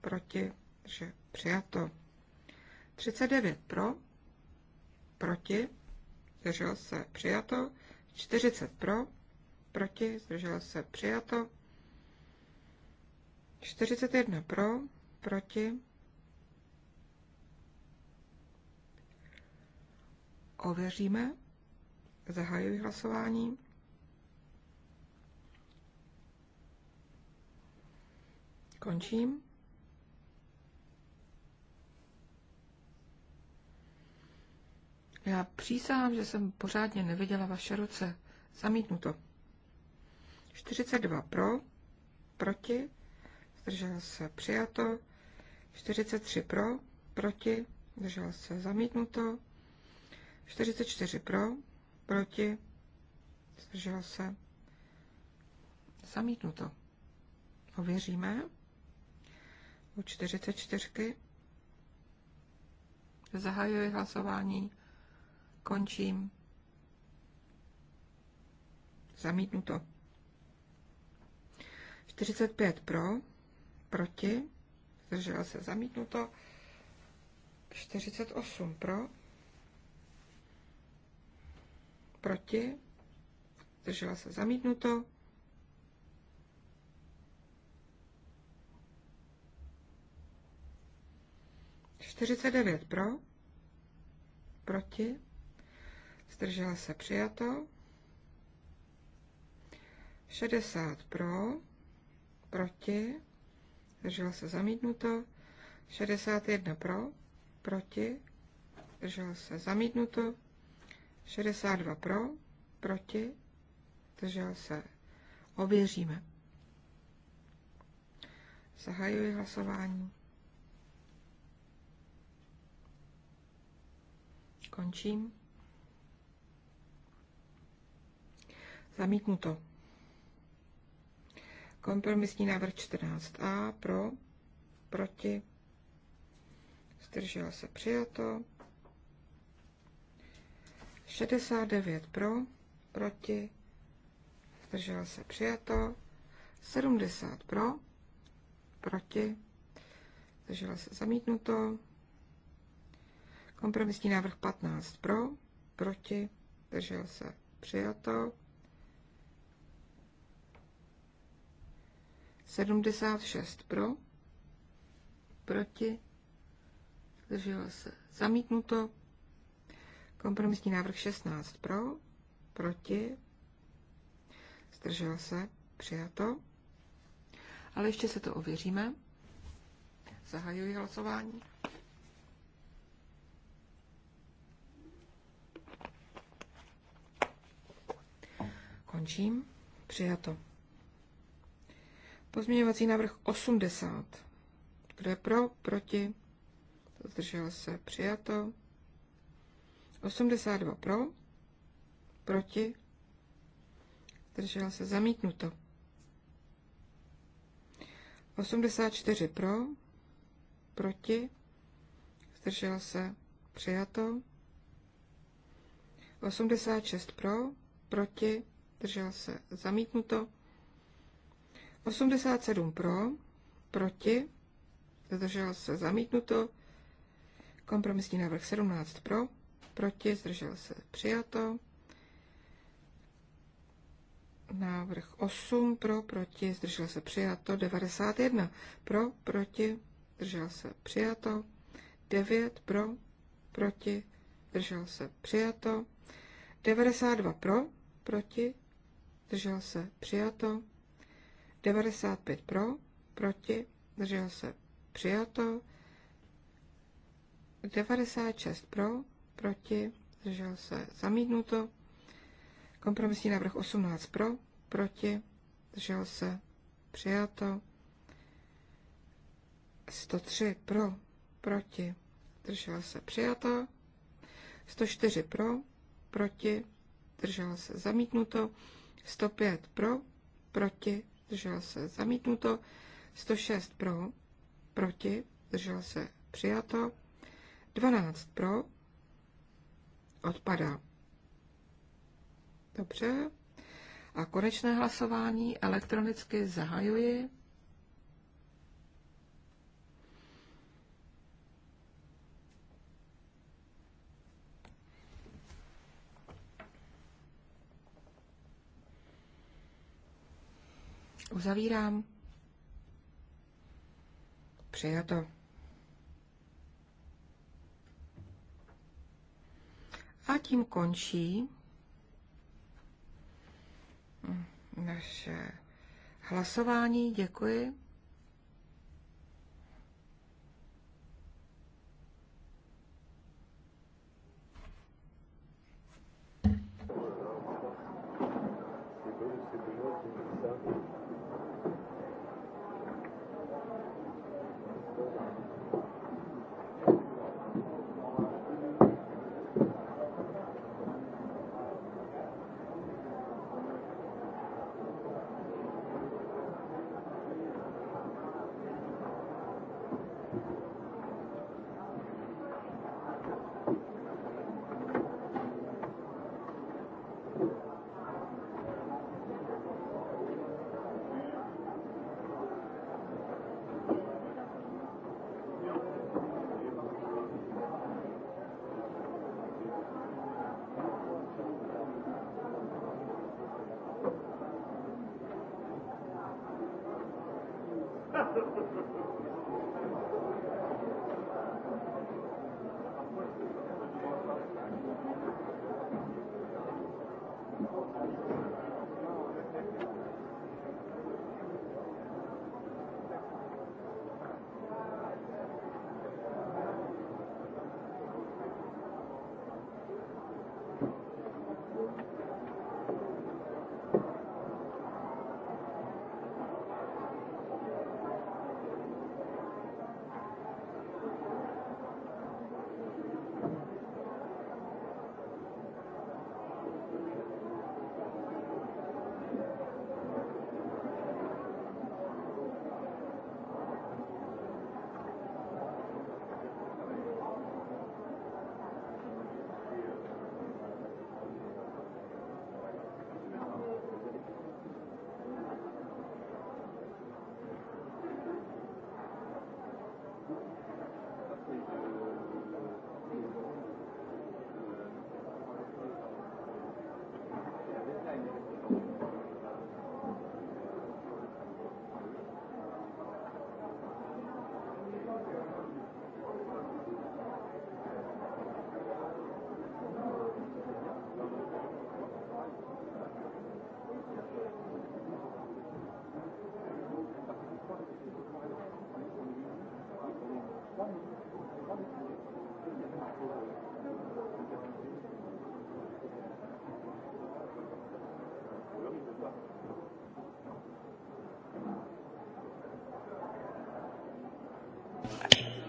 S1: proti, že přijato. 39 pro, proti, zdrželo se přijato. 40 pro, proti, zdrželo se přijato. 41 pro, proti. Ověříme. Zahajuji hlasování. Končím. Já přísahám, že jsem pořádně neviděla vaše ruce. Zamítnuto. 42 pro, proti zdržel se přijato, 43 pro, proti, zdržel se zamítnuto, 44 pro, proti, zdržel se zamítnuto. Ověříme u 44. Zahajuji hlasování, končím. Zamítnuto. 45 pro, proti, zdržel se zamítnuto, 48 pro, proti, zdržel se zamítnuto, Čtyřicet devět pro, proti, zdržela se přijato, 60 pro, proti, zdržel se zamítnuto, 61 pro, proti, zdržel se zamítnuto, 62 pro, proti, zdržel se, ověříme. Zahajuji hlasování. Končím. Zamítnuto. Kompromisní návrh 14a pro, proti, zdržel se přijato. 69 pro, proti, zdržel se přijato. 70 pro, proti, zdržel se zamítnuto. Kompromisní návrh 15 pro, proti, zdržel se přijato. 76 pro, proti, zdrželo se zamítnuto. Kompromisní návrh 16 pro, proti, zdrželo se přijato. Ale ještě se to ověříme. Zahajuji hlasování. Končím. Přijato. Pozměňovací návrh 80. Kdo je pro, proti, zdržel se, přijato. 82 pro, proti, zdržel se, zamítnuto. 84 pro, proti, zdržel se, přijato. 86 pro, proti, zdržel se, zamítnuto. 87 pro, proti, zdržel se zamítnuto. Kompromisní návrh 17 pro, proti, zdržel se přijato. Návrh 8 pro, proti, zdržel se přijato. 91 pro, proti, zdržel se přijato. 9 pro, proti, zdržel se přijato. 92 pro, proti, zdržel se přijato. 95 pro, proti, zdržel se přijato. 96 pro, proti, zdržel se zamítnuto. Kompromisní návrh 18 pro, proti, zdržel se přijato. 103 pro, proti, zdržel se přijato. 104 pro, proti, zdržel se zamítnuto. 105 pro, proti, zdržel se zamítnuto, 106 pro, proti, zdržel se přijato, 12 pro, odpadá. Dobře. A konečné hlasování elektronicky zahajuji. uzavírám. Přijato. A tím končí naše hlasování. Děkuji.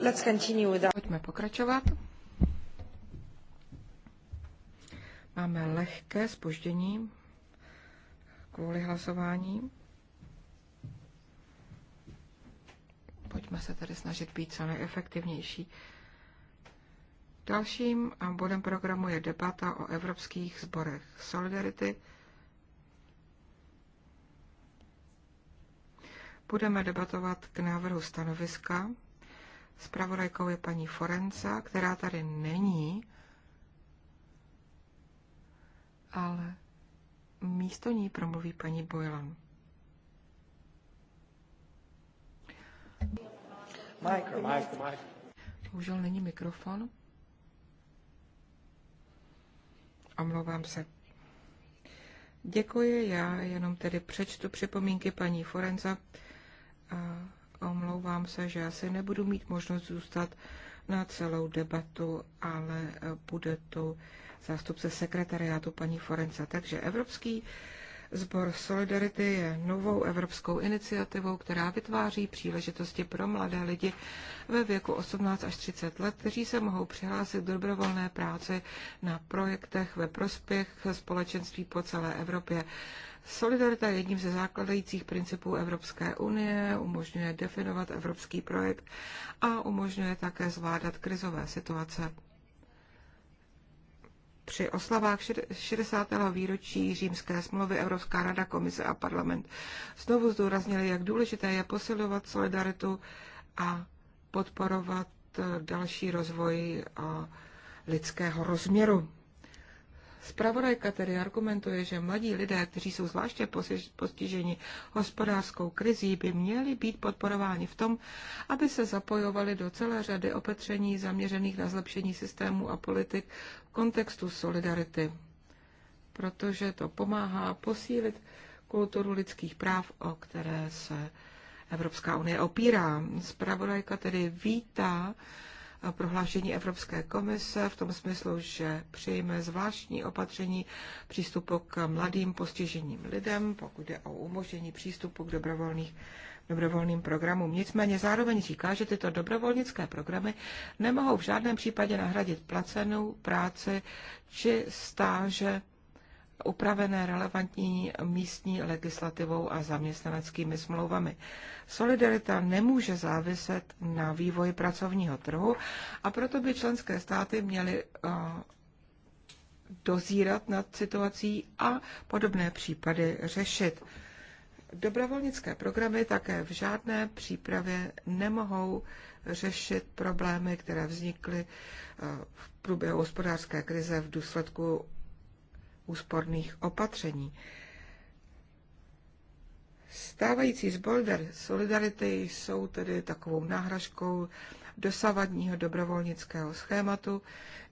S1: Let's continue with... Pojďme pokračovat. Máme lehké spoždění kvůli hlasování. Pojďme se tedy snažit být co nejefektivnější. Dalším bodem programu je debata o evropských sborech Solidarity. Budeme debatovat k návrhu stanoviska Spravodajkou je paní Forenza, která tady není, ale místo ní promluví paní Boylan. Bohužel není mikrofon. Omlouvám se. Děkuji, já jenom tedy přečtu připomínky paní Forenza. Omlouvám se, že asi nebudu mít možnost zůstat na celou debatu, ale eh, bude to zástupce sekretariátu paní Forenca. Takže Evropský Sbor Solidarity je novou evropskou iniciativou, která vytváří příležitosti pro mladé lidi ve věku 18 až 30 let, kteří se mohou přihlásit do dobrovolné práci na projektech ve prospěch společenství po celé Evropě. Solidarita je jedním ze základajících principů Evropské unie, umožňuje definovat evropský projekt a umožňuje také zvládat krizové situace. Při oslavách 60. výročí římské smlouvy Evropská rada, komise a parlament znovu zdůraznili, jak důležité je posilovat solidaritu a podporovat další rozvoj lidského rozměru. Spravodajka tedy argumentuje, že mladí lidé, kteří jsou zvláště postiženi hospodářskou krizí, by měli být podporováni v tom, aby se zapojovali do celé řady opatření zaměřených na zlepšení systému a politik v kontextu solidarity, protože to pomáhá posílit kulturu lidských práv, o které se Evropská unie opírá. Spravodajka tedy vítá prohlášení Evropské komise v tom smyslu, že přijme zvláštní opatření přístupu k mladým postiženým lidem, pokud je o umožnění přístupu k dobrovolných dobrovolným programům. Nicméně zároveň říká, že tyto dobrovolnické programy nemohou v žádném případě nahradit placenou práci či stáže upravené relevantní místní legislativou a zaměstnaneckými smlouvami. Solidarita nemůže záviset na vývoji pracovního trhu a proto by členské státy měly eh, dozírat nad situací a podobné případy řešit. Dobrovolnické programy také v žádné přípravě nemohou řešit problémy, které vznikly eh, v průběhu hospodářské krize v důsledku úsporných opatření. Stávající z Boulder Solidarity jsou tedy takovou náhražkou dosavadního dobrovolnického schématu,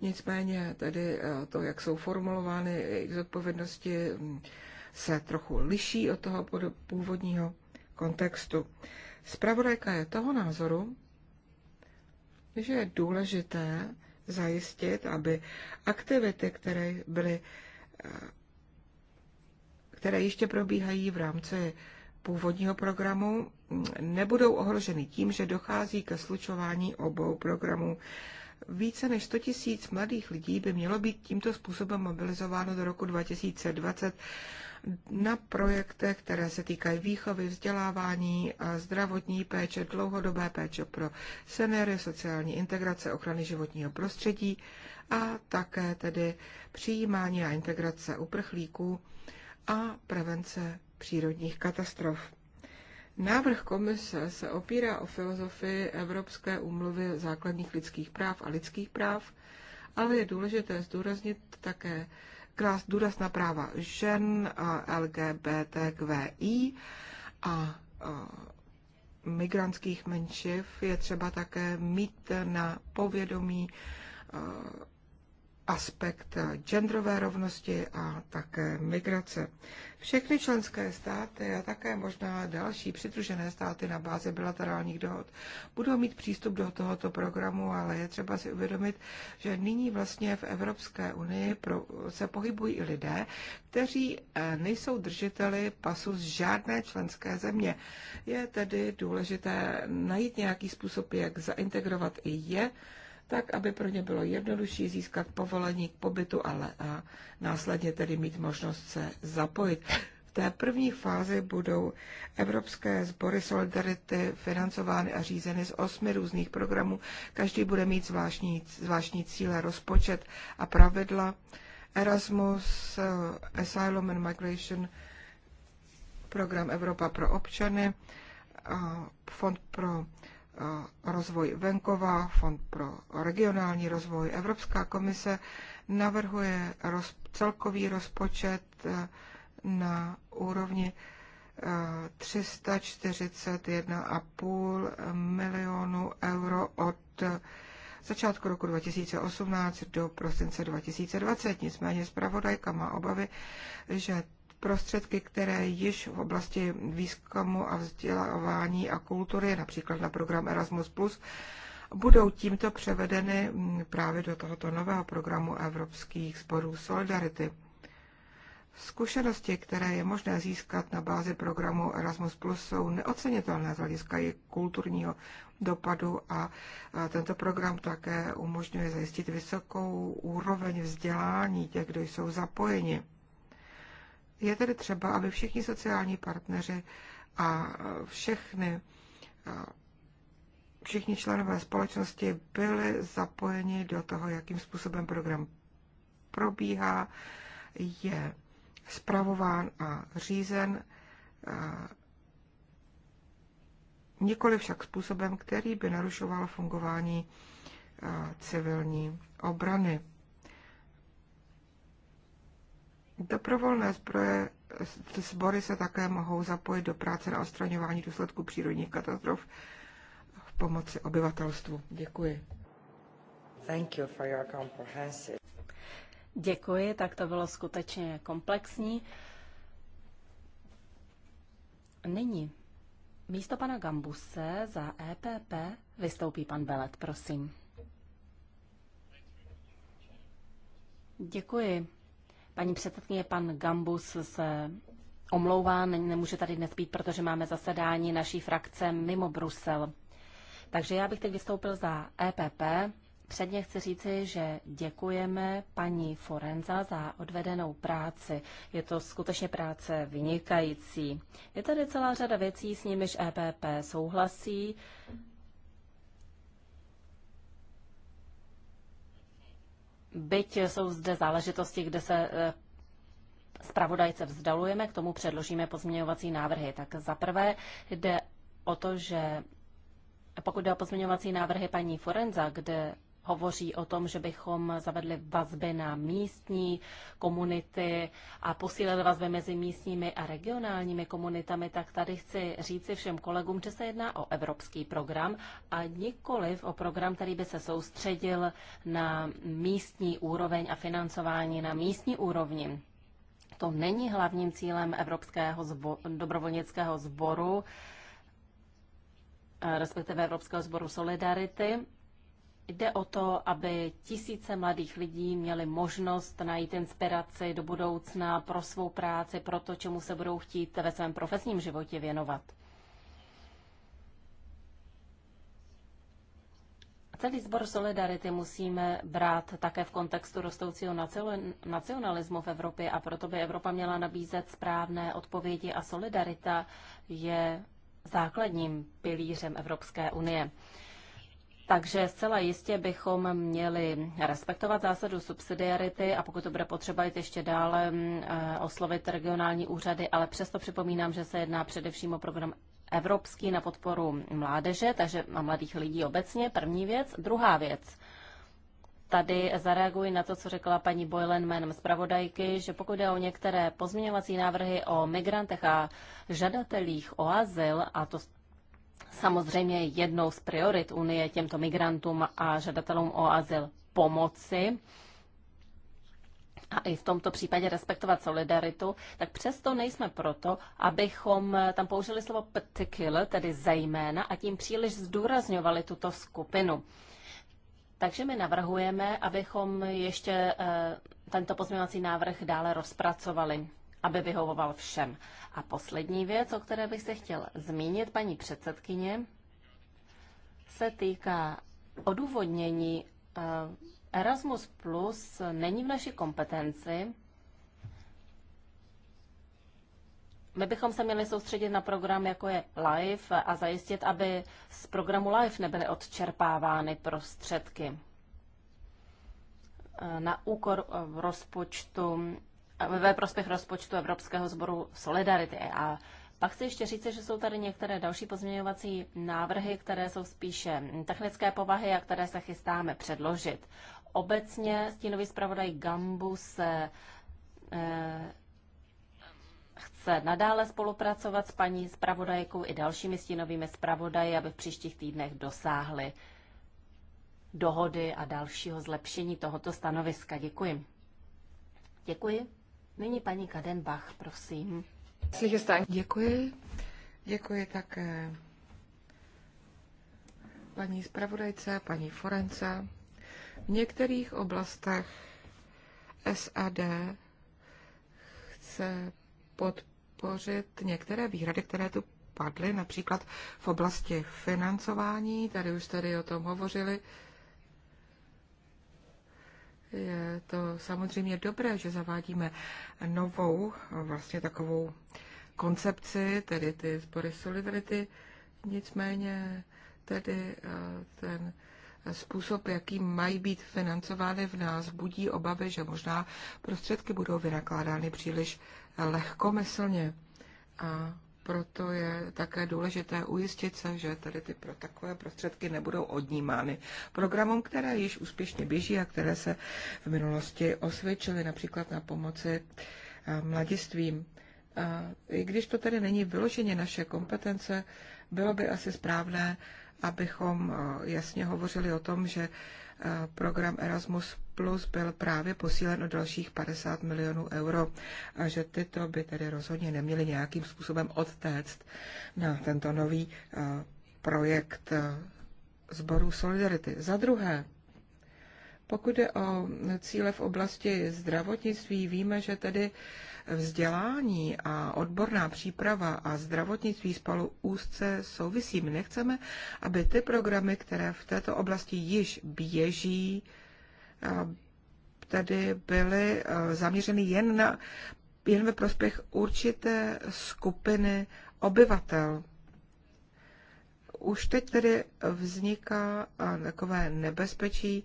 S1: nicméně tedy eh, to, jak jsou formulovány jejich zodpovědnosti, hm, se trochu liší od toho původního kontextu. Spravodajka je toho názoru, že je důležité zajistit, aby aktivity, které byly které ještě probíhají v rámci původního programu, nebudou ohroženy tím, že dochází ke slučování obou programů. Více než 100 tisíc mladých lidí by mělo být tímto způsobem mobilizováno do roku 2020 na projektech, které se týkají výchovy, vzdělávání, zdravotní péče, dlouhodobé péče pro seniory, sociální integrace, ochrany životního prostředí a také tedy přijímání a integrace uprchlíků a prevence přírodních katastrof. Návrh komise se opírá o filozofii Evropské úmluvy základních lidských práv a lidských práv, ale je důležité zdůraznit také klást důraz na práva žen, LGBTQI a migrantských menšiv. Je třeba také mít na povědomí aspekt genderové rovnosti a také migrace. Všechny členské státy a také možná další přidružené státy na bázi bilaterálních dohod budou mít přístup do tohoto programu, ale je třeba si uvědomit, že nyní vlastně v Evropské unii se pohybují i lidé, kteří eh, nejsou držiteli pasu z žádné členské země. Je tedy důležité najít nějaký způsob, jak zaintegrovat i je tak aby pro ně bylo jednodušší získat povolení k pobytu ale a následně tedy mít možnost se zapojit. V té první fázi budou Evropské sbory Solidarity financovány a řízeny z osmi různých programů. Každý bude mít zvláštní, zvláštní cíle, rozpočet a pravidla. Erasmus, Asylum and Migration, program Evropa pro občany, Fond pro rozvoj venkova, Fond pro regionální rozvoj. Evropská komise navrhuje roz, celkový rozpočet eh, na úrovni 341,5 eh, milionu euro od eh, začátku roku 2018 do prosince 2020. Nicméně zpravodajka má obavy, že prostředky, které již v oblasti výzkumu a vzdělávání a kultury, například na program Erasmus+, budou tímto převedeny mm, právě do tohoto nového programu Evropských sborů Solidarity. Zkušenosti, které je možné získat na bázi programu Erasmus+, jsou neocenitelné z hlediska jejich kulturního dopadu a tento program také umožňuje zajistit vysokou úroveň vzdělání těch, kdo jsou zapojeni. Je tedy třeba, aby všichni sociální partneři a všechny, všichni členové společnosti byli zapojeni do toho, jakým způsobem program probíhá, je spravován a řízen, nikoli však způsobem, který by narušoval fungování civilní obrany. Dobrovolné zbroje sbory se také mohou zapojit do práce na odstraňování důsledků přírodních katastrof v pomoci obyvatelstvu. Děkuji. Thank you for your comprehensive. Děkuji,
S2: tak to bylo skutečně komplexní. Nyní místo pana Gambuse za EPP vystoupí pan Belet, prosím. Děkuji, Paní předsedkyně, pan Gambus se omlouvá, nemůže tady dnes být, protože máme zasedání naší frakce mimo Brusel. Takže já bych teď vystoupil za EPP. Předně chci říci, že děkujeme paní Forenza za odvedenou práci. Je to skutečně práce vynikající. Je tady celá řada věcí, s nimiž EPP souhlasí. Byť jsou zde záležitosti, kde se eh, zpravodajce vzdalujeme, k tomu předložíme pozměňovací návrhy. Tak za prvé jde o to, že pokud jde o pozměňovací návrhy paní Forenza, kde hovoří o tom, že bychom zavedli vazby na místní komunity a posílili vazby mezi místními a regionálními komunitami, tak tady chci říci všem kolegům, že se jedná o evropský program a nikoliv o program, který by se soustředil na místní úroveň a financování na místní úrovni. To není hlavním cílem Evropského zbo- dobrovolnického sboru, respektive Evropského sboru Solidarity, Jde o to, aby tisíce mladých lidí měli možnost najít inspiraci do budoucna pro svou práci, pro to, čemu se budou chtít ve svém profesním životě věnovat. celý sbor Solidarity musíme brát také v kontextu rostoucího nacionalismu v Evropě a proto by Evropa měla nabízet správné odpovědi a solidarita je základním pilířem Evropské unie. Takže zcela jistě bychom měli respektovat zásadu subsidiarity a pokud to bude potřeba jít ještě dále mm, eh, oslovit regionální úřady, ale přesto připomínám, že se jedná především o program evropský na podporu mládeže, takže a mladých lidí obecně, první věc. Druhá věc, tady zareaguji na to, co řekla paní Boylen jménem zpravodajky, že pokud jde o některé pozměňovací návrhy o migrantech a žadatelích o azyl, a to samozřejmě jednou z priorit Unie těmto migrantům a žadatelům o azyl pomoci a i v tomto případě respektovat solidaritu, tak přesto nejsme proto, abychom tam použili slovo particular, tedy zejména, a tím příliš zdůrazňovali tuto skupinu. Takže my navrhujeme, abychom ještě eh, tento pozměňovací návrh dále rozpracovali aby vyhovoval všem. A poslední věc, o které bych se chtěl zmínit, paní předsedkyně, se týká odůvodnění eh, Erasmus Plus není v naší kompetenci. My bychom se měli soustředit na program, jako je LIFE, a zajistit, aby z programu LIFE nebyly odčerpávány prostředky eh, na úkor eh, rozpočtu ve prospěch rozpočtu Evropského sboru Solidarity. A pak chci ještě říct, že jsou tady některé další pozměňovací návrhy, které jsou spíše technické povahy a které se chystáme předložit. Obecně stínový zpravodaj Gambu se eh, chce nadále spolupracovat s paní zpravodajkou i dalšími stínovými zpravodaji, aby v příštích týdnech dosáhli dohody a dalšího zlepšení tohoto stanoviska. Děkuji. Děkuji. Nyní paní Kadenbach, prosím.
S1: Děkuji. Děkuji také paní zpravodajce, paní Forence. V některých oblastech SAD chce podpořit některé výhrady, které tu padly, například v oblasti financování, tady už tady o tom hovořili, je to samozřejmě dobré, že zavádíme novou, vlastně takovou koncepci, tedy ty sbory solidarity, nicméně tedy eh, ten způsob, jaký mají být financovány v nás, budí obavy, že možná prostředky budou vynakládány příliš lehkomyslně. A proto je také důležité ujistit se, že tady ty pro takové prostředky nebudou odnímány programům, které již úspěšně běží a které se v minulosti osvědčily, například na pomoci eh, mladistvím. A I když to tedy není vyloženě naše kompetence, bylo by asi správné, abychom eh, jasně hovořili o tom, že program Erasmus Plus byl právě posílen o dalších 50 milionů euro a že tyto by tedy rozhodně neměly nějakým způsobem odtéct na tento nový projekt Sboru Solidarity. Za druhé, pokud je o cíle v oblasti zdravotnictví, víme, že tedy vzdělání a odborná příprava a zdravotnictví spolu úzce souvisí. My nechceme, aby ty programy, které v této oblasti již běží, tedy byly zaměřeny jen, na, jen ve prospěch určité skupiny obyvatel. Už teď tedy vzniká takové nebezpečí,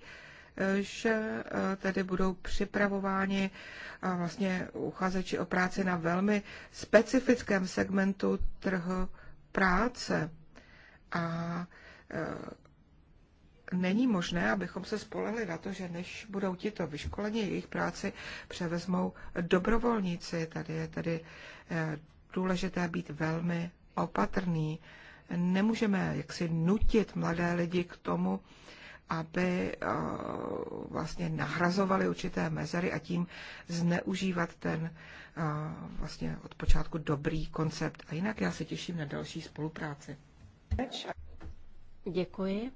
S1: že eh, tedy budou připravováni vlastně uchazeči o práci na velmi specifickém segmentu trhu práce. A eh, není možné, abychom se spolehli na to, že než budou tito vyškoleni, jejich práci převezmou dobrovolníci. Tady je tedy eh, důležité být velmi opatrný. Nemůžeme jaksi nutit mladé lidi k tomu, aby eh, vlastně nahrazovali určité mezery a tím zneužívat ten eh, vlastně od počátku dobrý koncept. A jinak já se těším na další spolupráci. Děkuji.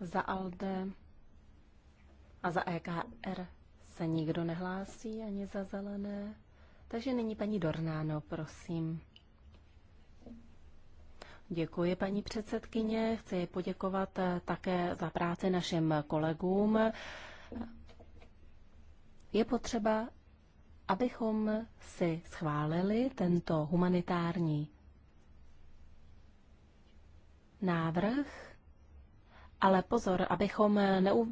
S2: Za ALDE a za EKR se nikdo nehlásí, ani za zelené. Takže nyní paní Dornáno, prosím. Děkuji, paní předsedkyně. Chci poděkovat eh, také za práci našim kolegům. Je potřeba, abychom si schválili tento humanitární návrh, ale pozor, abychom neu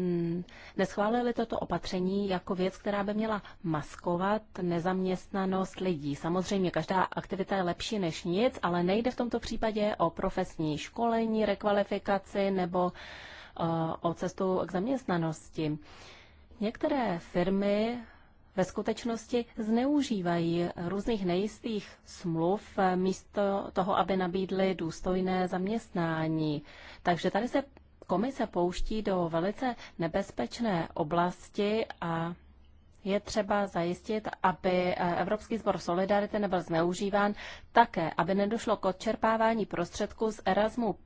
S2: Mm, neschválili toto opatření jako věc, která by měla maskovat nezaměstnanost lidí. Samozřejmě každá aktivita je lepší než nic, ale nejde v tomto případě o profesní školení, rekvalifikaci nebo eh, o cestu k zaměstnanosti. Některé firmy ve skutečnosti zneužívají různých nejistých smluv eh, místo toho, aby nabídly důstojné zaměstnání. Takže tady se komise pouští do velice nebezpečné oblasti a je třeba zajistit, aby eh, Evropský sbor Solidarity nebyl zneužíván také, aby nedošlo k odčerpávání prostředků z Erasmu+,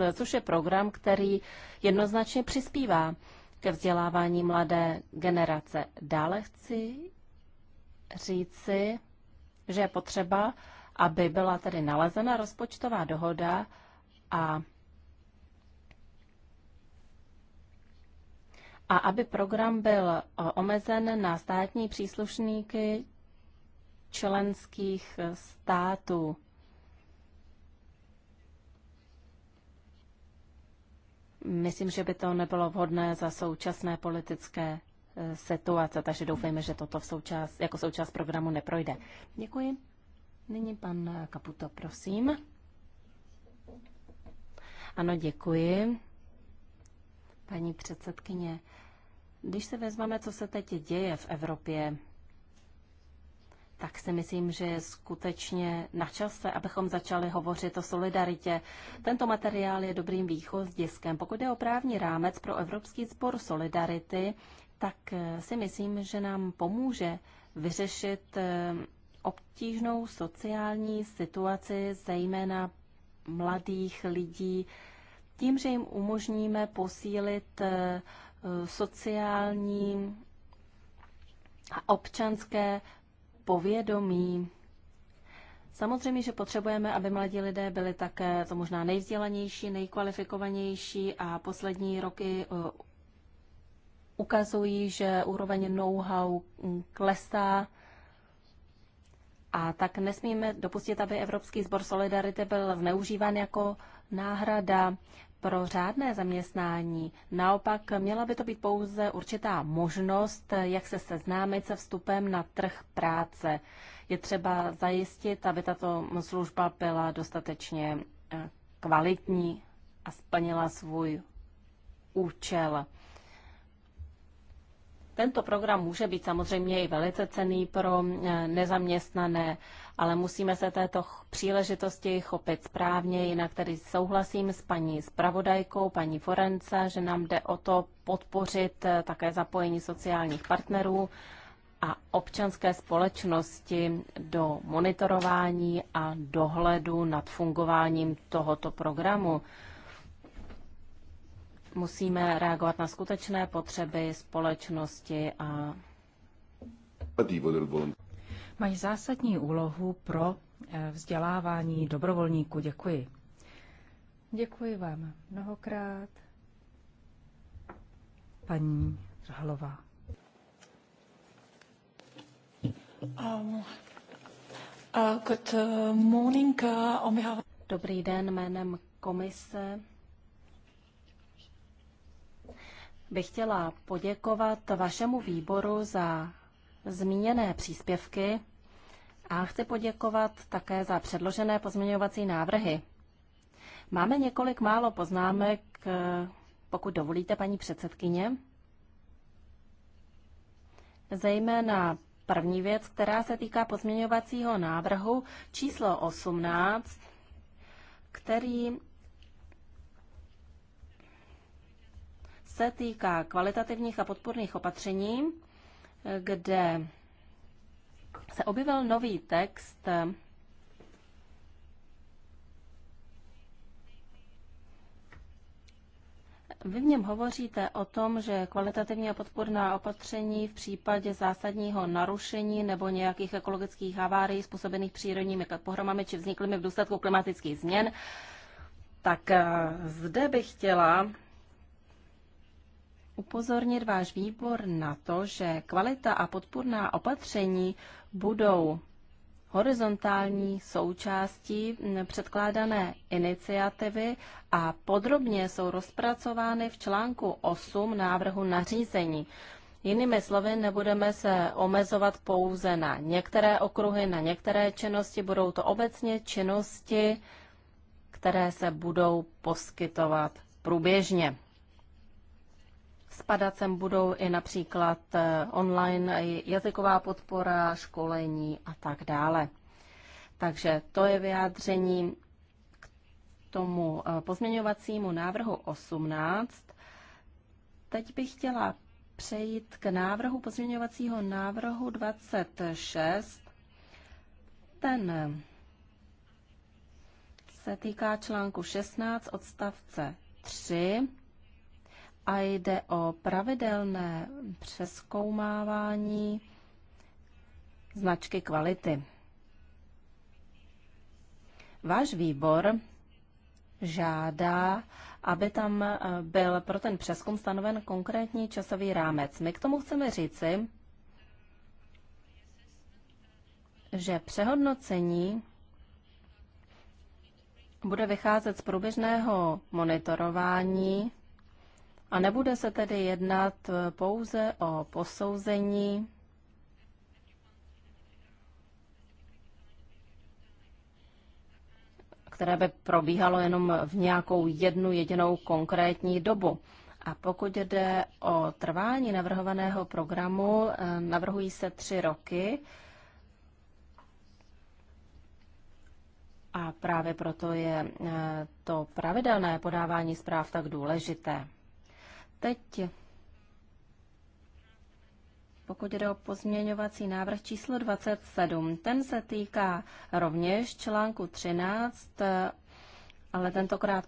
S2: eh, což je program, který jednoznačně přispívá ke vzdělávání mladé generace. Dále chci říci, že je potřeba, aby byla tedy nalezena rozpočtová dohoda a a aby program byl eh, omezen na státní příslušníky členských eh, států. Myslím, že by to nebylo vhodné za současné politické eh, situace, takže doufejme, že toto v součást, jako součást programu neprojde. Děkuji. Nyní pan Kaputo, prosím. Ano, děkuji. Paní předsedkyně, když se vezmeme, co se teď děje v Evropě, tak si myslím, že je skutečně na čase, abychom začali hovořit o solidaritě. Tento materiál je dobrým východiskem. Pokud je o právní rámec pro Evropský spor solidarity, tak eh, si myslím, že nám pomůže vyřešit eh, obtížnou sociální situaci, zejména mladých lidí, tím, že jim umožníme posílit eh, Eh, sociální a občanské povědomí. Samozřejmě, že potřebujeme, aby mladí lidé byli také to možná nejvzdělanější, nejkvalifikovanější a poslední roky eh, ukazují, že úroveň know-how klesá a tak nesmíme dopustit, aby Evropský sbor Solidarity byl zneužíván jako náhrada pro řádné zaměstnání. Naopak měla by to být pouze určitá možnost, jak se seznámit se vstupem na trh práce. Je třeba zajistit, aby tato služba byla dostatečně eh, kvalitní a splnila svůj účel. Tento program může být samozřejmě i velice cený pro eh, nezaměstnané, ale musíme se této příležitosti chopit správně, jinak tedy souhlasím s paní zpravodajkou, paní Forence, že nám jde o to podpořit eh, také zapojení sociálních partnerů a občanské společnosti do monitorování a dohledu nad fungováním tohoto programu musíme reagovat na skutečné potřeby společnosti a
S3: mají zásadní úlohu pro eh, vzdělávání dobrovolníků. Děkuji. Děkuji vám mnohokrát, paní Řahalová. Um, uh, good uh, morning, uh, Dobrý
S2: den jménem komise bych chtěla poděkovat vašemu výboru za zmíněné příspěvky a chci poděkovat také za předložené pozměňovací návrhy. Máme několik málo poznámek, pokud dovolíte, paní předsedkyně. Zejména první věc, která se týká pozměňovacího návrhu číslo 18, který se týká kvalitativních a podporných opatření, kde se objevil nový text, Vy v něm hovoříte o tom, že kvalitativní a podporná opatření v případě zásadního narušení nebo nějakých ekologických havárií způsobených přírodními pohromami či vzniklými v důsledku klimatických změn, tak eh, zde bych chtěla upozornit váš výbor na to, že kvalita a podpůrná opatření budou horizontální součástí předkládané iniciativy a podrobně jsou rozpracovány v článku 8 návrhu nařízení. Jinými slovy, nebudeme se omezovat pouze na některé okruhy, na některé činnosti, budou to obecně činnosti, které se budou poskytovat průběžně spadat sem budou i například eh, online jazyková podpora, školení a tak dále. Takže to je vyjádření k tomu eh, pozměňovacímu návrhu 18. Teď bych chtěla přejít k návrhu pozměňovacího návrhu 26. Ten eh, se týká článku 16 odstavce 3 a jde o pravidelné přeskoumávání značky kvality. Váš výbor žádá, aby tam eh, byl pro ten přeskum stanoven konkrétní časový rámec. My k tomu chceme říci, že přehodnocení bude vycházet z průběžného monitorování a nebude se tedy jednat eh, pouze o posouzení které by probíhalo jenom v nějakou jednu jedinou konkrétní dobu. A pokud jde o trvání navrhovaného programu, eh, navrhují se tři roky. A právě proto je eh, to pravidelné podávání zpráv tak důležité teď, pokud jde o pozměňovací návrh číslo 27, ten se týká rovněž článku 13, ale tentokrát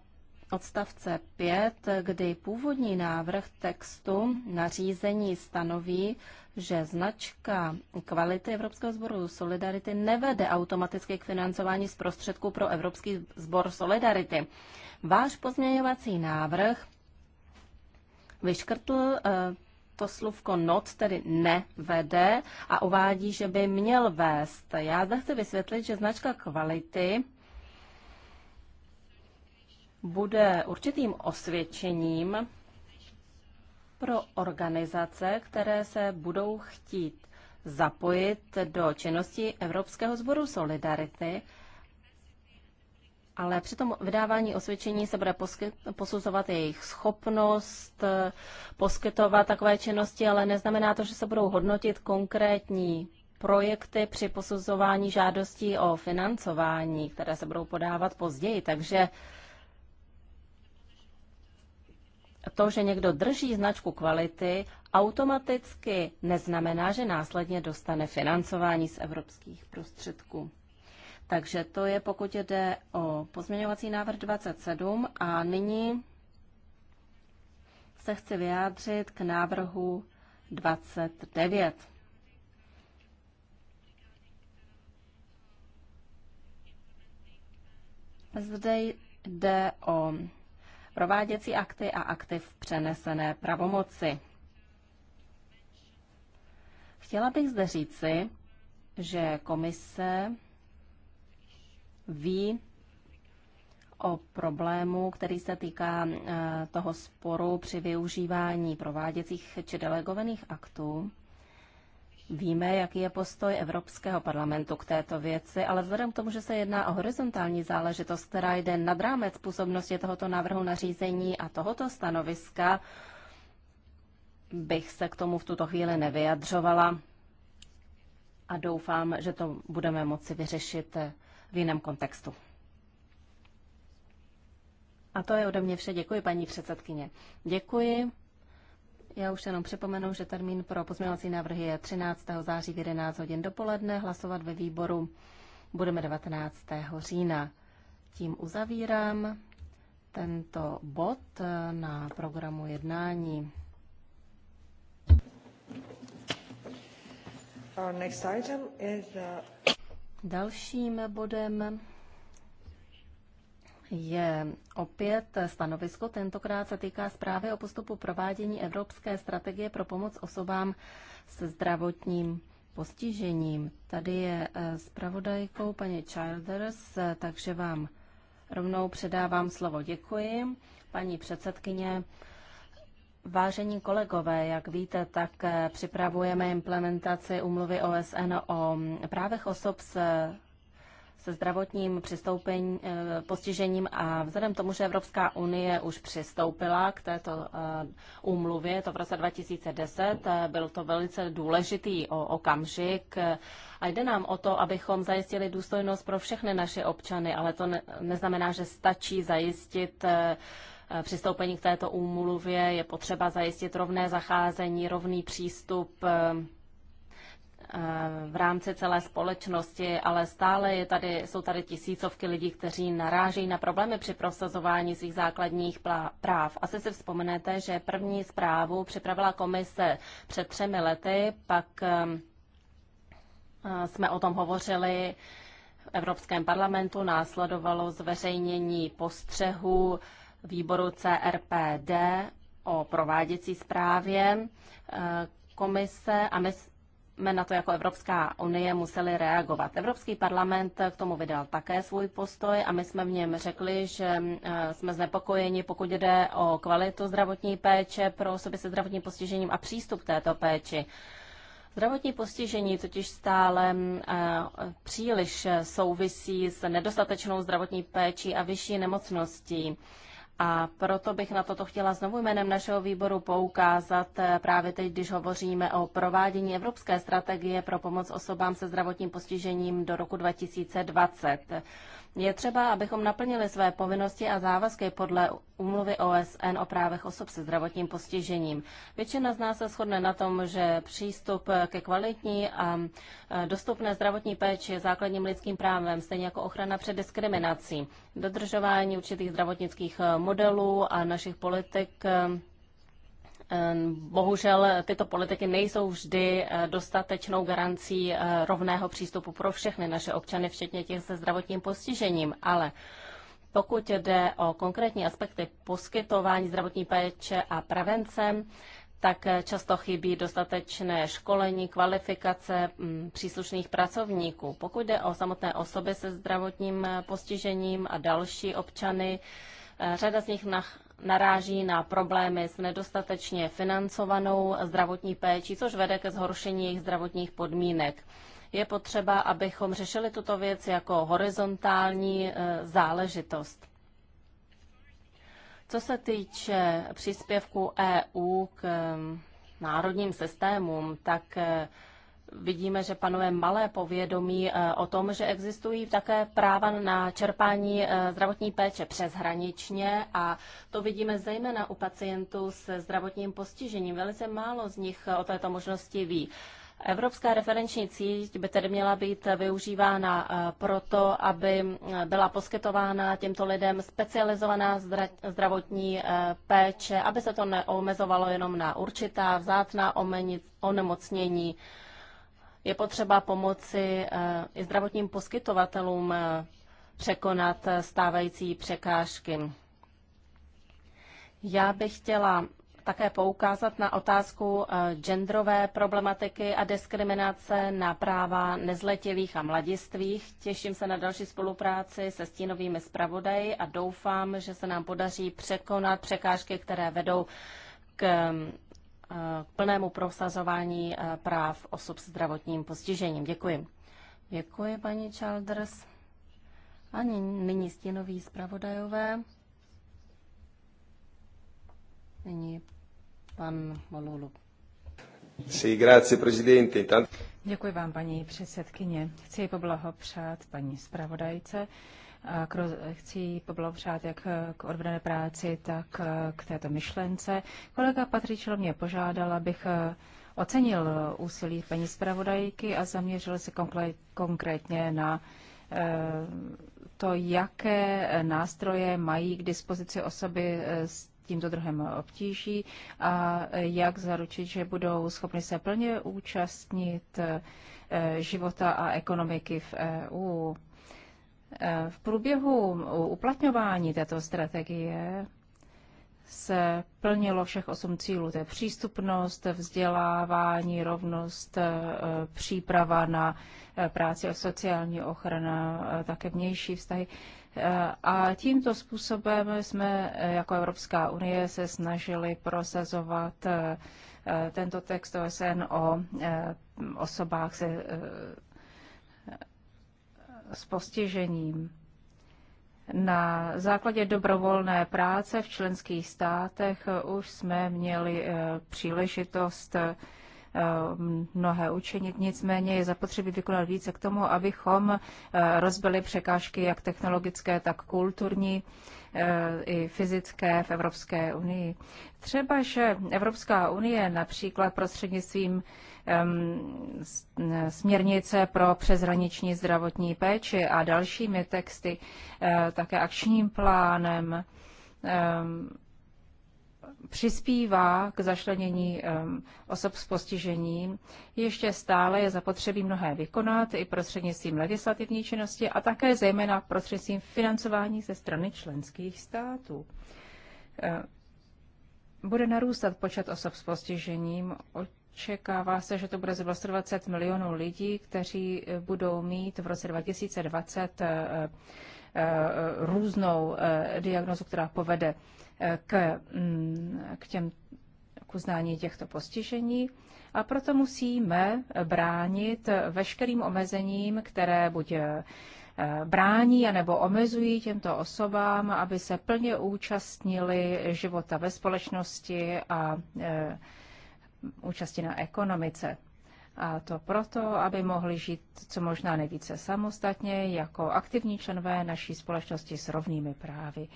S2: odstavce 5, kdy původní návrh textu nařízení stanoví, že značka kvality Evropského sboru Solidarity nevede automaticky k financování z prostředků pro Evropský sbor Solidarity. Váš pozměňovací návrh vyškrtl eh, to slovko not tedy nevede a uvádí, že by měl vést. Já zde chci vysvětlit, že značka kvality bude určitým osvědčením pro organizace, které se budou chtít zapojit do činnosti Evropského sboru Solidarity ale při tom vydávání osvědčení se bude posuzovat jejich schopnost eh, poskytovat takové činnosti, ale neznamená to, že se budou hodnotit konkrétní projekty při posuzování žádostí o financování, které se budou podávat později. Takže to, že někdo drží značku kvality, automaticky neznamená, že následně dostane financování z evropských prostředků. Takže to je, pokud jde o pozměňovací návrh 27 a nyní se chci vyjádřit k návrhu 29. Zde jde o prováděcí akty a aktiv přenesené pravomoci. Chtěla bych zde říci, že komise ví o problému, který se týká eh, toho sporu při využívání prováděcích či delegovaných aktů. Víme, jaký je postoj Evropského parlamentu k této věci, ale vzhledem k tomu, že se jedná o horizontální záležitost, která jde nad rámec působnosti tohoto návrhu nařízení a tohoto stanoviska, bych se k tomu v tuto chvíli nevyjadřovala a doufám, že to budeme moci vyřešit v jiném kontextu. A to je ode mě vše. Děkuji, paní předsedkyně. Děkuji. Já už jenom připomenu, že termín pro pozměňovací návrhy je 13. září v 11 hodin dopoledne. Hlasovat ve výboru budeme 19. října. Tím uzavírám tento bod na programu jednání.
S1: Our next item is, uh...
S2: Dalším bodem je opět stanovisko, tentokrát se týká zprávy o postupu provádění Evropské strategie pro pomoc osobám se zdravotním postižením. Tady je eh, zpravodajkou paní Childers, takže vám rovnou předávám slovo. Děkuji. Paní předsedkyně, Vážení kolegové, jak víte, tak eh, připravujeme implementaci umluvy OSN o právech osob se se zdravotním přistoupeň, eh, postižením a vzhledem tomu, že Evropská unie už přistoupila k této eh, umluvě to v roce 2010, byl to velice důležitý okamžik a jde nám o to, abychom zajistili důstojnost pro všechny naše občany, ale to neznamená, že stačí zajistit Eh, přistoupení k této úmluvě je potřeba zajistit rovné zacházení, rovný přístup eh, eh, v rámci celé společnosti, ale stále je tady, jsou tady tisícovky lidí, kteří narážejí na problémy při prosazování svých základních práv. Asi si vzpomenete, že první zprávu připravila komise před třemi lety, pak ehm, jsme o tom hovořili v Evropském parlamentu, následovalo zveřejnění postřehu výboru CRPD o prováděcí zprávě eh, komise a my jsme na to jako Evropská unie museli reagovat. Evropský parlament k tomu vydal také svůj postoj a my jsme v něm řekli, že eh, jsme znepokojeni, pokud jde o kvalitu zdravotní péče pro osoby se zdravotním postižením a přístup k této péči. Zdravotní postižení totiž stále eh, příliš souvisí s nedostatečnou zdravotní péčí a vyšší nemocností. A proto bych na toto chtěla znovu jménem našeho výboru poukázat eh, právě teď, když hovoříme o provádění Evropské strategie pro pomoc osobám se zdravotním postižením do roku 2020. Je třeba, abychom naplnili své povinnosti a závazky podle úmluvy OSN o právech osob se zdravotním postižením. Většina z nás se shodne na tom, že přístup ke kvalitní a dostupné zdravotní péči je základním lidským právem, stejně jako ochrana před diskriminací. Dodržování určitých zdravotnických modelů a našich politik Ehm, bohužel tyto politiky nejsou vždy eh, dostatečnou garancí eh, rovného přístupu pro všechny naše občany, včetně těch se zdravotním postižením, ale pokud jde o konkrétní aspekty poskytování zdravotní péče a prevence, tak eh, často chybí dostatečné školení, kvalifikace mm, příslušných pracovníků. Pokud jde o samotné osoby se zdravotním postižením a další občany, řada z nich naráží na problémy s nedostatečně financovanou zdravotní péčí, což vede ke zhoršení jejich zdravotních podmínek. Je potřeba, abychom řešili tuto věc jako horizontální eh, záležitost. Co se týče příspěvku EU k eh, národním systémům, tak eh, vidíme, že panuje malé povědomí eh, o tom, že existují také práva na čerpání eh, zdravotní péče přeshraničně a to vidíme zejména u pacientů se zdravotním postižením. Velice málo z nich eh, o této možnosti ví. Evropská referenční síť by tedy měla být využívána proto, aby byla poskytována těmto lidem specializovaná zdravotní péče, aby se to neomezovalo jenom na určitá vzácná onemocnění. Je potřeba pomoci eh, i zdravotním poskytovatelům eh, překonat eh, stávající překážky. Já bych chtěla také poukázat na otázku genderové problematiky a diskriminace na práva nezletilých a mladistvých. Těším se na další spolupráci se stínovými zpravodaji a doufám, že se nám podaří překonat překážky, které vedou k k plnému prosazování eh, práv osob s zdravotním postižením. Děkuji. Děkuji, paní Childers. A nyní stěnoví zpravodajové.
S3: Nyní pan Molulu.
S2: Sí, grazie, presidente.
S3: Děkuji vám, paní předsedkyně. Chci poblahopřát paní zpravodajce chci poblahopřát jak k odvedené práci, tak k této myšlence. Kolega Patričel mě požádal, abych eh, ocenil úsilí paní zpravodajky a zaměřil se konkrétně na eh, to, jaké nástroje mají k dispozici osoby eh, s tímto druhem obtíží a jak zaručit, že budou schopni se plně účastnit života a ekonomiky v EU. V průběhu uplatňování této strategie se plnilo všech osm cílů. To je přístupnost, vzdělávání, rovnost, eh, příprava na eh, práci a sociální ochrana, eh, také vnější vztahy. A tímto způsobem jsme jako Evropská unie se snažili prosazovat tento text OSN o osobách se s postižením. Na základě dobrovolné práce v členských státech už jsme měli eh, příležitost eh, mnohé učinit, nicméně je zapotřebí vykonat více k tomu, abychom eh, rozbili překážky jak technologické, tak kulturní i fyzické v Evropské unii. Třeba, že Evropská unie například prostřednictvím směrnice pro přeshraniční zdravotní péči a dalšími texty, eh, také akčním plánem, přispívá k zašlenění osob s postižením. Ještě stále je zapotřebí mnohé vykonat i prostřednictvím legislativní činnosti a také zejména prostřednictvím financování ze strany členských států. Bude narůstat počet osob s postižením, o Očekává se, že to bude zhruba 120 milionů lidí, kteří eh, budou mít v roce 2020 eh, eh, různou diagnozu, která povede k, mm, k těm k uznání těchto postižení a proto musíme bránit veškerým omezením, které buď brání nebo omezují těmto osobám, aby se plně účastnili života ve společnosti a účasti na ekonomice. A to proto, aby mohli žít co možná nejvíce samostatně jako aktivní členové naší společnosti s rovnými právy.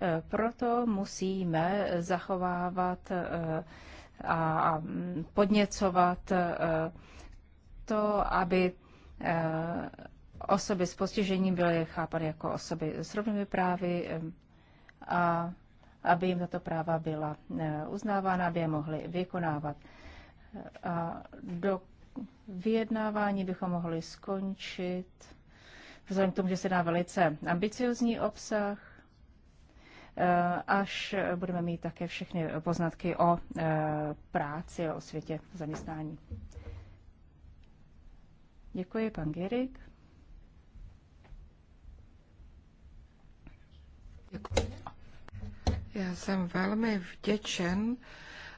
S3: E, proto musíme zachovávat e, a podněcovat e, to, aby osoby s postižením byly chápány jako osoby s rovnými právy a aby jim tato práva byla eh, uznávána, aby je mohli vykonávat. A do vyjednávání bychom mohli skončit, vzhledem k tomu, že se dá velice ambiciozní obsah, eh, až budeme mít také všechny poznatky o eh, práci, o světě zaměstnání. Děkuji, pan
S1: Gerik. Já jsem velmi vděčen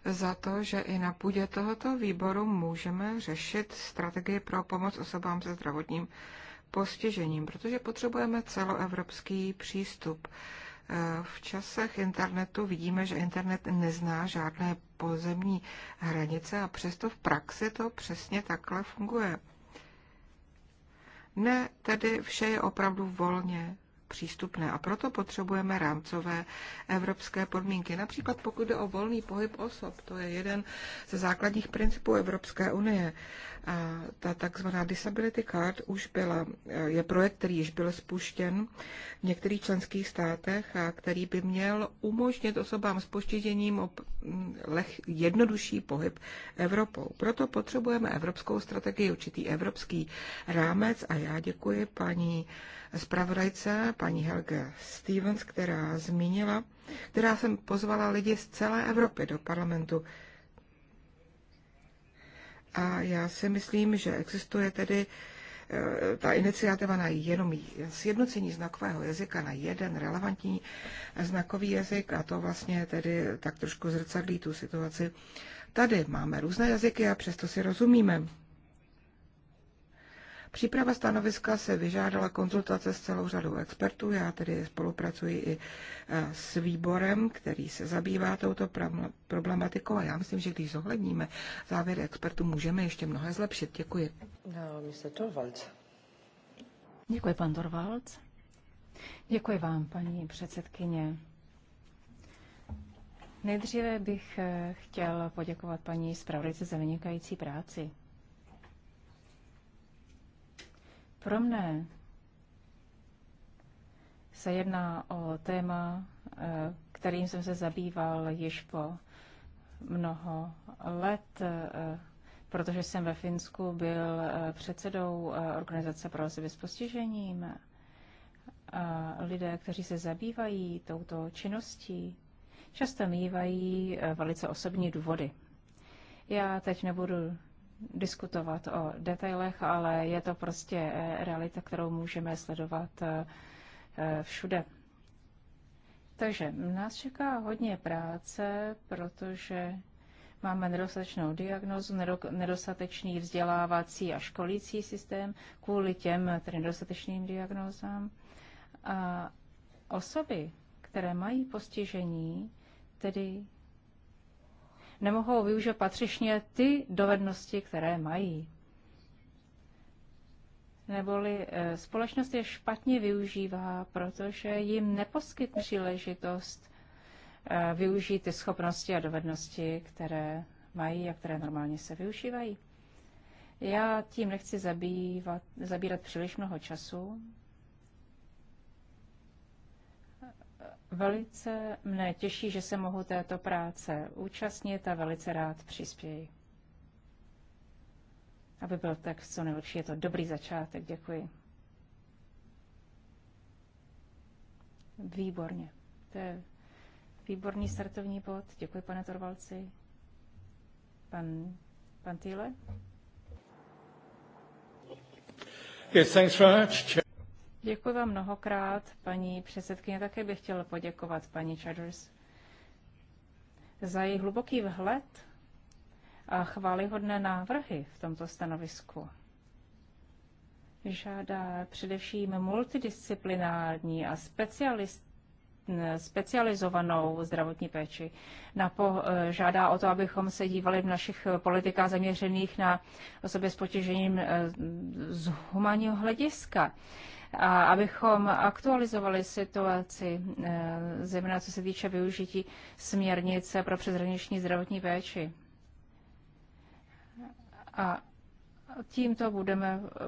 S1: za to, že i na půdě tohoto výboru můžeme řešit strategii pro pomoc osobám se zdravotním postižením, protože potřebujeme celoevropský přístup. Eh, v časech internetu vidíme, že internet nezná žádné pozemní hranice a přesto v praxi to přesně takhle funguje. Ne, tedy vše je opravdu volně přístupné. A proto potřebujeme rámcové evropské podmínky. Například pokud jde o volný pohyb osob, to je jeden ze základních principů Evropské unie. A ta takzvaná Disability Card už byla, eh, je projekt, který již byl spuštěn v některých členských státech a který by měl umožnit osobám s mm, leh jednodušší pohyb Evropou. Proto potřebujeme evropskou strategii, určitý evropský rámec a já děkuji paní zpravodajce, paní Helge Stevens, která zmínila, která jsem pozvala lidi z celé Evropy do parlamentu a já si myslím, že existuje tedy eh, ta iniciativa na jenom sjednocení znakového jazyka na jeden relevantní znakový jazyk a to vlastně tedy tak trošku zrcadlí tu situaci. Tady máme různé jazyky a přesto si rozumíme. Příprava stanoviska se vyžádala konzultace s celou řadou expertů, já tedy spolupracuji i eh, s výborem, který se zabývá touto problematikou a já myslím, že když zohledníme závěry expertů, můžeme ještě mnohé zlepšit. Děkuji. No, Děkuji, pan Dorvalc. Děkuji vám, paní předsedkyně.
S3: Nejdříve bych eh, chtěl poděkovat paní zpravodajce za vynikající práci. Pro mne se jedná o téma, eh, kterým jsem se zabýval již po mnoho let, eh, protože jsem ve Finsku byl eh, předsedou Organizace pro osoby s postižením. A lidé, kteří se zabývají touto činností, často mývají velice osobní důvody. Já teď nebudu diskutovat o detailech, ale je to prostě eh, realita, kterou můžeme sledovat eh, eh, všude. Takže nás čeká hodně práce, protože máme nedostatečnou diagnozu, nedostatečný vzdělávací a školící systém kvůli těm tedy nedostatečným diagnozám. A osoby, které mají postižení, tedy nemohou využít patřičně ty dovednosti, které mají. Neboli eh, společnost je špatně využívá, protože jim neposkytne příležitost eh, využít ty schopnosti a dovednosti, které mají a které normálně se využívají. Já tím nechci zabývat, zabírat příliš mnoho času, Velice mne těší, že se mohu této práce účastnit a velice rád přispěji. Aby byl tak co nejlepší, je to dobrý začátek, děkuji. Výborně. To je výborný startovní bod. Děkuji, pane Torvalci. Pan, pan Týle?
S1: Yes, thanks very much.
S3: Děkuji vám mnohokrát, paní předsedkyně. Také bych chtěl poděkovat paní Chadders za její hluboký vhled a chválihodné návrhy v tomto stanovisku. Žádá především multidisciplinární a specialist, specializovanou zdravotní péči. Napo, žádá o to, abychom se dívali v našich politikách zaměřených na osoby s potěžením z humanního hlediska a abychom aktualizovali situaci, eh, zejména co se týče využití směrnice pro přeshraniční zdravotní péči. A tímto budeme eh,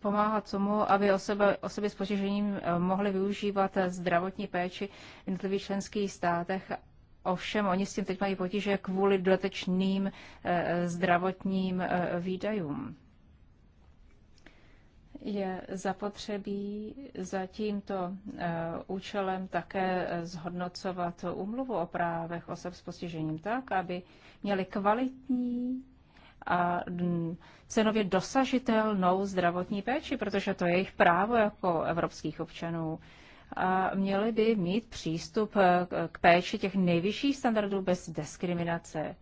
S3: pomáhat tomu, aby osoby, osoby s potěžením eh, mohly využívat zdravotní péči v jednotlivých členských státech. Ovšem, oni s tím teď mají potíže kvůli dodatečným zdravotním výdajům je zapotřebí za tímto eh, účelem také eh, zhodnocovat umluvu o právech osob s postižením tak, aby měli kvalitní a mm, cenově dosažitelnou zdravotní péči, protože to je jejich právo jako evropských občanů. A měli by mít přístup eh, k péči těch nejvyšších standardů bez diskriminace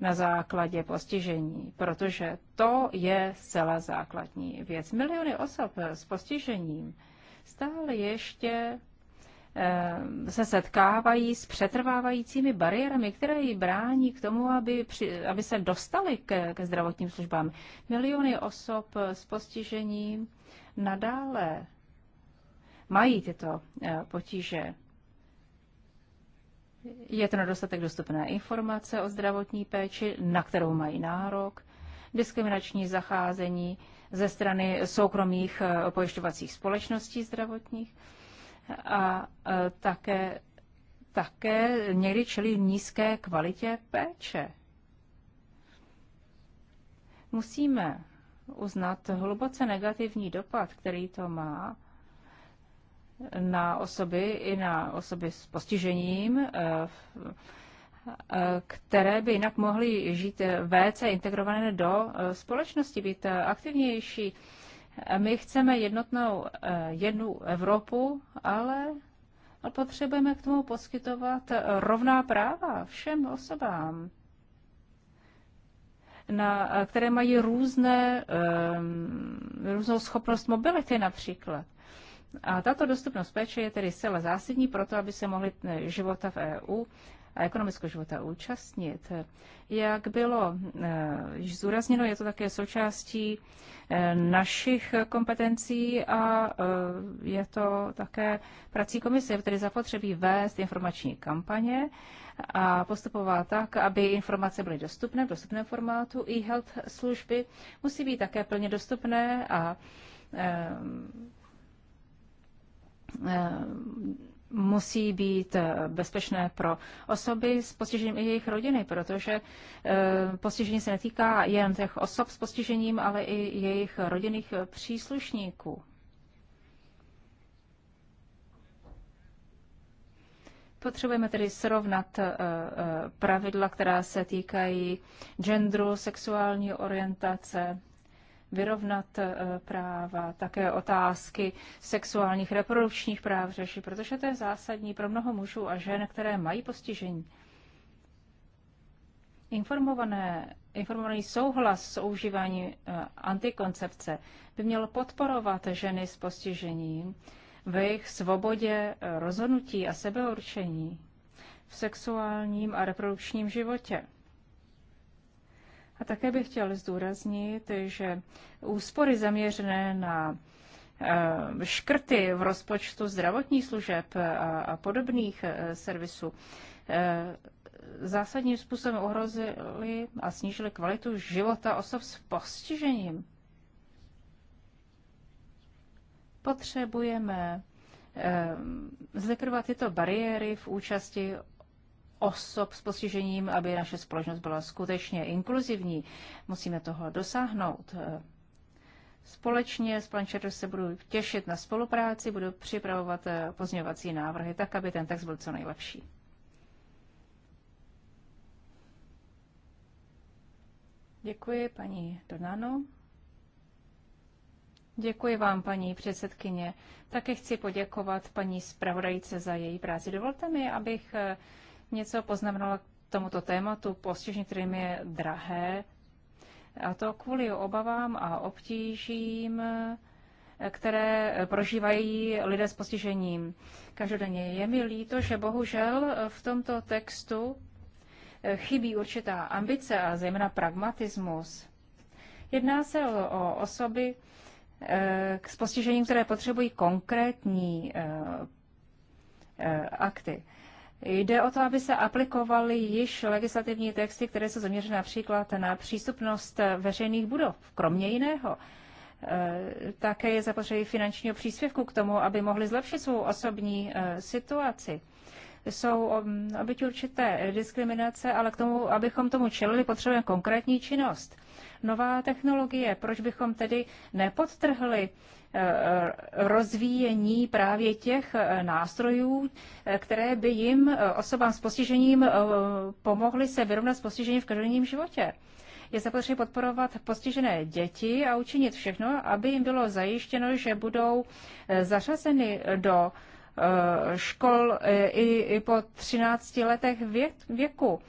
S3: na základě postižení, protože to je zcela základní věc. Miliony osob s postižením stále ještě eh, se setkávají s přetrvávajícími bariérami, které ji brání k tomu, aby, při, aby se dostali ke, ke zdravotním službám. Miliony osob s postižením nadále mají tyto eh, potíže. Je to nedostatek dostupné informace o zdravotní péči, na kterou mají nárok, diskriminační zacházení ze strany soukromých eh, pojišťovacích společností zdravotních a eh, také, také někdy čelí nízké kvalitě péče. Musíme uznat hluboce negativní dopad, který to má na osoby i na osoby s postižením, eh, eh, které by jinak mohly žít VC integrované do eh, společnosti, být aktivnější. My chceme jednotnou jednu Evropu, ale potřebujeme k tomu poskytovat rovná práva všem osobám, na, které mají různé, různou schopnost mobility například. A tato dostupnost péče je tedy zcela zásadní pro to, aby se mohli eh, života v EU a ekonomického života účastnit. Jak bylo eh, již zúrazněno, je to také součástí eh, našich kompetencí a je to také prací komise, tedy zapotřebí vést informační kampaně a postupovat tak, aby informace byly dostupné v dostupném formátu. I health služby musí být také plně dostupné a Eh, musí být eh, bezpečné pro osoby s postižením i jejich rodiny, protože eh, postižení se netýká jen těch osob s postižením, ale i jejich rodinných příslušníků. Potřebujeme tedy srovnat pravidla, která se týkají genderu, sexuální orientace, vyrovnat eh, práva, také otázky sexuálních reprodukčních práv řešit, protože to je zásadní pro mnoho mužů a žen, které mají postižení. Informované, informovaný souhlas s užíváním eh, antikoncepce by měl podporovat ženy s postižením ve jejich svobodě eh, rozhodnutí a sebeurčení v sexuálním a reprodukčním životě. A také bych chtěl zdůraznit, že úspory zaměřené na eh, škrty v rozpočtu zdravotních služeb a podobných eh, servisů eh, zásadním způsobem ohrozily a snížily kvalitu života osob s postižením. Potřebujeme zlikvidovat tyto bariéry v účasti osob s postižením, aby naše společnost byla skutečně inkluzivní. Musíme toho dosáhnout. Společně s Plančetou se budu těšit na spolupráci, budu připravovat eh, pozměňovací návrhy tak, aby ten text byl co nejlepší. Děkuji, paní Donano. Děkuji vám, paní předsedkyně. Také chci poděkovat paní zpravodajce za její práci. Dovolte mi, abych eh, něco poznamenala k tomuto tématu postižení, kterým je drahé, a to kvůli obavám a obtížím, které prožívají lidé s postižením. Každodenně je mi líto, že bohužel v tomto textu eh, chybí určitá ambice a zejména pragmatismus. Jedná se o osoby eh, s postižením, které potřebují konkrétní eh, akty. Jde o to, aby se aplikovaly již legislativní texty, které jsou zaměřeny například na přístupnost veřejných budov, kromě jiného. Eh, také je zapotřebí finančního příspěvku k tomu, aby mohli zlepšit svou osobní eh, situaci. Jsou mm, obyť určité diskriminace, ale k tomu, abychom tomu čelili, potřebujeme konkrétní činnost. Nová technologie, proč bychom tedy nepodtrhli rozvíjení právě těch eh, nástrojů, eh, které by jim, eh, osobám s postižením, pomohly se vyrovnat s postižením v každodenním životě. Je zapotřebí podporovat postižené děti a učinit všechno, aby jim bylo zajištěno, že budou zařazeny do škol i, po 13 letech věku,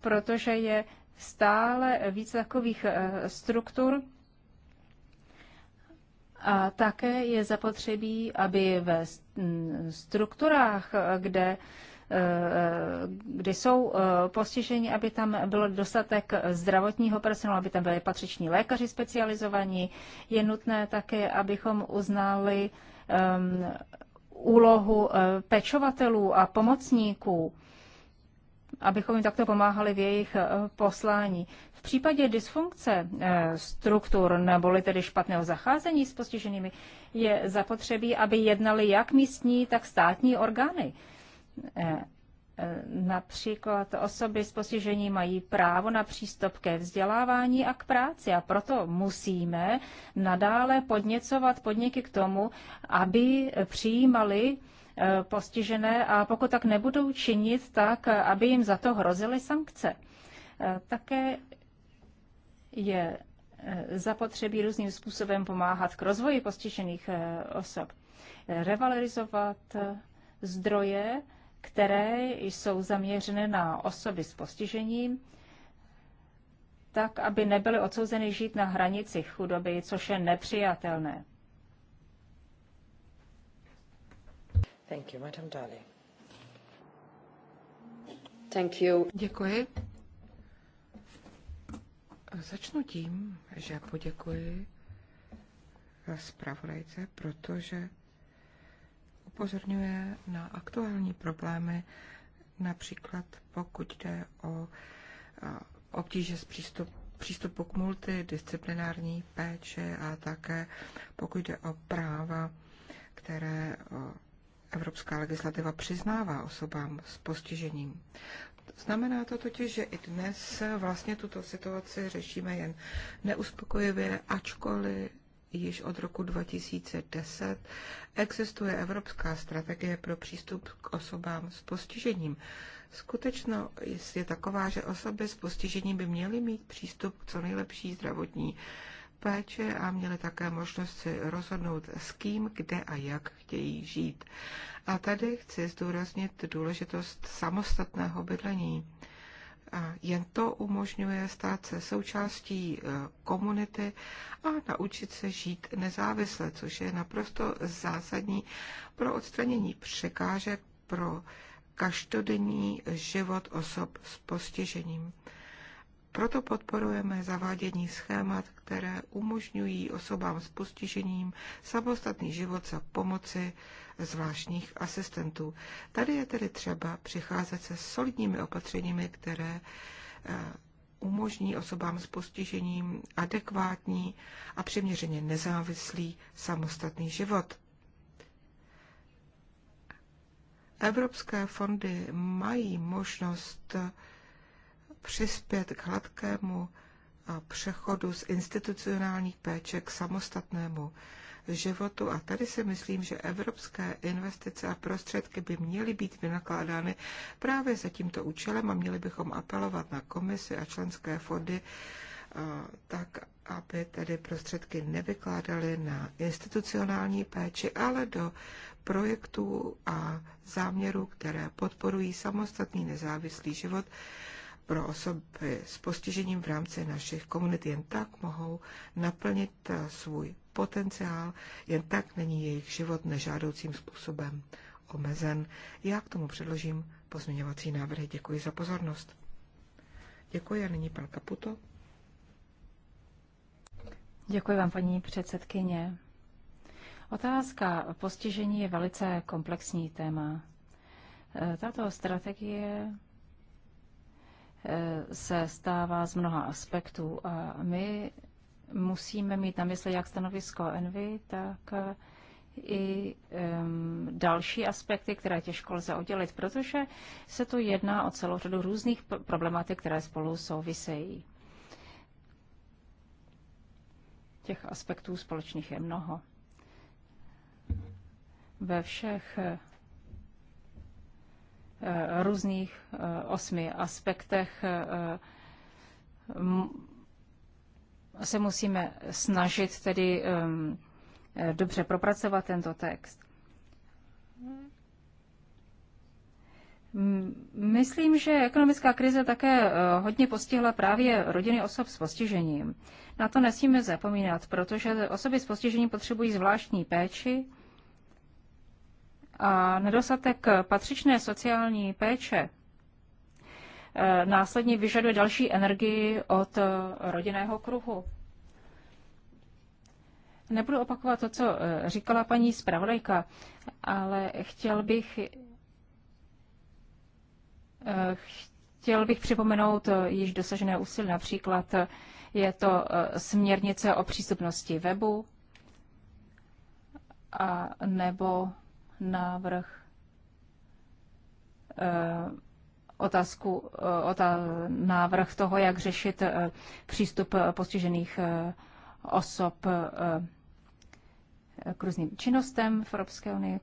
S3: protože je stále více takových struktur, a také je zapotřebí, aby ve strukturách, kde, eh, kde jsou eh, postiženi, aby tam bylo dostatek zdravotního personálu, aby tam byli patřiční lékaři specializovaní. Je nutné také, abychom uznali um, úlohu eh, pečovatelů a pomocníků abychom jim takto pomáhali v jejich eh, poslání. V případě dysfunkce eh, struktur neboli tedy špatného zacházení s postiženými je zapotřebí, aby jednali jak místní, tak státní orgány. Eh, například osoby s postižením mají právo na přístup ke vzdělávání a k práci a proto musíme nadále podněcovat podniky k tomu, aby přijímali Eh, postižené a pokud tak nebudou činit, tak eh, aby jim za to hrozily sankce. Eh, také je zapotřebí různým způsobem pomáhat k rozvoji postižených osob, revalorizovat zdroje, které jsou zaměřené na osoby s postižením, tak, aby nebyly odsouzeny žít na hranici chudoby, což je nepřijatelné.
S1: Děkuji. Začnu tím, že poděkuji zpravodajce, protože upozorňuje na aktuální problémy, například pokud jde o eh, obtíže s přístup, přístupu k multidisciplinární péči a také pokud jde o práva, které eh, evropská legislativa přiznává osobám s postižením. Znamená to totiž, že i dnes vlastně tuto situaci řešíme jen neuspokojivě, ačkoliv již od roku 2010 existuje Evropská strategie pro přístup k osobám s postižením. Skutečno je taková, že osoby s postižením by měly mít přístup k co nejlepší zdravotní péče a měli také možnost si rozhodnout s kým, kde a jak chtějí žít. A tady chci zdůraznit důležitost samostatného bydlení. A jen to umožňuje stát se součástí e, komunity a naučit se žít nezávisle, což je naprosto zásadní pro odstranění překážek pro každodenní život osob s postižením. Proto podporujeme zavádění schémat, které umožňují osobám s postižením samostatný život za pomoci zvláštních asistentů. Tady je tedy třeba přicházet se solidními opatřeními, které eh, umožní osobám s postižením adekvátní a přiměřeně nezávislý samostatný život. Evropské fondy mají možnost přispět k hladkému přechodu z institucionální péče k samostatnému životu. A tady si myslím, že evropské investice a prostředky by měly být vynakládány právě za tímto účelem a měli bychom apelovat na komisi a členské fondy tak, aby tedy prostředky nevykládaly na institucionální péči, ale do projektů a záměrů, které podporují samostatný nezávislý život pro osoby s postižením v rámci našich komunit. Jen tak mohou naplnit eh, svůj potenciál, jen tak není jejich život nežádoucím způsobem omezen. Já k tomu předložím pozměňovací návrhy. Děkuji za pozornost. Děkuji a nyní pan Kaputo. Děkuji vám, paní předsedkyně.
S3: Otázka postižení je velice komplexní téma. Eh, Tato strategie Eh, se stává z mnoha aspektů a my musíme mít na mysli jak stanovisko Envy, tak eh, i um, další aspekty, které těžko lze oddělit, protože se tu jedná o celou řadu různých problematik, které spolu souvisejí. Těch aspektů společných je mnoho. Ve všech eh, Eh, různých eh, osmi aspektech eh, se musíme snažit tedy dobře propracovat tento text. Myslím, že ekonomická krize také hodně postihla právě rodiny osob s postižením. Na to nesmíme zapomínat, protože osoby s postižením potřebují zvláštní péči, a nedostatek patřičné sociální péče eh, následně vyžaduje další energii od eh, rodinného kruhu. Nebudu opakovat to, co eh, říkala paní zpravodajka, ale chtěl bych, chtěl bych připomenout již dosažené úsilí. Například je to směrnice o přístupnosti webu a nebo návrh eh, otázku, eh, otá, návrh toho, jak řešit eh, přístup postižených osob k různým činnostem v Evropské unii.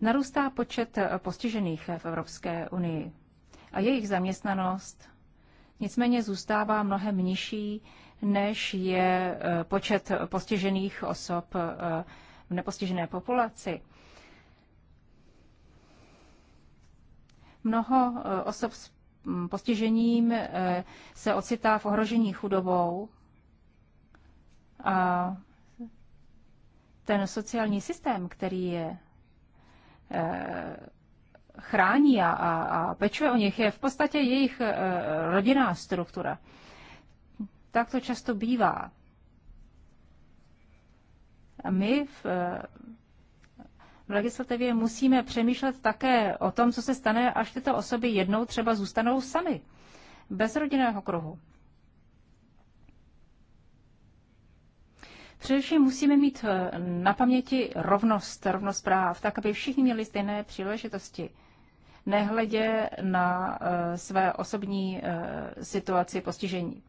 S3: Narůstá počet postižených v Evropské unii a jejich zaměstnanost nicméně zůstává mnohem nižší, než je počet postižených osob v nepostižené populaci. Mnoho eh, osob s mm, postižením eh, se ocitá v ohrožení chudobou a ten sociální systém, který je eh, chrání a, a, a pečuje o nich, je v podstatě jejich rodinná struktura. Tak to často bývá my v, eh, v legislativě musíme přemýšlet také o tom, co se stane, až tyto osoby jednou třeba zůstanou sami, bez rodinného kruhu. Především musíme mít eh, na paměti rovnost, rovnost práv, tak aby všichni měli stejné příležitosti, nehledě na eh, své osobní situaci postižení.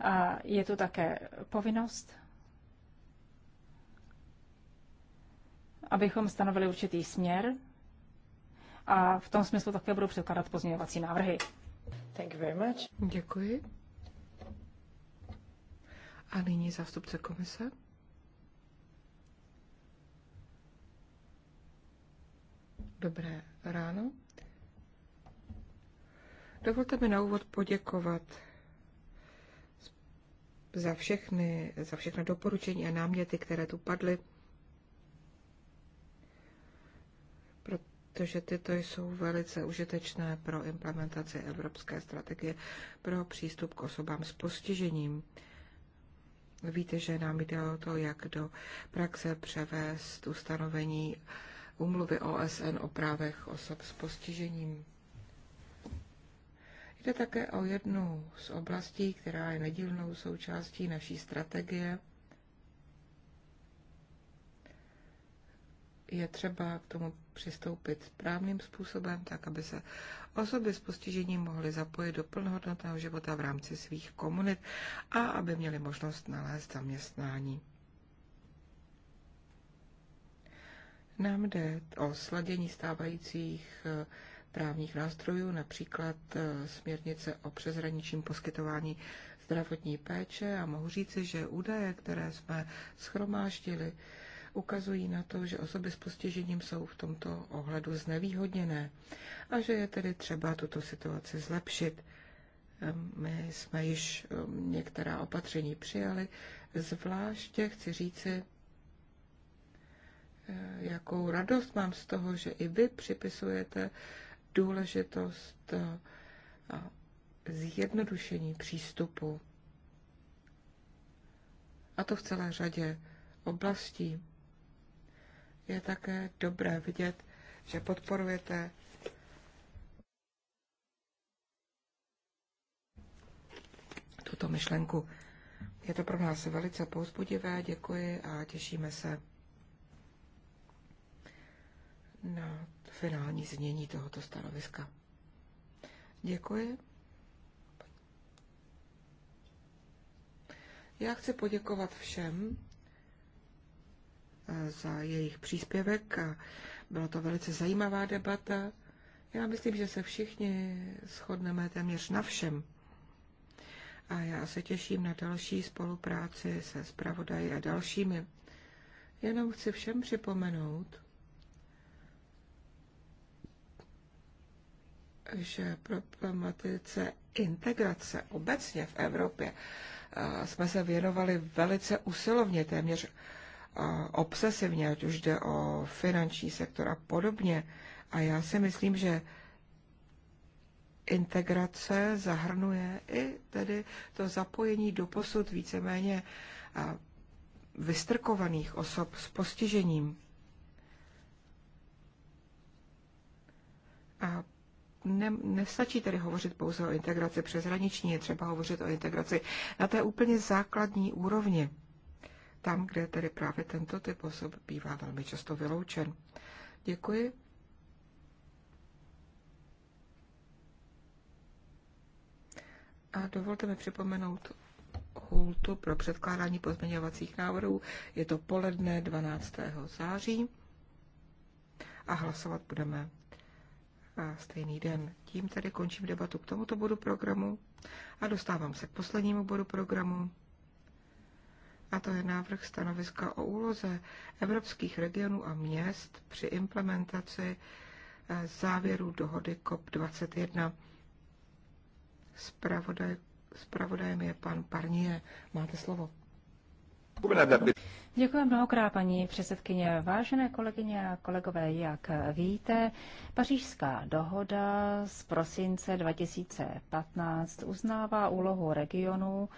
S3: A je tu také povinnost abychom stanovili určitý směr a v tom smyslu také budu předkládat pozměňovací návrhy.
S1: Thank you very much. Děkuji. A nyní zástupce komise. Dobré ráno. Dovolte mi na úvod poděkovat za všechny, za všechny doporučení a náměty, které tu padly. protože tyto jsou velice užitečné pro implementaci Evropské strategie pro přístup k osobám s postižením. Víte, že nám jde o to, jak do praxe převést ustanovení umluvy OSN o právech osob s postižením. Jde také o jednu z oblastí, která je nedílnou součástí naší strategie. Je třeba k tomu přistoupit správným způsobem, tak aby se osoby s postižením mohly zapojit do plnohodnotného života v rámci svých komunit a aby měly možnost nalézt zaměstnání. Nám jde o sladění stávajících eh, právních nástrojů, například eh, směrnice o přeshraničním poskytování zdravotní péče a mohu říci, že údaje, které jsme schromáždili, ukazují na to, že osoby s postižením jsou v tomto ohledu znevýhodněné a že je tedy třeba tuto situaci zlepšit. Ehm, my jsme již ehm, některá opatření přijali, zvláště chci říci, eh, jakou radost mám z toho, že i vy připisujete důležitost eh, zjednodušení přístupu. A to v celé řadě oblastí je také dobré vidět, že podporujete tuto myšlenku. Je to pro nás velice pouzbudivé, děkuji a těšíme se na finální znění tohoto stanoviska. Děkuji. Já chci poděkovat všem, za jejich příspěvek a byla to velice zajímavá debata. Já myslím, že se všichni shodneme téměř na všem. A já se těším na další spolupráci se zpravodaji a dalšími. Jenom chci všem připomenout, že problematice integrace obecně v Evropě eh, jsme se věnovali velice usilovně, téměř obsesivně, ať už jde o finanční sektor a podobně. A já si myslím, že integrace zahrnuje i tedy to zapojení do posud víceméně vystrkovaných osob s postižením. A ne, nestačí tedy hovořit pouze o integraci přeshraniční, je třeba hovořit o integraci na té úplně základní úrovni tam, kde tedy právě tento typ osob bývá velmi často vyloučen. Děkuji. A dovolte mi připomenout hultu pro předkládání pozměňovacích návrhů. Je to poledne 12. září a hlasovat budeme a stejný den. Tím tedy končím debatu k tomuto bodu programu a dostávám se k poslednímu bodu programu a to je návrh stanoviska o úloze evropských regionů a měst při implementaci eh, závěrů dohody COP21. Spravodaj, spravodajem je pan Parnie. Máte slovo.
S3: Děkuji mnohokrát, paní předsedkyně. Vážené kolegyně a kolegové, jak víte, pařížská dohoda z prosince 2015 uznává úlohu regionů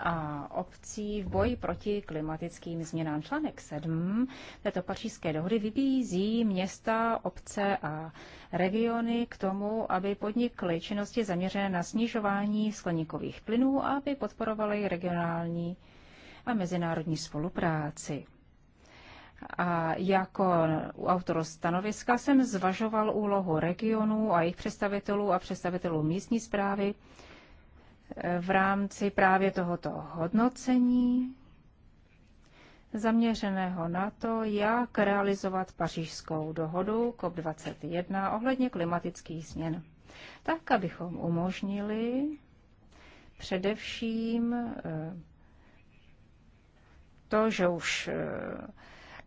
S3: a obcí v boji proti klimatickým změnám. Článek 7 této pařížské dohody vybízí města, obce a regiony k tomu, aby podnikly činnosti zaměřené na snižování skleníkových plynů a aby podporovaly regionální a mezinárodní spolupráci. A jako autor stanoviska jsem zvažoval úlohu regionů a jejich představitelů a představitelů místní zprávy v rámci právě tohoto hodnocení zaměřeného na to, jak realizovat pařížskou dohodu COP21 ohledně klimatických změn. Tak, abychom umožnili především eh, to, že už eh,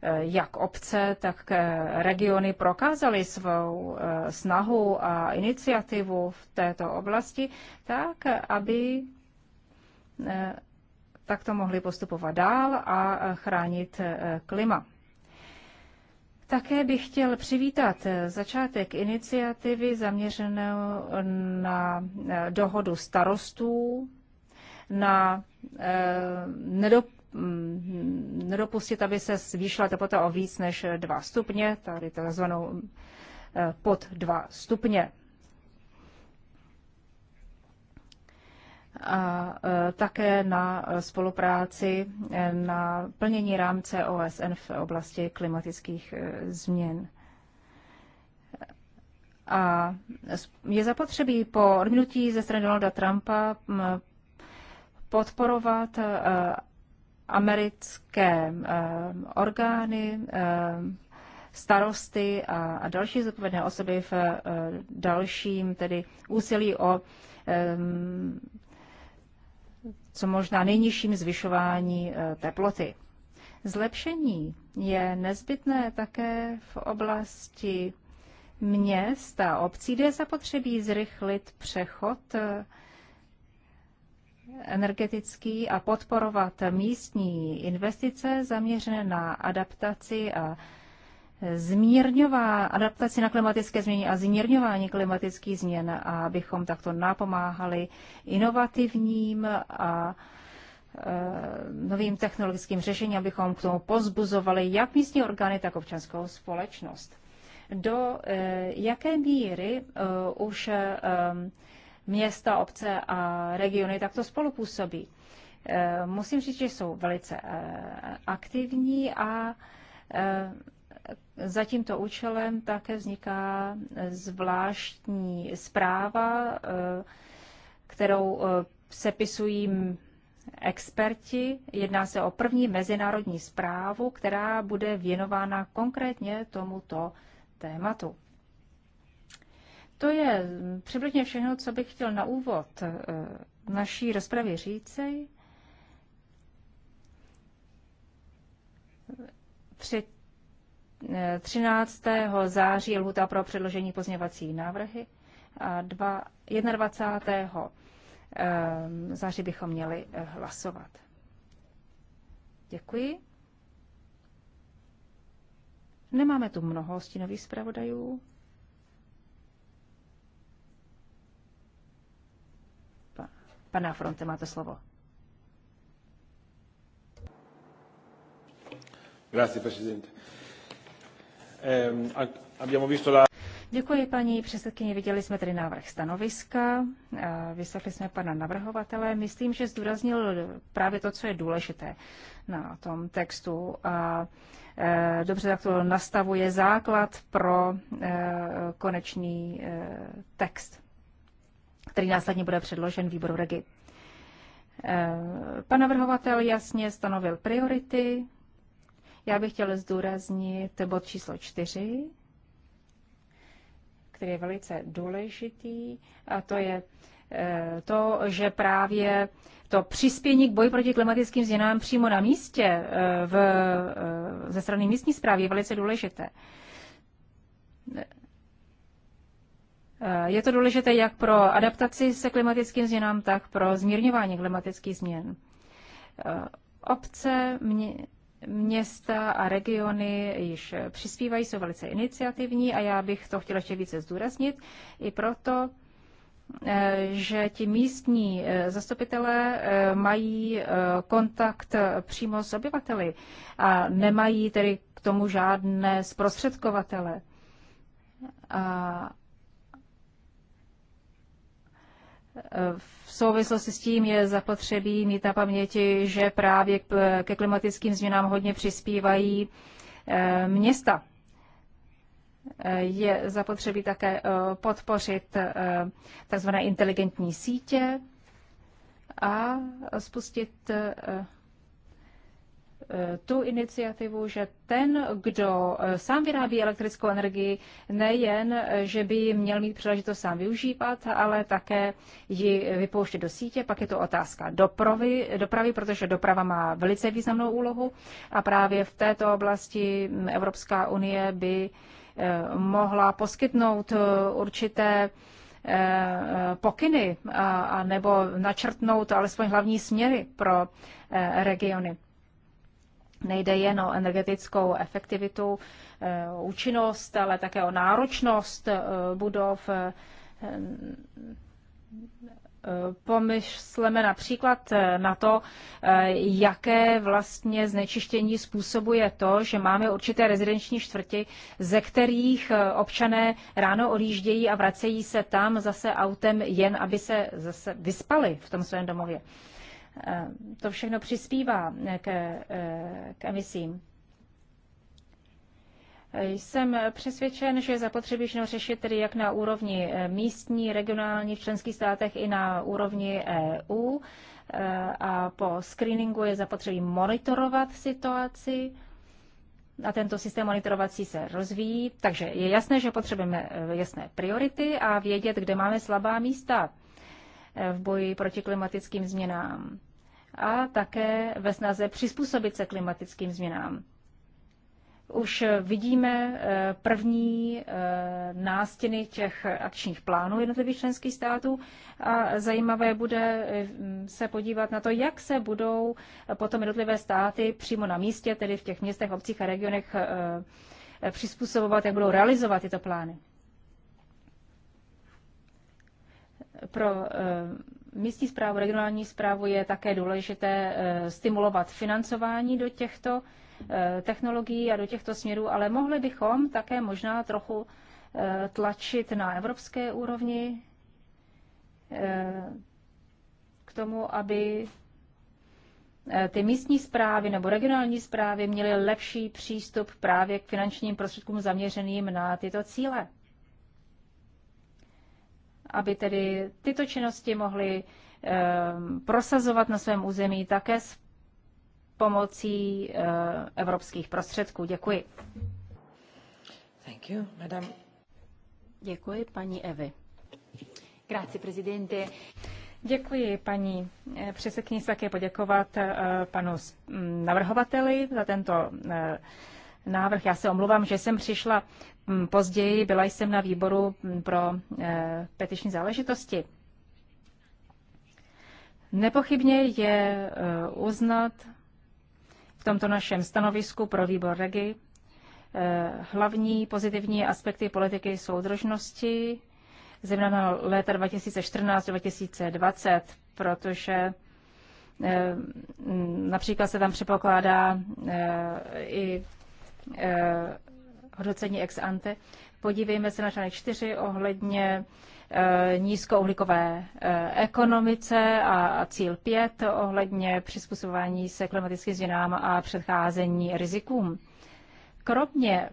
S3: Eh, jak obce, tak eh, regiony prokázaly svou eh, snahu a iniciativu v této oblasti, tak aby takto mohli postupovat dál a chránit klima. Také bych chtěl přivítat začátek iniciativy zaměřené na dohodu starostů, na nedop Mm, nedopustit, aby se zvýšila teplota o víc než 2 stupně, tady takzvanou eh, pod 2 stupně. A eh, také na spolupráci eh, na plnění rámce OSN v oblasti klimatických změn. A je zapotřebí po odminutí ze strany Donalda Trumpa mm, podporovat americké ehm, orgány, ehm, starosty a, a další zodpovědné osoby v eh, dalším tedy úsilí o ehm, co možná nejnižším zvyšování eh, teploty. Zlepšení je nezbytné také v oblasti měst a obcí, kde je zapotřebí zrychlit přechod eh, energetický a podporovat místní investice zaměřené na adaptaci a zmírňová, adaptaci na klimatické změny a zmírňování klimatických změn, a abychom takto napomáhali inovativním a eh, novým technologickým řešením, abychom k tomu pozbuzovali jak místní orgány, tak občanskou společnost. Do eh, jaké míry eh, už města, obce a regiony takto spolupůsobí. Eh, musím říct, že jsou velice eh, aktivní a eh, za tímto účelem také vzniká zvláštní zpráva, kterou sepisují experti. Jedná se o první mezinárodní zprávu, která bude věnována konkrétně tomuto tématu. To je přibližně všechno, co bych chtěl na úvod eh, naší rozpravy říci. Při 13. Eh, září je lhuta pro předložení pozměňovací návrhy a 21. Eh, září bychom měli hlasovat. Děkuji. Nemáme tu mnoho stínových zpravodajů. Pane Afronte, máte slovo.
S1: Grazie, presidente. Ehm,
S3: Děkuji, paní předsedkyně. Viděli jsme tedy návrh stanoviska, eh, vyslechli jsme pana navrhovatele. Myslím, že zdůraznil právě to, co je důležité na tom textu. A eh, dobře tak to nastavuje základ pro eh, konečný text který následně bude předložen výboru REGI. Eh, pan navrhovatel jasně stanovil priority. Já bych chtěl zdůraznit bod číslo čtyři, který je velice důležitý, a to je eh, to, že právě to přispění k boji proti klimatickým změnám přímo na místě eh, v, ze strany místní zprávy je velice důležité. Je to důležité jak pro adaptaci se klimatickým změnám, tak pro zmírňování klimatických změn. Obce, mě, města a regiony již přispívají, jsou velice iniciativní a já bych to chtěla ještě více zdůraznit i proto, eh, že ti místní eh, zastupitelé eh, mají kontakt přímo s obyvateli a nemají tedy k tomu žádné zprostředkovatele. A V souvislosti s tím je zapotřebí mít na paměti, že právě ke klimatickým změnám hodně přispívají eh, města. Eh, je zapotřebí také eh, podpořit tzv. inteligentní sítě a spustit tu iniciativu, že ten, kdo eh, sám vyrábí elektrickou energii, nejen, eh, že by měl mít příležitost sám využívat, ale také ji vypouštět do sítě. Pak je to otázka dopravy, dopravy protože doprava má velice významnou úlohu a právě v této oblasti mm, Evropská unie by eh, mohla poskytnout určité pokyny a, a nebo načrtnout alespoň hlavní směry pro regiony. Nejde jen o energetickou efektivitu, eh, účinnost, ale také o náročnost eh, budov. Eh, pomysleme například na to, jaké vlastně znečištění způsobuje to, že máme určité rezidenční čtvrti, ze kterých občané ráno odjíždějí a vracejí se tam zase autem jen, aby se zase vyspali v tom svém domově. Eh, to všechno přispívá eh, k, eh, k emisím. Jsem přesvědčen, že je zapotřebí řešit tedy jak na úrovni místní, regionální v členských státech i na úrovni EU. A po screeningu je zapotřebí monitorovat situaci. A tento systém monitorovací se rozvíjí, takže je jasné, že potřebujeme jasné priority a vědět, kde máme slabá místa v boji proti klimatickým změnám a také ve snaze přizpůsobit se klimatickým změnám. Už vidíme eh, první eh, nástěny těch akčních plánů jednotlivých členských států a zajímavé bude eh, se podívat na to, jak se budou potom jednotlivé státy přímo na místě, tedy v těch městech, obcích a regionech, přizpůsobovat, jak budou realizovat tyto plány. pro eh, místní zprávu, regionální zprávu je také důležité eh, stimulovat financování do těchto eh, technologií a do těchto směrů, ale mohli bychom také možná trochu tlačit na evropské úrovni k tomu, aby ty místní zprávy nebo regionální zprávy měly lepší přístup právě k finančním prostředkům zaměřeným na tyto cíle aby tedy tyto činnosti mohly ehm, prosazovat na svém území také s pomocí eh, evropských prostředků. Děkuji. Thank you,
S2: madam. Děkuji, paní Evy. Grazie, prezidente.
S3: Děkuji, paní eh, předsedkyni, také poděkovat eh, panu mm, navrhovateli za tento návrh. Já se omluvám, že jsem přišla Mm, později byla jsem na výboru mm, pro eh, petiční záležitosti. Nepochybně je eh, uznat v tomto našem stanovisku pro výbor REGI eh, hlavní pozitivní aspekty politiky soudržnosti, zejména léta 2014-2020, protože například se tam předpokládá i hodnocení ex ante. Podívejme se na článek 4 ohledně eh, nízkouhlíkové eh, ekonomice a cíl 5 ohledně přizpůsobování se klimatickým změnám a předcházení rizikům. Kromě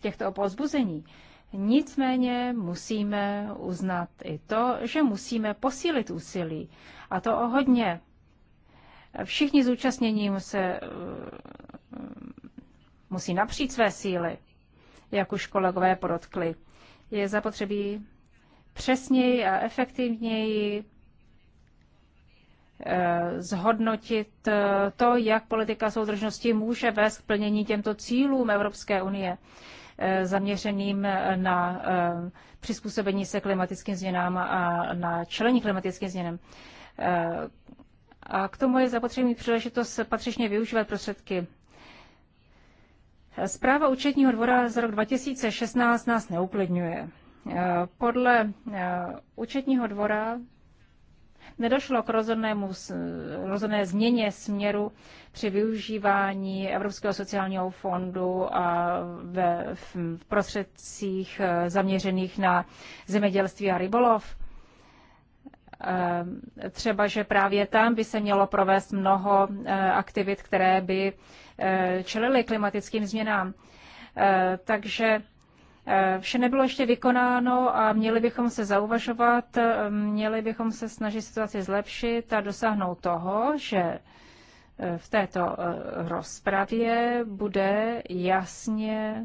S3: těchto pozbuzení nicméně musíme uznat i to, že musíme posílit úsilí. A to o hodně. Všichni zúčastnění se eh, musí napřít své síly, jak už kolegové podotkli. Je zapotřebí přesněji a efektivněji eh, zhodnotit eh, to, jak politika soudržnosti může vést k plnění těmto cílům Evropské unie eh, zaměřeným na přizpůsobení se klimatickým změnám a na čelení klimatickým změnám. A k tomu je zapotřebí příležitost patřičně využívat prostředky Zpráva účetního dvora z rok 2016 nás neuklidňuje. Eh, podle eh, účetního dvora nedošlo k rozhodnému, rozhodné změně směru při využívání Evropského sociálního fondu a ve, v prostředcích eh, zaměřených na zemědělství a rybolov. Ehm, třeba, že právě tam by se mělo provést mnoho eh, aktivit, které by eh, čelily klimatickým změnám. Eh, takže Vše nebylo ještě vykonáno a měli bychom se zauvažovat, ehm, měli bychom se snažit situaci zlepšit a dosáhnout toho, že v této rozpravě bude jasně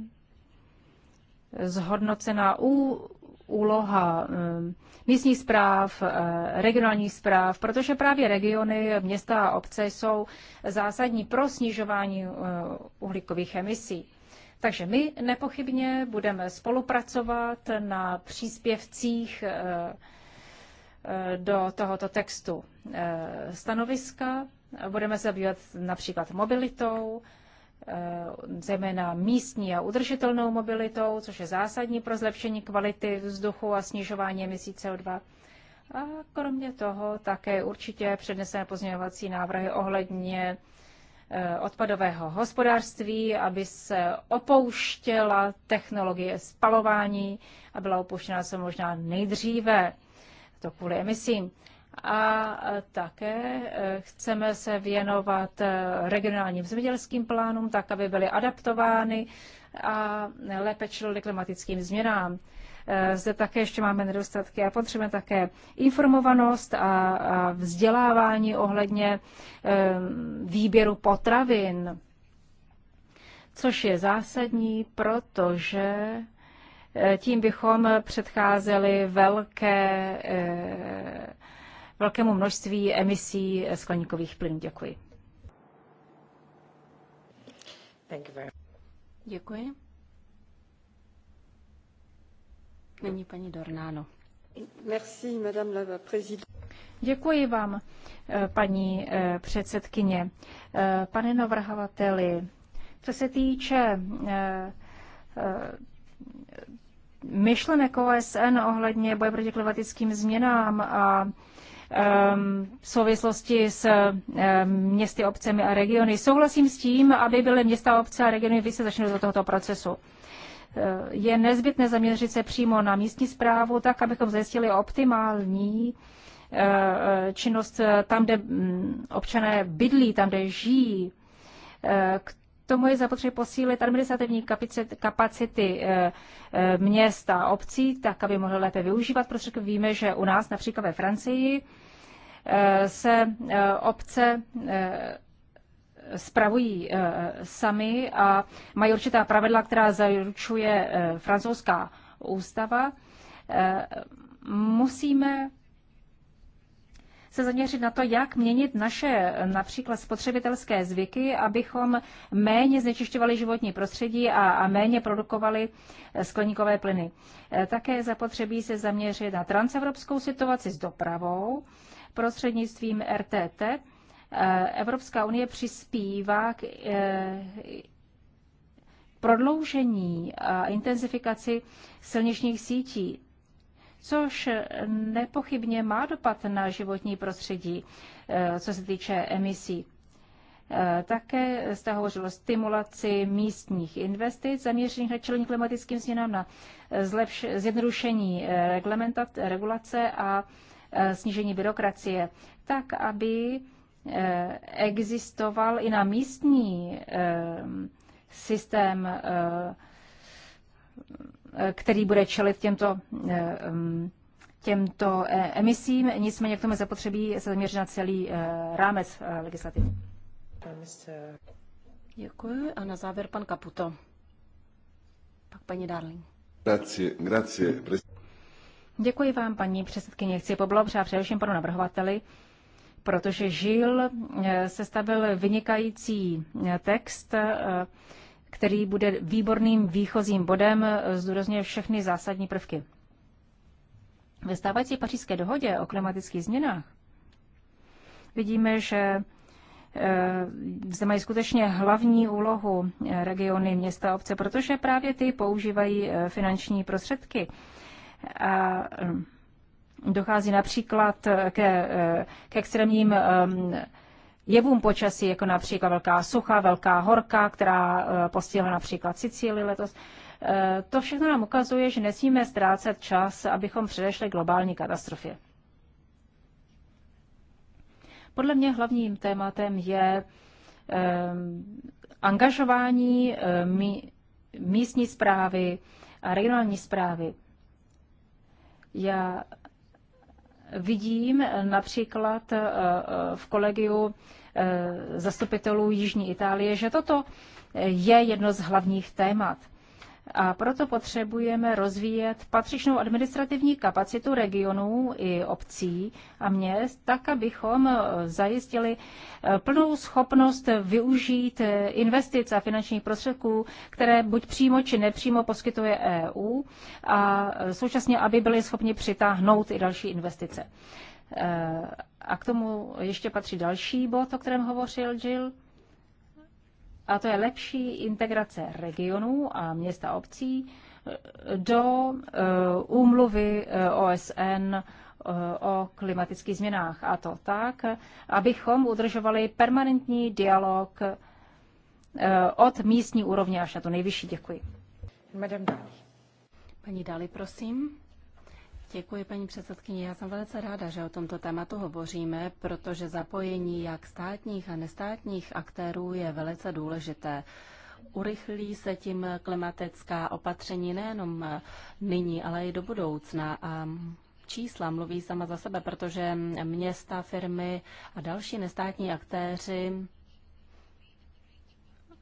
S3: zhodnocena úloha eh, místních zpráv, eh, regionálních zpráv, protože právě regiony, města a obce jsou zásadní pro snižování eh, uhlíkových emisí. Takže my nepochybně budeme spolupracovat na příspěvcích do tohoto textu stanoviska. Budeme zabývat například mobilitou, Eh, zejména místní a udržitelnou mobilitou, což je zásadní pro zlepšení kvality vzduchu a snižování emisí CO2. A kromě toho také určitě předneseme pozměňovací návrhy ohledně eh, odpadového hospodářství, aby se opouštěla technologie spalování a byla opuštěna co možná nejdříve, to kvůli emisím a e, také e, chceme se věnovat e, regionálním zemědělským plánům, tak aby byly adaptovány a lépe čili klimatickým změnám. Zde také ještě máme nedostatky a potřebujeme také informovanost a vzdělávání ohledně výběru potravin, což je zásadní, protože tím bychom předcházeli velké velkému množství emisí skleníkových plynů. Děkuji. Děkuji. Nyní paní Dornáno. Merci, madame la présidente. Děkuji vám, eh, paní eh, předsedkyně. Eh, pane navrhovateli, co se týče myšlenek OSN ohledně boje proti klimatickým změnám a Ehm, v souvislosti s ehm, městy, obcemi a regiony. Souhlasím s tím, aby byly města, obce a regiony více začaly do tohoto procesu. Eh, je nezbytné zaměřit se přímo na místní zprávu, tak abychom zajistili optimální eh, činnost tam, kde mm, občané bydlí, tam, kde žijí, eh, tomu je zapotřebí posílit administrativní kapacity eh, eh, měst a obcí, tak aby mohly lépe využívat prostředky. Víme, že u nás, například ve Francii, eh, se obce spravují sami a mají určitá pravidla, která zaručuje francouzská ústava. Musíme se zaměřit na to, jak měnit naše například spotřebitelské zvyky, abychom méně znečišťovali životní prostředí a, a méně produkovali eh, skleníkové plyny. Eh, také zapotřebí se zaměřit na transevropskou situaci s dopravou prostřednictvím RTT. Eh, Evropská unie přispívá k prodloužení a intenzifikaci silničních sítí což nepochybně má dopad na životní prostředí, eh, co se týče emisí. Eh, také jste hovořil o stimulaci místních investic zaměřených na čelení klimatickým změnám, na eh, zlepš, zjednodušení regulace a snížení byrokracie, tak aby existoval i na místní systém který bude čelit těmto, eh, těmto eh, emisím. Nicméně k tomu zapotřebí se zaměřit na celý eh, rámec legislativní. Děkuji. A na závěr pan Kaputo. Pak paní Darling. Děkuji vám, paní předsedkyně. Chci poblahopřát především panu navrhovateli, protože Žil sestavil vynikající text, který bude výborným výchozím bodem, eh, zdůrazňuje všechny zásadní prvky. Ve stávající pařížské dohodě o klimatických změnách vidíme, že eh, zde mají skutečně hlavní úlohu eh, regiony, města, obce, protože právě ty používají finanční prostředky. A dochází například ke, ke extrémním jevům počasí, jako například velká sucha, velká horka, která eh, postihla například Sicílii letos. Eh, to všechno nám ukazuje, že nesmíme ztrácet čas, abychom předešli globální katastrofě. Podle mě hlavním tématem je eh, angažování místní zprávy a regionální zprávy. Já vidím například v kolegiu Eh, zastupitelů Jižní Itálie, že toto je jedno z hlavních témat. A proto potřebujeme rozvíjet patřičnou administrativní kapacitu regionů i obcí a měst, tak abychom eh, zajistili eh, plnou schopnost využít investic a finančních prostředků, které buď přímo či nepřímo poskytuje EU a současně, aby byli schopni přitáhnout i další investice. Eh, a k tomu ještě patří další bod, o kterém hovořil Jill, a to je lepší integrace regionů a města obcí eh, do eh, úmluvy OSN o klimatických změnách. A to tak, abychom udržovali permanentní dialog od místní úrovně až na to nejvyšší. Děkuji. Madame Dali.
S2: Paní Dali, prosím. Děkuji, paní předsedkyně. Já jsem velice ráda, že o tomto tématu hovoříme, protože zapojení jak státních a nestátních aktérů je velice důležité. Urychlí se tím klimatická opatření nejenom nyní, ale i do budoucna. A čísla mluví sama za sebe, protože města, firmy a další nestátní aktéři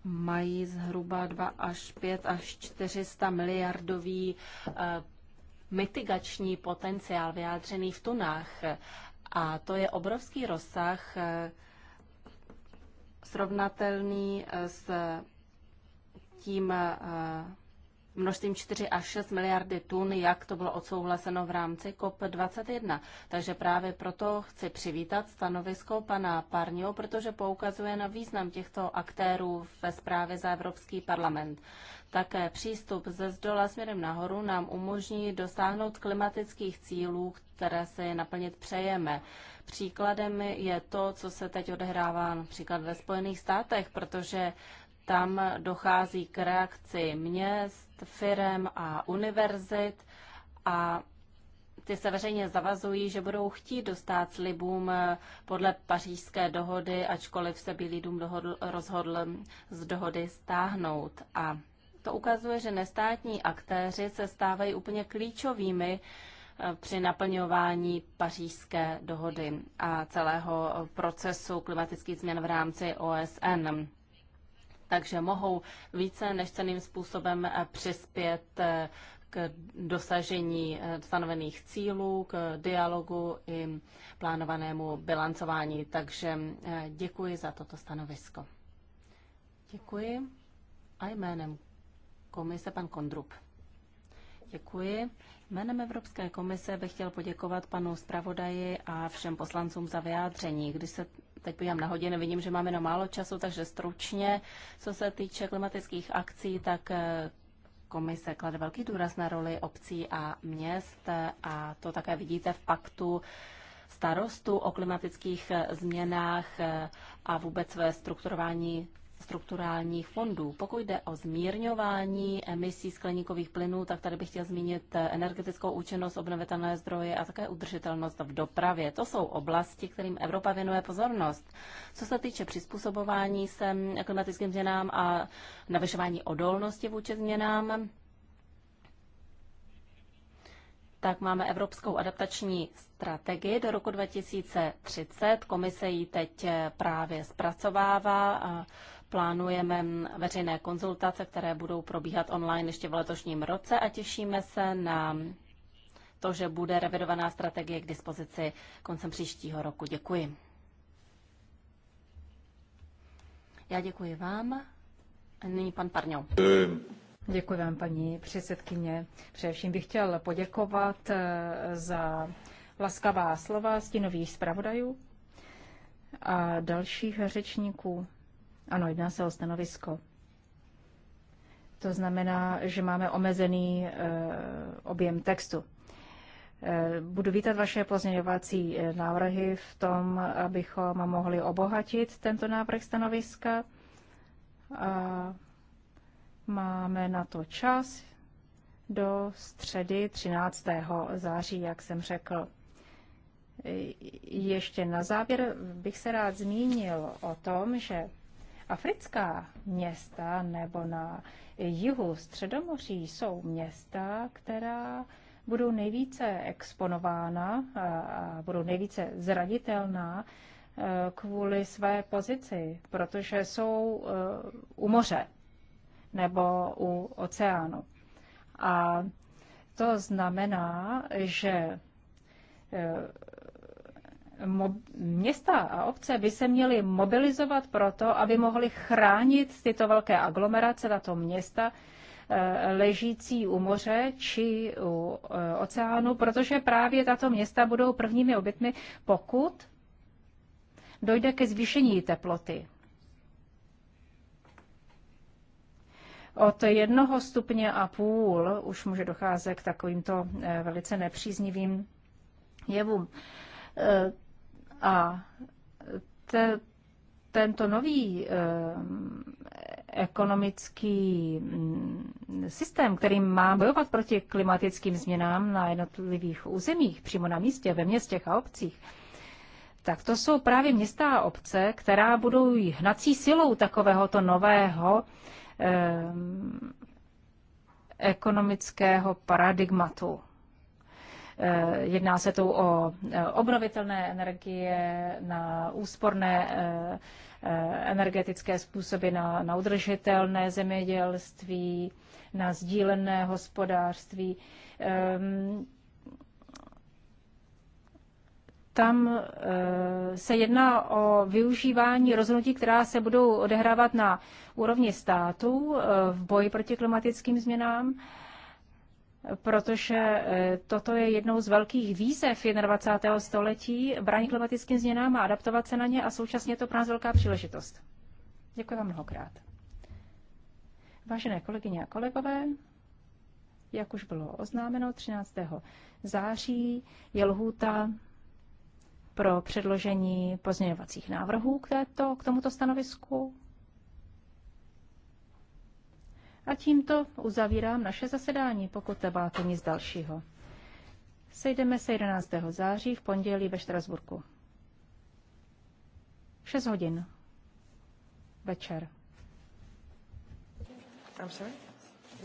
S2: mají zhruba 2 až 5 až 400 miliardový eh, mitigační potenciál vyjádřený v tunách. A to je obrovský rozsah eh, srovnatelný eh, s tím eh, množstvím 4 až 6 miliardy tun, jak to bylo odsouhlaseno v rámci COP21. Takže právě proto chci přivítat stanovisko pana Parňo, protože poukazuje na význam těchto aktérů ve zprávě za Evropský parlament. Také přístup ze zdola směrem nahoru nám umožní dosáhnout klimatických cílů, které si naplnit přejeme. Příkladem je to, co se teď odehrává například ve Spojených státech, protože tam dochází k reakci měst, firm a univerzit a ty se veřejně zavazují, že budou chtít dostat slibům podle pařížské dohody, ačkoliv se Bílý dům dohodl, rozhodl z dohody stáhnout. A to ukazuje, že nestátní aktéři se stávají úplně klíčovými eh, při naplňování pařížské dohody a celého procesu klimatických změn v rámci OSN takže mohou více než ceným způsobem eh, přispět eh, k dosažení eh, stanovených cílů, k dialogu i plánovanému bilancování. Takže děkuji za toto stanovisko. Děkuji. A jménem komise pan Kondrup. Děkuji. Jménem Evropské komise bych chtěl poděkovat panu zpravodaji a všem poslancům za vyjádření. Když se teď podívám na hodiny, vidím, že máme na málo času, takže stručně, co se týče klimatických akcí, tak eh, komise klade velký důraz na roli obcí a měst a to také vidíte v paktu starostu o klimatických eh, změnách eh, a vůbec ve strukturování strukturálních fondů. Pokud jde o zmírňování emisí skleníkových plynů, tak tady bych chtěl zmínit energetickou účinnost, obnovitelné zdroje a také udržitelnost v dopravě. To jsou oblasti, kterým Evropa věnuje pozornost. Co se týče přizpůsobování se klimatickým změnám a navyšování odolnosti vůči změnám, tak máme Evropskou adaptační strategii do roku 2030. Komise ji teď právě zpracovává. A plánujeme veřejné konzultace, které budou probíhat online ještě v letošním roce a těšíme se na to, že bude revidovaná strategie k dispozici koncem příštího roku. Děkuji. Já děkuji
S3: vám. Nyní pan Parňou. Děkuji vám, paní předsedkyně. Především bych chtěl poděkovat eh, za laskavá slova stinových zpravodajů a dalších řečníků. Ano, jedná se o stanovisko. To znamená, že máme omezený eh, objem textu. Eh, budu vítat vaše pozměňovací eh, návrhy v tom, abychom mohli obohatit tento návrh stanoviska. A máme na to čas do středy 13. září, jak jsem řekl. Ještě na závěr bych se rád zmínil o tom, že Africká města nebo na jihu Středomoří jsou města, která budou nejvíce exponována a budou nejvíce zranitelná e, kvůli své pozici, protože jsou e, u moře nebo u oceánu. A to znamená, že e, města a obce by se měly mobilizovat proto, aby mohly chránit tyto velké aglomerace, tato města, eh, ležící u moře či u eh, oceánu, protože právě tato města budou prvními obytmi, pokud dojde ke zvýšení teploty. Od jednoho stupně a půl už může docházet k takovýmto eh, velice nepříznivým jevům. A te, tento nový eh, ekonomický mm, systém, který má bojovat proti klimatickým změnám na jednotlivých územích, přímo na místě, ve městech a obcích, tak to jsou právě města a obce, která budou hnací silou takovéhoto nového eh, ekonomického paradigmatu. Eh, jedná se tu o eh, obnovitelné energie, na úsporné eh, energetické způsoby, na, na udržitelné zemědělství, na sdílené hospodářství. Ehm, tam se jedná o využívání rozhodnutí, která se budou odehrávat na úrovni států v boji proti klimatickým změnám protože e, toto je jednou z velkých výzev 21. století bránit klimatickým změnám a adaptovat se na ně a současně je to pro nás velká příležitost. Děkuji vám mnohokrát. Vážené kolegyně a kolegové, jak už bylo oznámeno, 13. září je lhůta pro předložení pozměňovacích návrhů k, této, k tomuto stanovisku a tímto uzavírám naše zasedání, pokud nemáte nic dalšího. Sejdeme se 11. září v pondělí ve Štrasburku. 6 hodin. Večer.
S1: I'm sorry?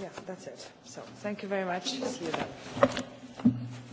S1: Yeah, that's it. So, thank you very much. See you then.